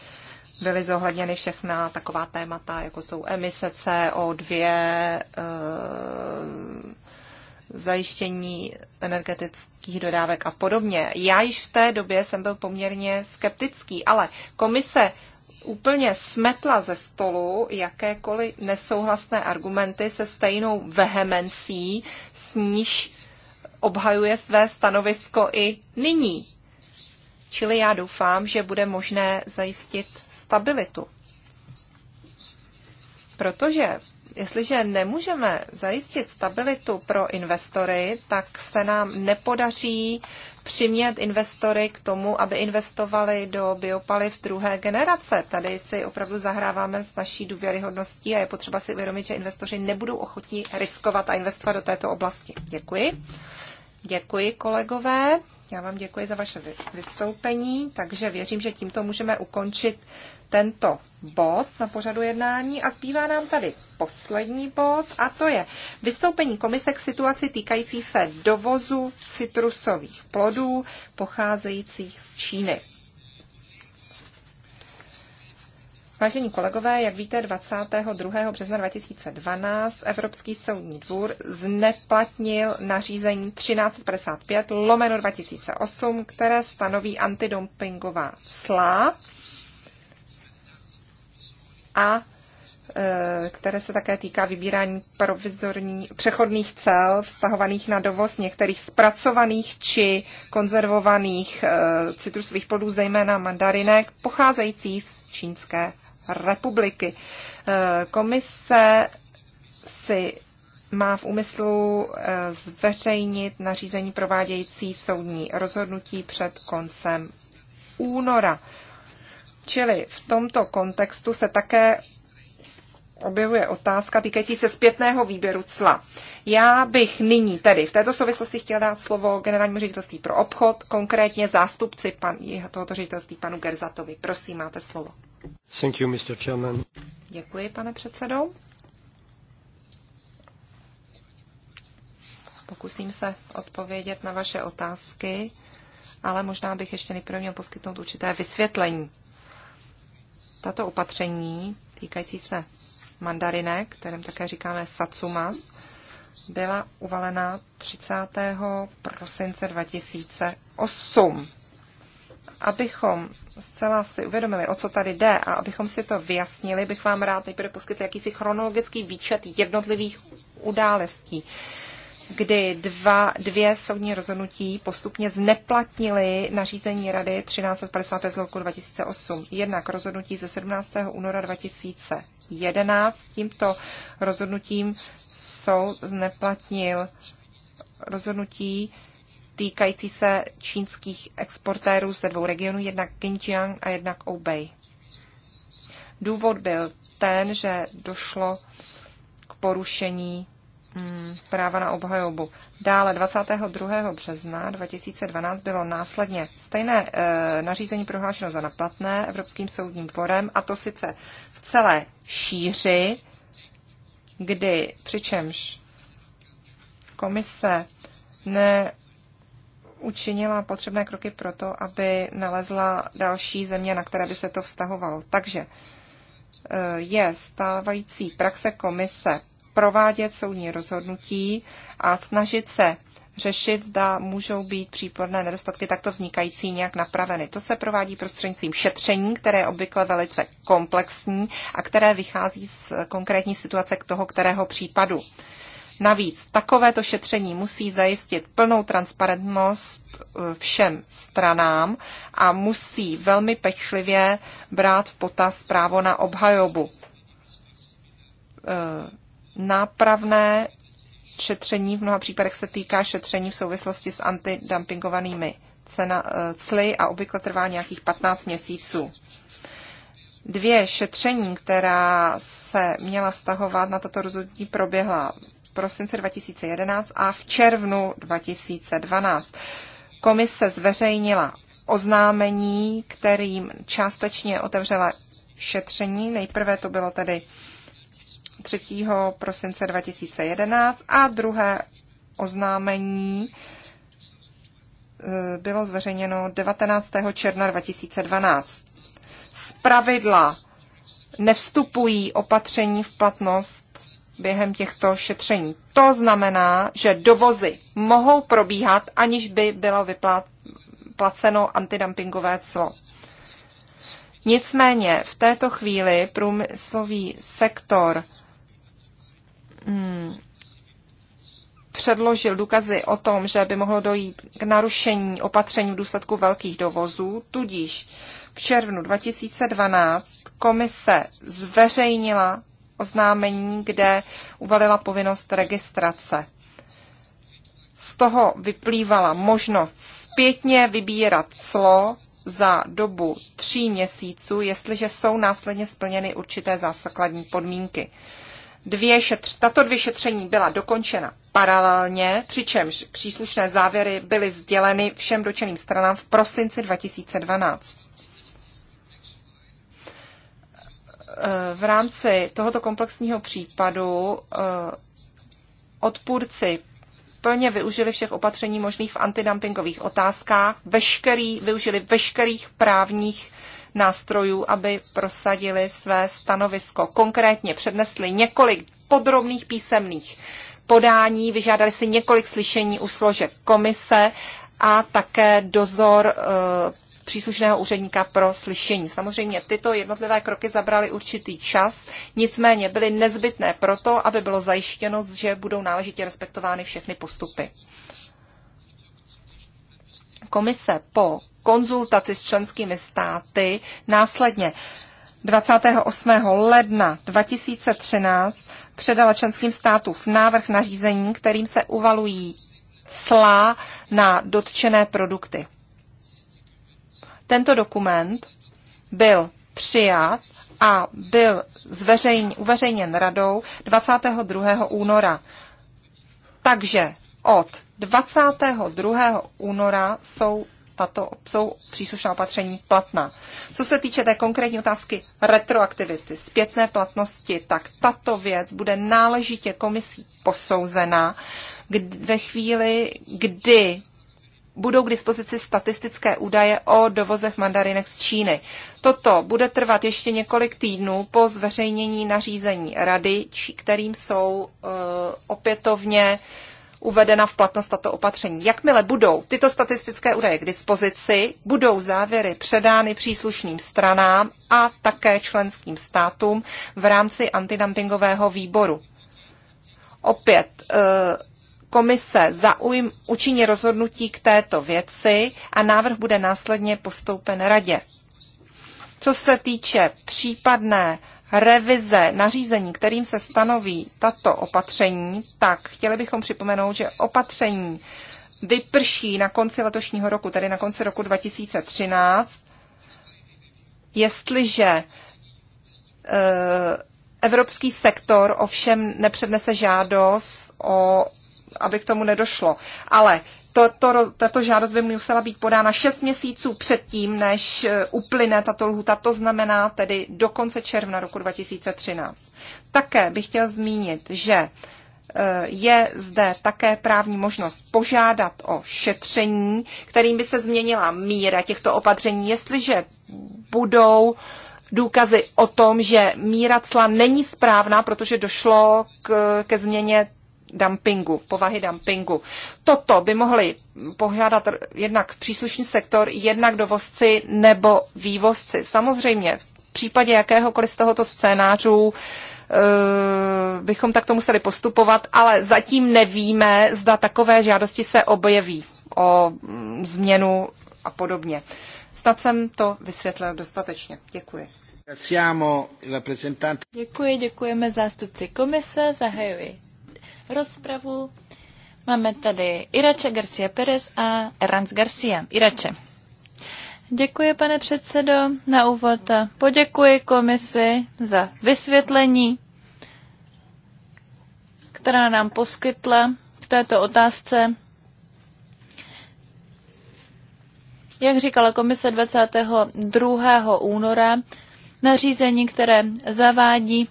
byly zohledněny všechna taková témata, jako jsou emise CO2, eh, zajištění energetických dodávek a podobně. Já již v té době jsem byl poměrně skeptický, ale komise úplně smetla ze stolu jakékoliv nesouhlasné argumenty se stejnou vehemencí, s níž obhajuje své stanovisko i nyní. Čili já doufám, že bude možné zajistit stabilitu. Protože jestliže nemůžeme zajistit stabilitu pro investory, tak se nám nepodaří přimět investory k tomu, aby investovali do biopaliv druhé generace. Tady si opravdu zahráváme s naší důvěryhodností a je potřeba si uvědomit, že investoři nebudou ochotní riskovat a investovat do této oblasti. Děkuji. Děkuji, kolegové. Já vám děkuji za vaše vystoupení, takže věřím, že tímto můžeme ukončit tento bod na pořadu jednání a zbývá nám tady poslední bod a to je vystoupení komise k situaci týkající se dovozu citrusových plodů pocházejících z Číny. Vážení kolegové, jak víte, 22. března 2012 Evropský soudní dvůr zneplatnil nařízení 1355 lomeno 2008, které stanoví antidumpingová slá a e, které se také týká vybírání provizorní, přechodných cel vztahovaných na dovoz některých zpracovaných či konzervovaných e, citrusových plodů, zejména mandarinek, pocházející z Čínské republiky. E, komise si má v úmyslu zveřejnit nařízení provádějící soudní rozhodnutí před koncem února. Čili v tomto kontextu se také objevuje otázka týkající se zpětného výběru cla. Já bych nyní tedy v této souvislosti chtěla dát slovo generálnímu ředitelství pro obchod, konkrétně zástupci pan, tohoto ředitelství panu Gerzatovi. Prosím, máte slovo. Thank you, Mr. Chairman. Děkuji, pane předsedo. Pokusím se odpovědět na vaše otázky, ale možná bych ještě nejprve měl poskytnout určité vysvětlení. Tato opatření týkající se mandarinek, kterým také říkáme satsumas, byla uvalena 30. prosince 2008. Abychom zcela si uvědomili, o co tady jde a abychom si to vyjasnili, bych vám rád nejprve poskytl jakýsi chronologický výčet jednotlivých událostí kdy dva, dvě soudní rozhodnutí postupně zneplatnily nařízení Rady 1355 z roku 2008. Jednak rozhodnutí ze 17. února 2011. Tímto rozhodnutím soud zneplatnil rozhodnutí týkající se čínských exportérů ze dvou regionů, jednak Xinjiang a jednak Obey. Důvod byl ten, že došlo k porušení Mm. práva na obhajobu. Dále 22. března 2012 bylo následně stejné e, nařízení prohlášeno za naplatné Evropským soudním dvorem, a to sice v celé šíři, kdy přičemž komise ne učinila potřebné kroky pro to, aby nalezla další země, na které by se to vztahovalo. Takže eh, je stávající praxe komise provádět soudní rozhodnutí a snažit se řešit, zda můžou být případné nedostatky takto vznikající nějak napraveny. To se provádí prostřednictvím šetření, které je obvykle velice komplexní a které vychází z konkrétní situace k toho kterého případu. Navíc takovéto šetření musí zajistit plnou transparentnost eh, všem stranám a musí velmi pečlivě brát v potaz právo na obhajobu eh, nápravné šetření v mnoha případech se týká šetření v souvislosti s antidumpingovanými cena, eh, cly a obvykle trvá nějakých 15 měsíců. Dvě šetření, která se měla vztahovat na toto rozhodnutí, proběhla v prosince 2011 a v červnu 2012. Komise zveřejnila oznámení, kterým částečně otevřela šetření. Nejprve to bylo tedy 3. prosince 2011 a druhé oznámení eh, bylo zveřejněno 19. června 2012. Z pravidla nevstupují opatření v platnost během těchto šetření. To znamená, že dovozy mohou probíhat, aniž by bylo vyplaceno antidumpingové clo. Nicméně v této chvíli průmyslový sektor Hmm. předložil důkazy o tom, že by mohlo dojít k narušení opatření v důsledku velkých dovozů, tudíž v červnu 2012 komise zveřejnila oznámení, kde uvalila povinnost registrace. Z toho vyplývala možnost zpětně vybírat clo za dobu tří měsíců, jestliže jsou následně splněny určité základní podmínky dvě šetř, tato dvě šetření byla dokončena paralelně, přičemž příslušné závěry byly sděleny všem dočeným stranám v prosinci 2012. Eh, v rámci tohoto komplexního případu eh, odpůrci plně využili všech opatření možných v antidumpingových otázkách, veškerý, využili veškerých právních nástrojů, aby prosadili své stanovisko. Konkrétně přednesli několik podrobných písemných podání, vyžádali si několik slyšení u složek komise a také dozor e, příslušného úředníka pro slyšení. Samozřejmě tyto jednotlivé kroky zabraly určitý čas, nicméně byly nezbytné proto, aby bylo zajištěno, že budou náležitě respektovány všechny postupy. Komise po konzultaci s členskými státy. Následně 28. ledna 2013 předala členským státům návrh nařízení, kterým se uvalují clá na dotčené produkty. Tento dokument byl přijat a byl zveřejn, uveřejněn radou 22. února. Takže od 22. února jsou tato jsou příslušná opatření platná. Co se týče té konkrétní otázky retroaktivity, zpětné platnosti, tak tato věc bude náležitě komisí posouzena kdy, ve chvíli, kdy budou k dispozici statistické údaje o dovozech mandarinek z Číny. Toto bude trvat ještě několik týdnů po zveřejnění nařízení rady, kterým jsou uh, opětovně uh, uvedena v platnost tato opatření. Jakmile budou tyto statistické údaje k dispozici, budou závěry předány příslušným stranám a také členským státům v rámci antidumpingového výboru. Opět, eh, komise zaujím, učiní rozhodnutí k této věci a návrh bude následně postoupen radě. Co se týče případné revize nařízení, kterým se stanoví tato opatření, tak chtěli bychom připomenout, že opatření vyprší na konci letošního roku, tedy na konci roku 2013, jestliže e, evropský sektor ovšem nepřednese žádost o aby k tomu nedošlo. Ale tato, tato žádost by musela být podána 6 měsíců předtím, než e, uplyne tato lhuta, to znamená tedy do konce června roku 2013. Také bych chtěl zmínit, že e, je zde také právní možnost požádat o šetření, kterým by se změnila míra těchto opatření, jestliže budou důkazy o tom, že míra cla není správná, protože došlo k, ke změně dumpingu, povahy dumpingu. Toto by mohli požádat jednak příslušný sektor, jednak dovozci nebo vývozci. Samozřejmě v případě jakéhokoliv z tohoto scénářů eh, bychom takto museli postupovat, ale zatím nevíme, zda takové žádosti se objeví o mm, změnu a podobně. Snad jsem to vysvětlil dostatečně. Děkuji. Děkuji, děkujeme zástupci komise, zahajuji rozpravu. Máme tady Irače Garcia Perez a Erans Garcia. Irače. Děkuji, pane předsedo. Na úvod poděkuji komisi za vysvětlení, která nám poskytla k této otázce. Jak říkala komise 22. února, nařízení, které zavádí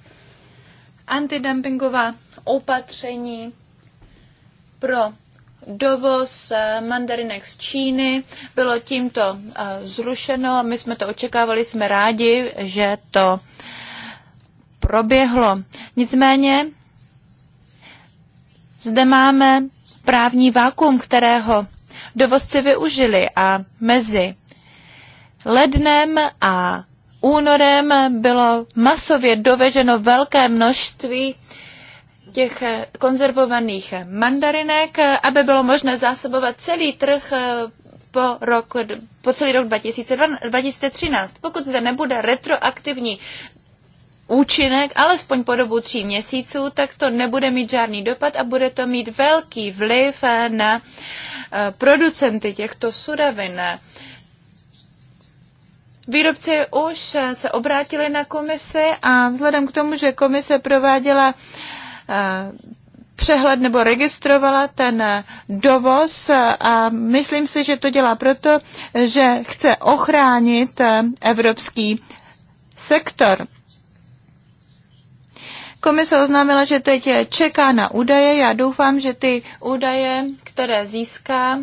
antidumpingová opatření pro dovoz eh, mandarinek z Číny bylo tímto eh, zrušeno. My jsme to očekávali, jsme rádi, že to proběhlo. Nicméně zde máme právní vákum, kterého dovozci využili a mezi lednem a únorem bylo masově doveženo velké množství těch eh, konzervovaných mandarinek, eh, aby bylo možné zásobovat celý trh eh, po, rok, po celý rok 2013. Pokud zde nebude retroaktivní účinek, alespoň po dobu tří měsíců, tak to nebude mít žádný dopad a bude to mít velký vliv na producenty těchto surovin. Výrobci už se obrátili na komisi a vzhledem k tomu, že komise prováděla uh, Eh, přehled nebo registrovala ten eh, dovoz eh, a myslím si, že to dělá proto, že chce ochránit evropský sektor. Komise oznámila, že teď čeká na údaje. Já doufám, že ty údaje, které získá,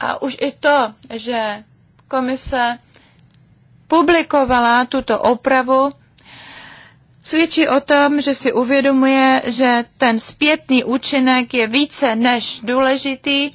a už i to, že komise publikovala tuto opravu, svědčí o tom, že si uvědomuje, že ten zpětný účinek je více než důležitý.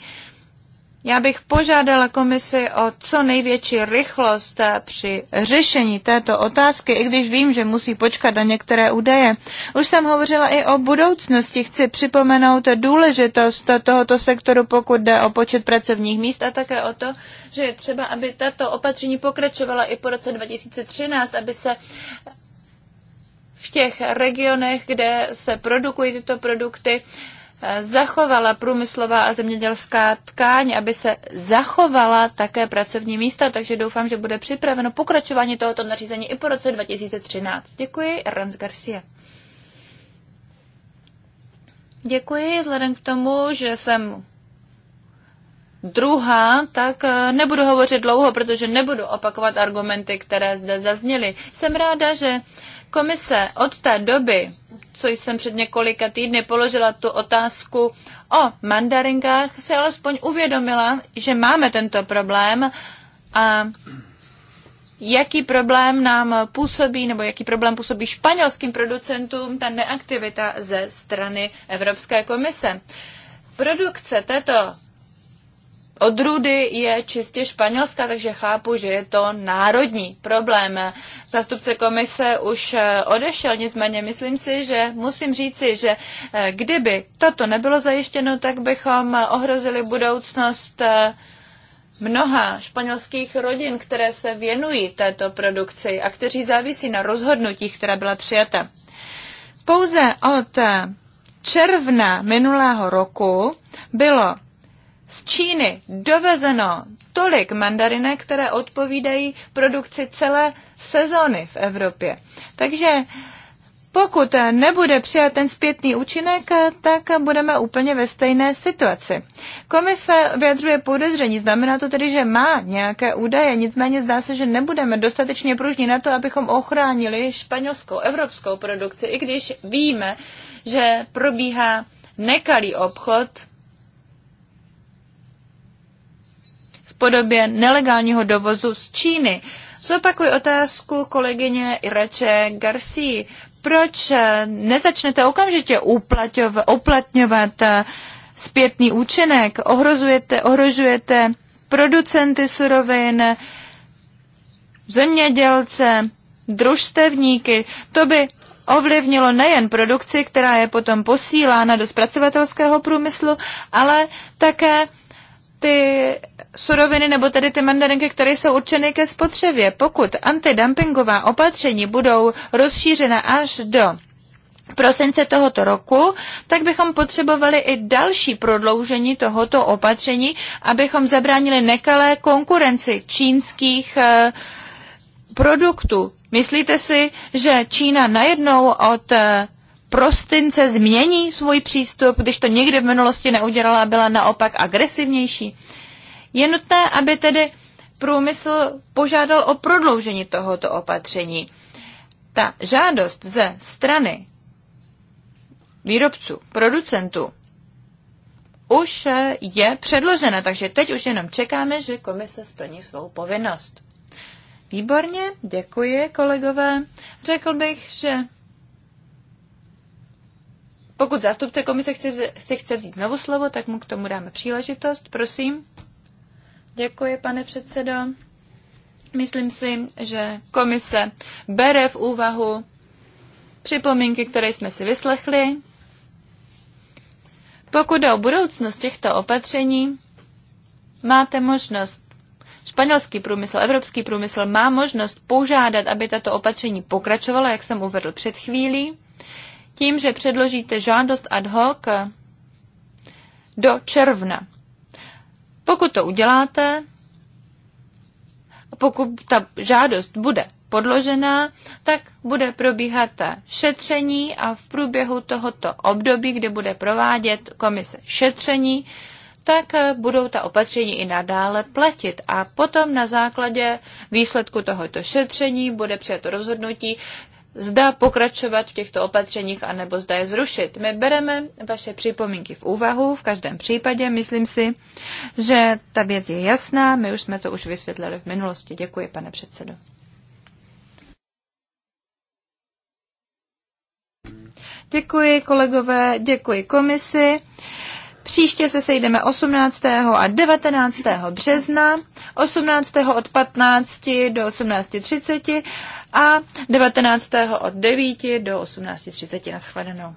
Já bych požádala komisi o co největší rychlost při řešení této otázky, i když vím, že musí počkat na některé údaje. Už jsem hovořila i o budoucnosti. Chci připomenout důležitost tohoto sektoru, pokud jde o počet pracovních míst a také o to, že je třeba, aby tato opatření pokračovala i po roce 2013, aby se těch regionech, kde se produkují tyto produkty, eh, zachovala průmyslová a zemědělská tkáň, aby se zachovala také pracovní místa, takže doufám, že bude připraveno pokračování tohoto nařízení i po roce 2013. Děkuji, Rans Garcia. Děkuji, vzhledem k tomu, že jsem druhá, tak eh, nebudu hovořit dlouho, protože nebudu opakovat argumenty, které zde zazněly. Jsem ráda, že Komise od té doby, co jsem před několika týdny položila tu otázku o mandarinkách, se alespoň uvědomila, že máme tento problém a jaký problém nám působí, nebo jaký problém působí španělským producentům ta neaktivita ze strany Evropské komise. Produkce této odrůdy je čistě španělská, takže chápu, že je to národní problém. Zastupce komise už eh, odešel, nicméně myslím si, že musím říci, že eh, kdyby toto nebylo zajištěno, tak bychom eh, ohrozili budoucnost mnoha španělských rodin, které se věnují této produkci a kteří závisí na rozhodnutích, která byla přijata. Pouze od června minulého roku bylo z Číny dovezeno tolik mandarinek, které odpovídají produkci celé sezony v Evropě. Takže pokud nebude přijat ten zpětný účinek, tak budeme úplně ve stejné situaci. Komise vyjadřuje podezření, znamená to tedy, že má nějaké údaje, nicméně zdá se, že nebudeme dostatečně pružní na to, abychom ochránili španělskou, evropskou produkci, i když víme, že probíhá nekalý obchod podobě nelegálního dovozu z Číny. Zopakuji otázku kolegyně Irače Garcí. Proč eh, nezačnete okamžitě uplatňovat eh, zpětný účinek? Ohrozujete, ohrožujete producenty surovin, zemědělce, družstevníky. To by ovlivnilo nejen produkci, která je potom posílána do zpracovatelského průmyslu, ale také ty suroviny nebo tedy ty mandarinky, které jsou určeny ke spotřebě. Pokud antidumpingová opatření budou rozšířena až do prosince tohoto roku, tak bychom potřebovali i další prodloužení tohoto opatření, abychom zabránili nekalé konkurenci čínských eh, produktů. Myslíte si, že Čína najednou od eh, prostince změní svůj přístup, když to nikdy v minulosti neudělala a byla naopak agresivnější. Je nutné, aby tedy průmysl požádal o prodloužení tohoto opatření. Ta žádost ze strany výrobců, producentů už je předložena, takže teď už jenom čekáme, že komise splní svou povinnost. Výborně, děkuji kolegové. Řekl bych, že pokud zástupce komise chce, si chce vzít znovu slovo, tak mu k tomu dáme příležitost. Prosím. Děkuji, pane předsedo. Myslím si, že komise bere v úvahu připomínky, které jsme si vyslechli. Pokud jde o budoucnost těchto opatření, máte možnost, španělský průmysl, evropský průmysl má možnost požádat, aby tato opatření pokračovala, jak jsem uvedl před chvílí tím, že předložíte žádost ad hoc do června. Pokud to uděláte, pokud ta žádost bude podložená, tak bude probíhat šetření a v průběhu tohoto období, kde bude provádět komise šetření, tak budou ta opatření i nadále platit. A potom na základě výsledku tohoto šetření bude přijato rozhodnutí, zda pokračovat v těchto opatřeních, anebo zda je zrušit. My bereme vaše připomínky v úvahu, v každém případě myslím si, že ta věc je jasná, my už jsme to už vysvětlili v minulosti. Děkuji, pane předsedo. Děkuji kolegové, děkuji komisi. Příště se sejdeme 18. a 19. března, 18. od 15 do 18.30 a 19. od 9 do 18.30 na shledanou.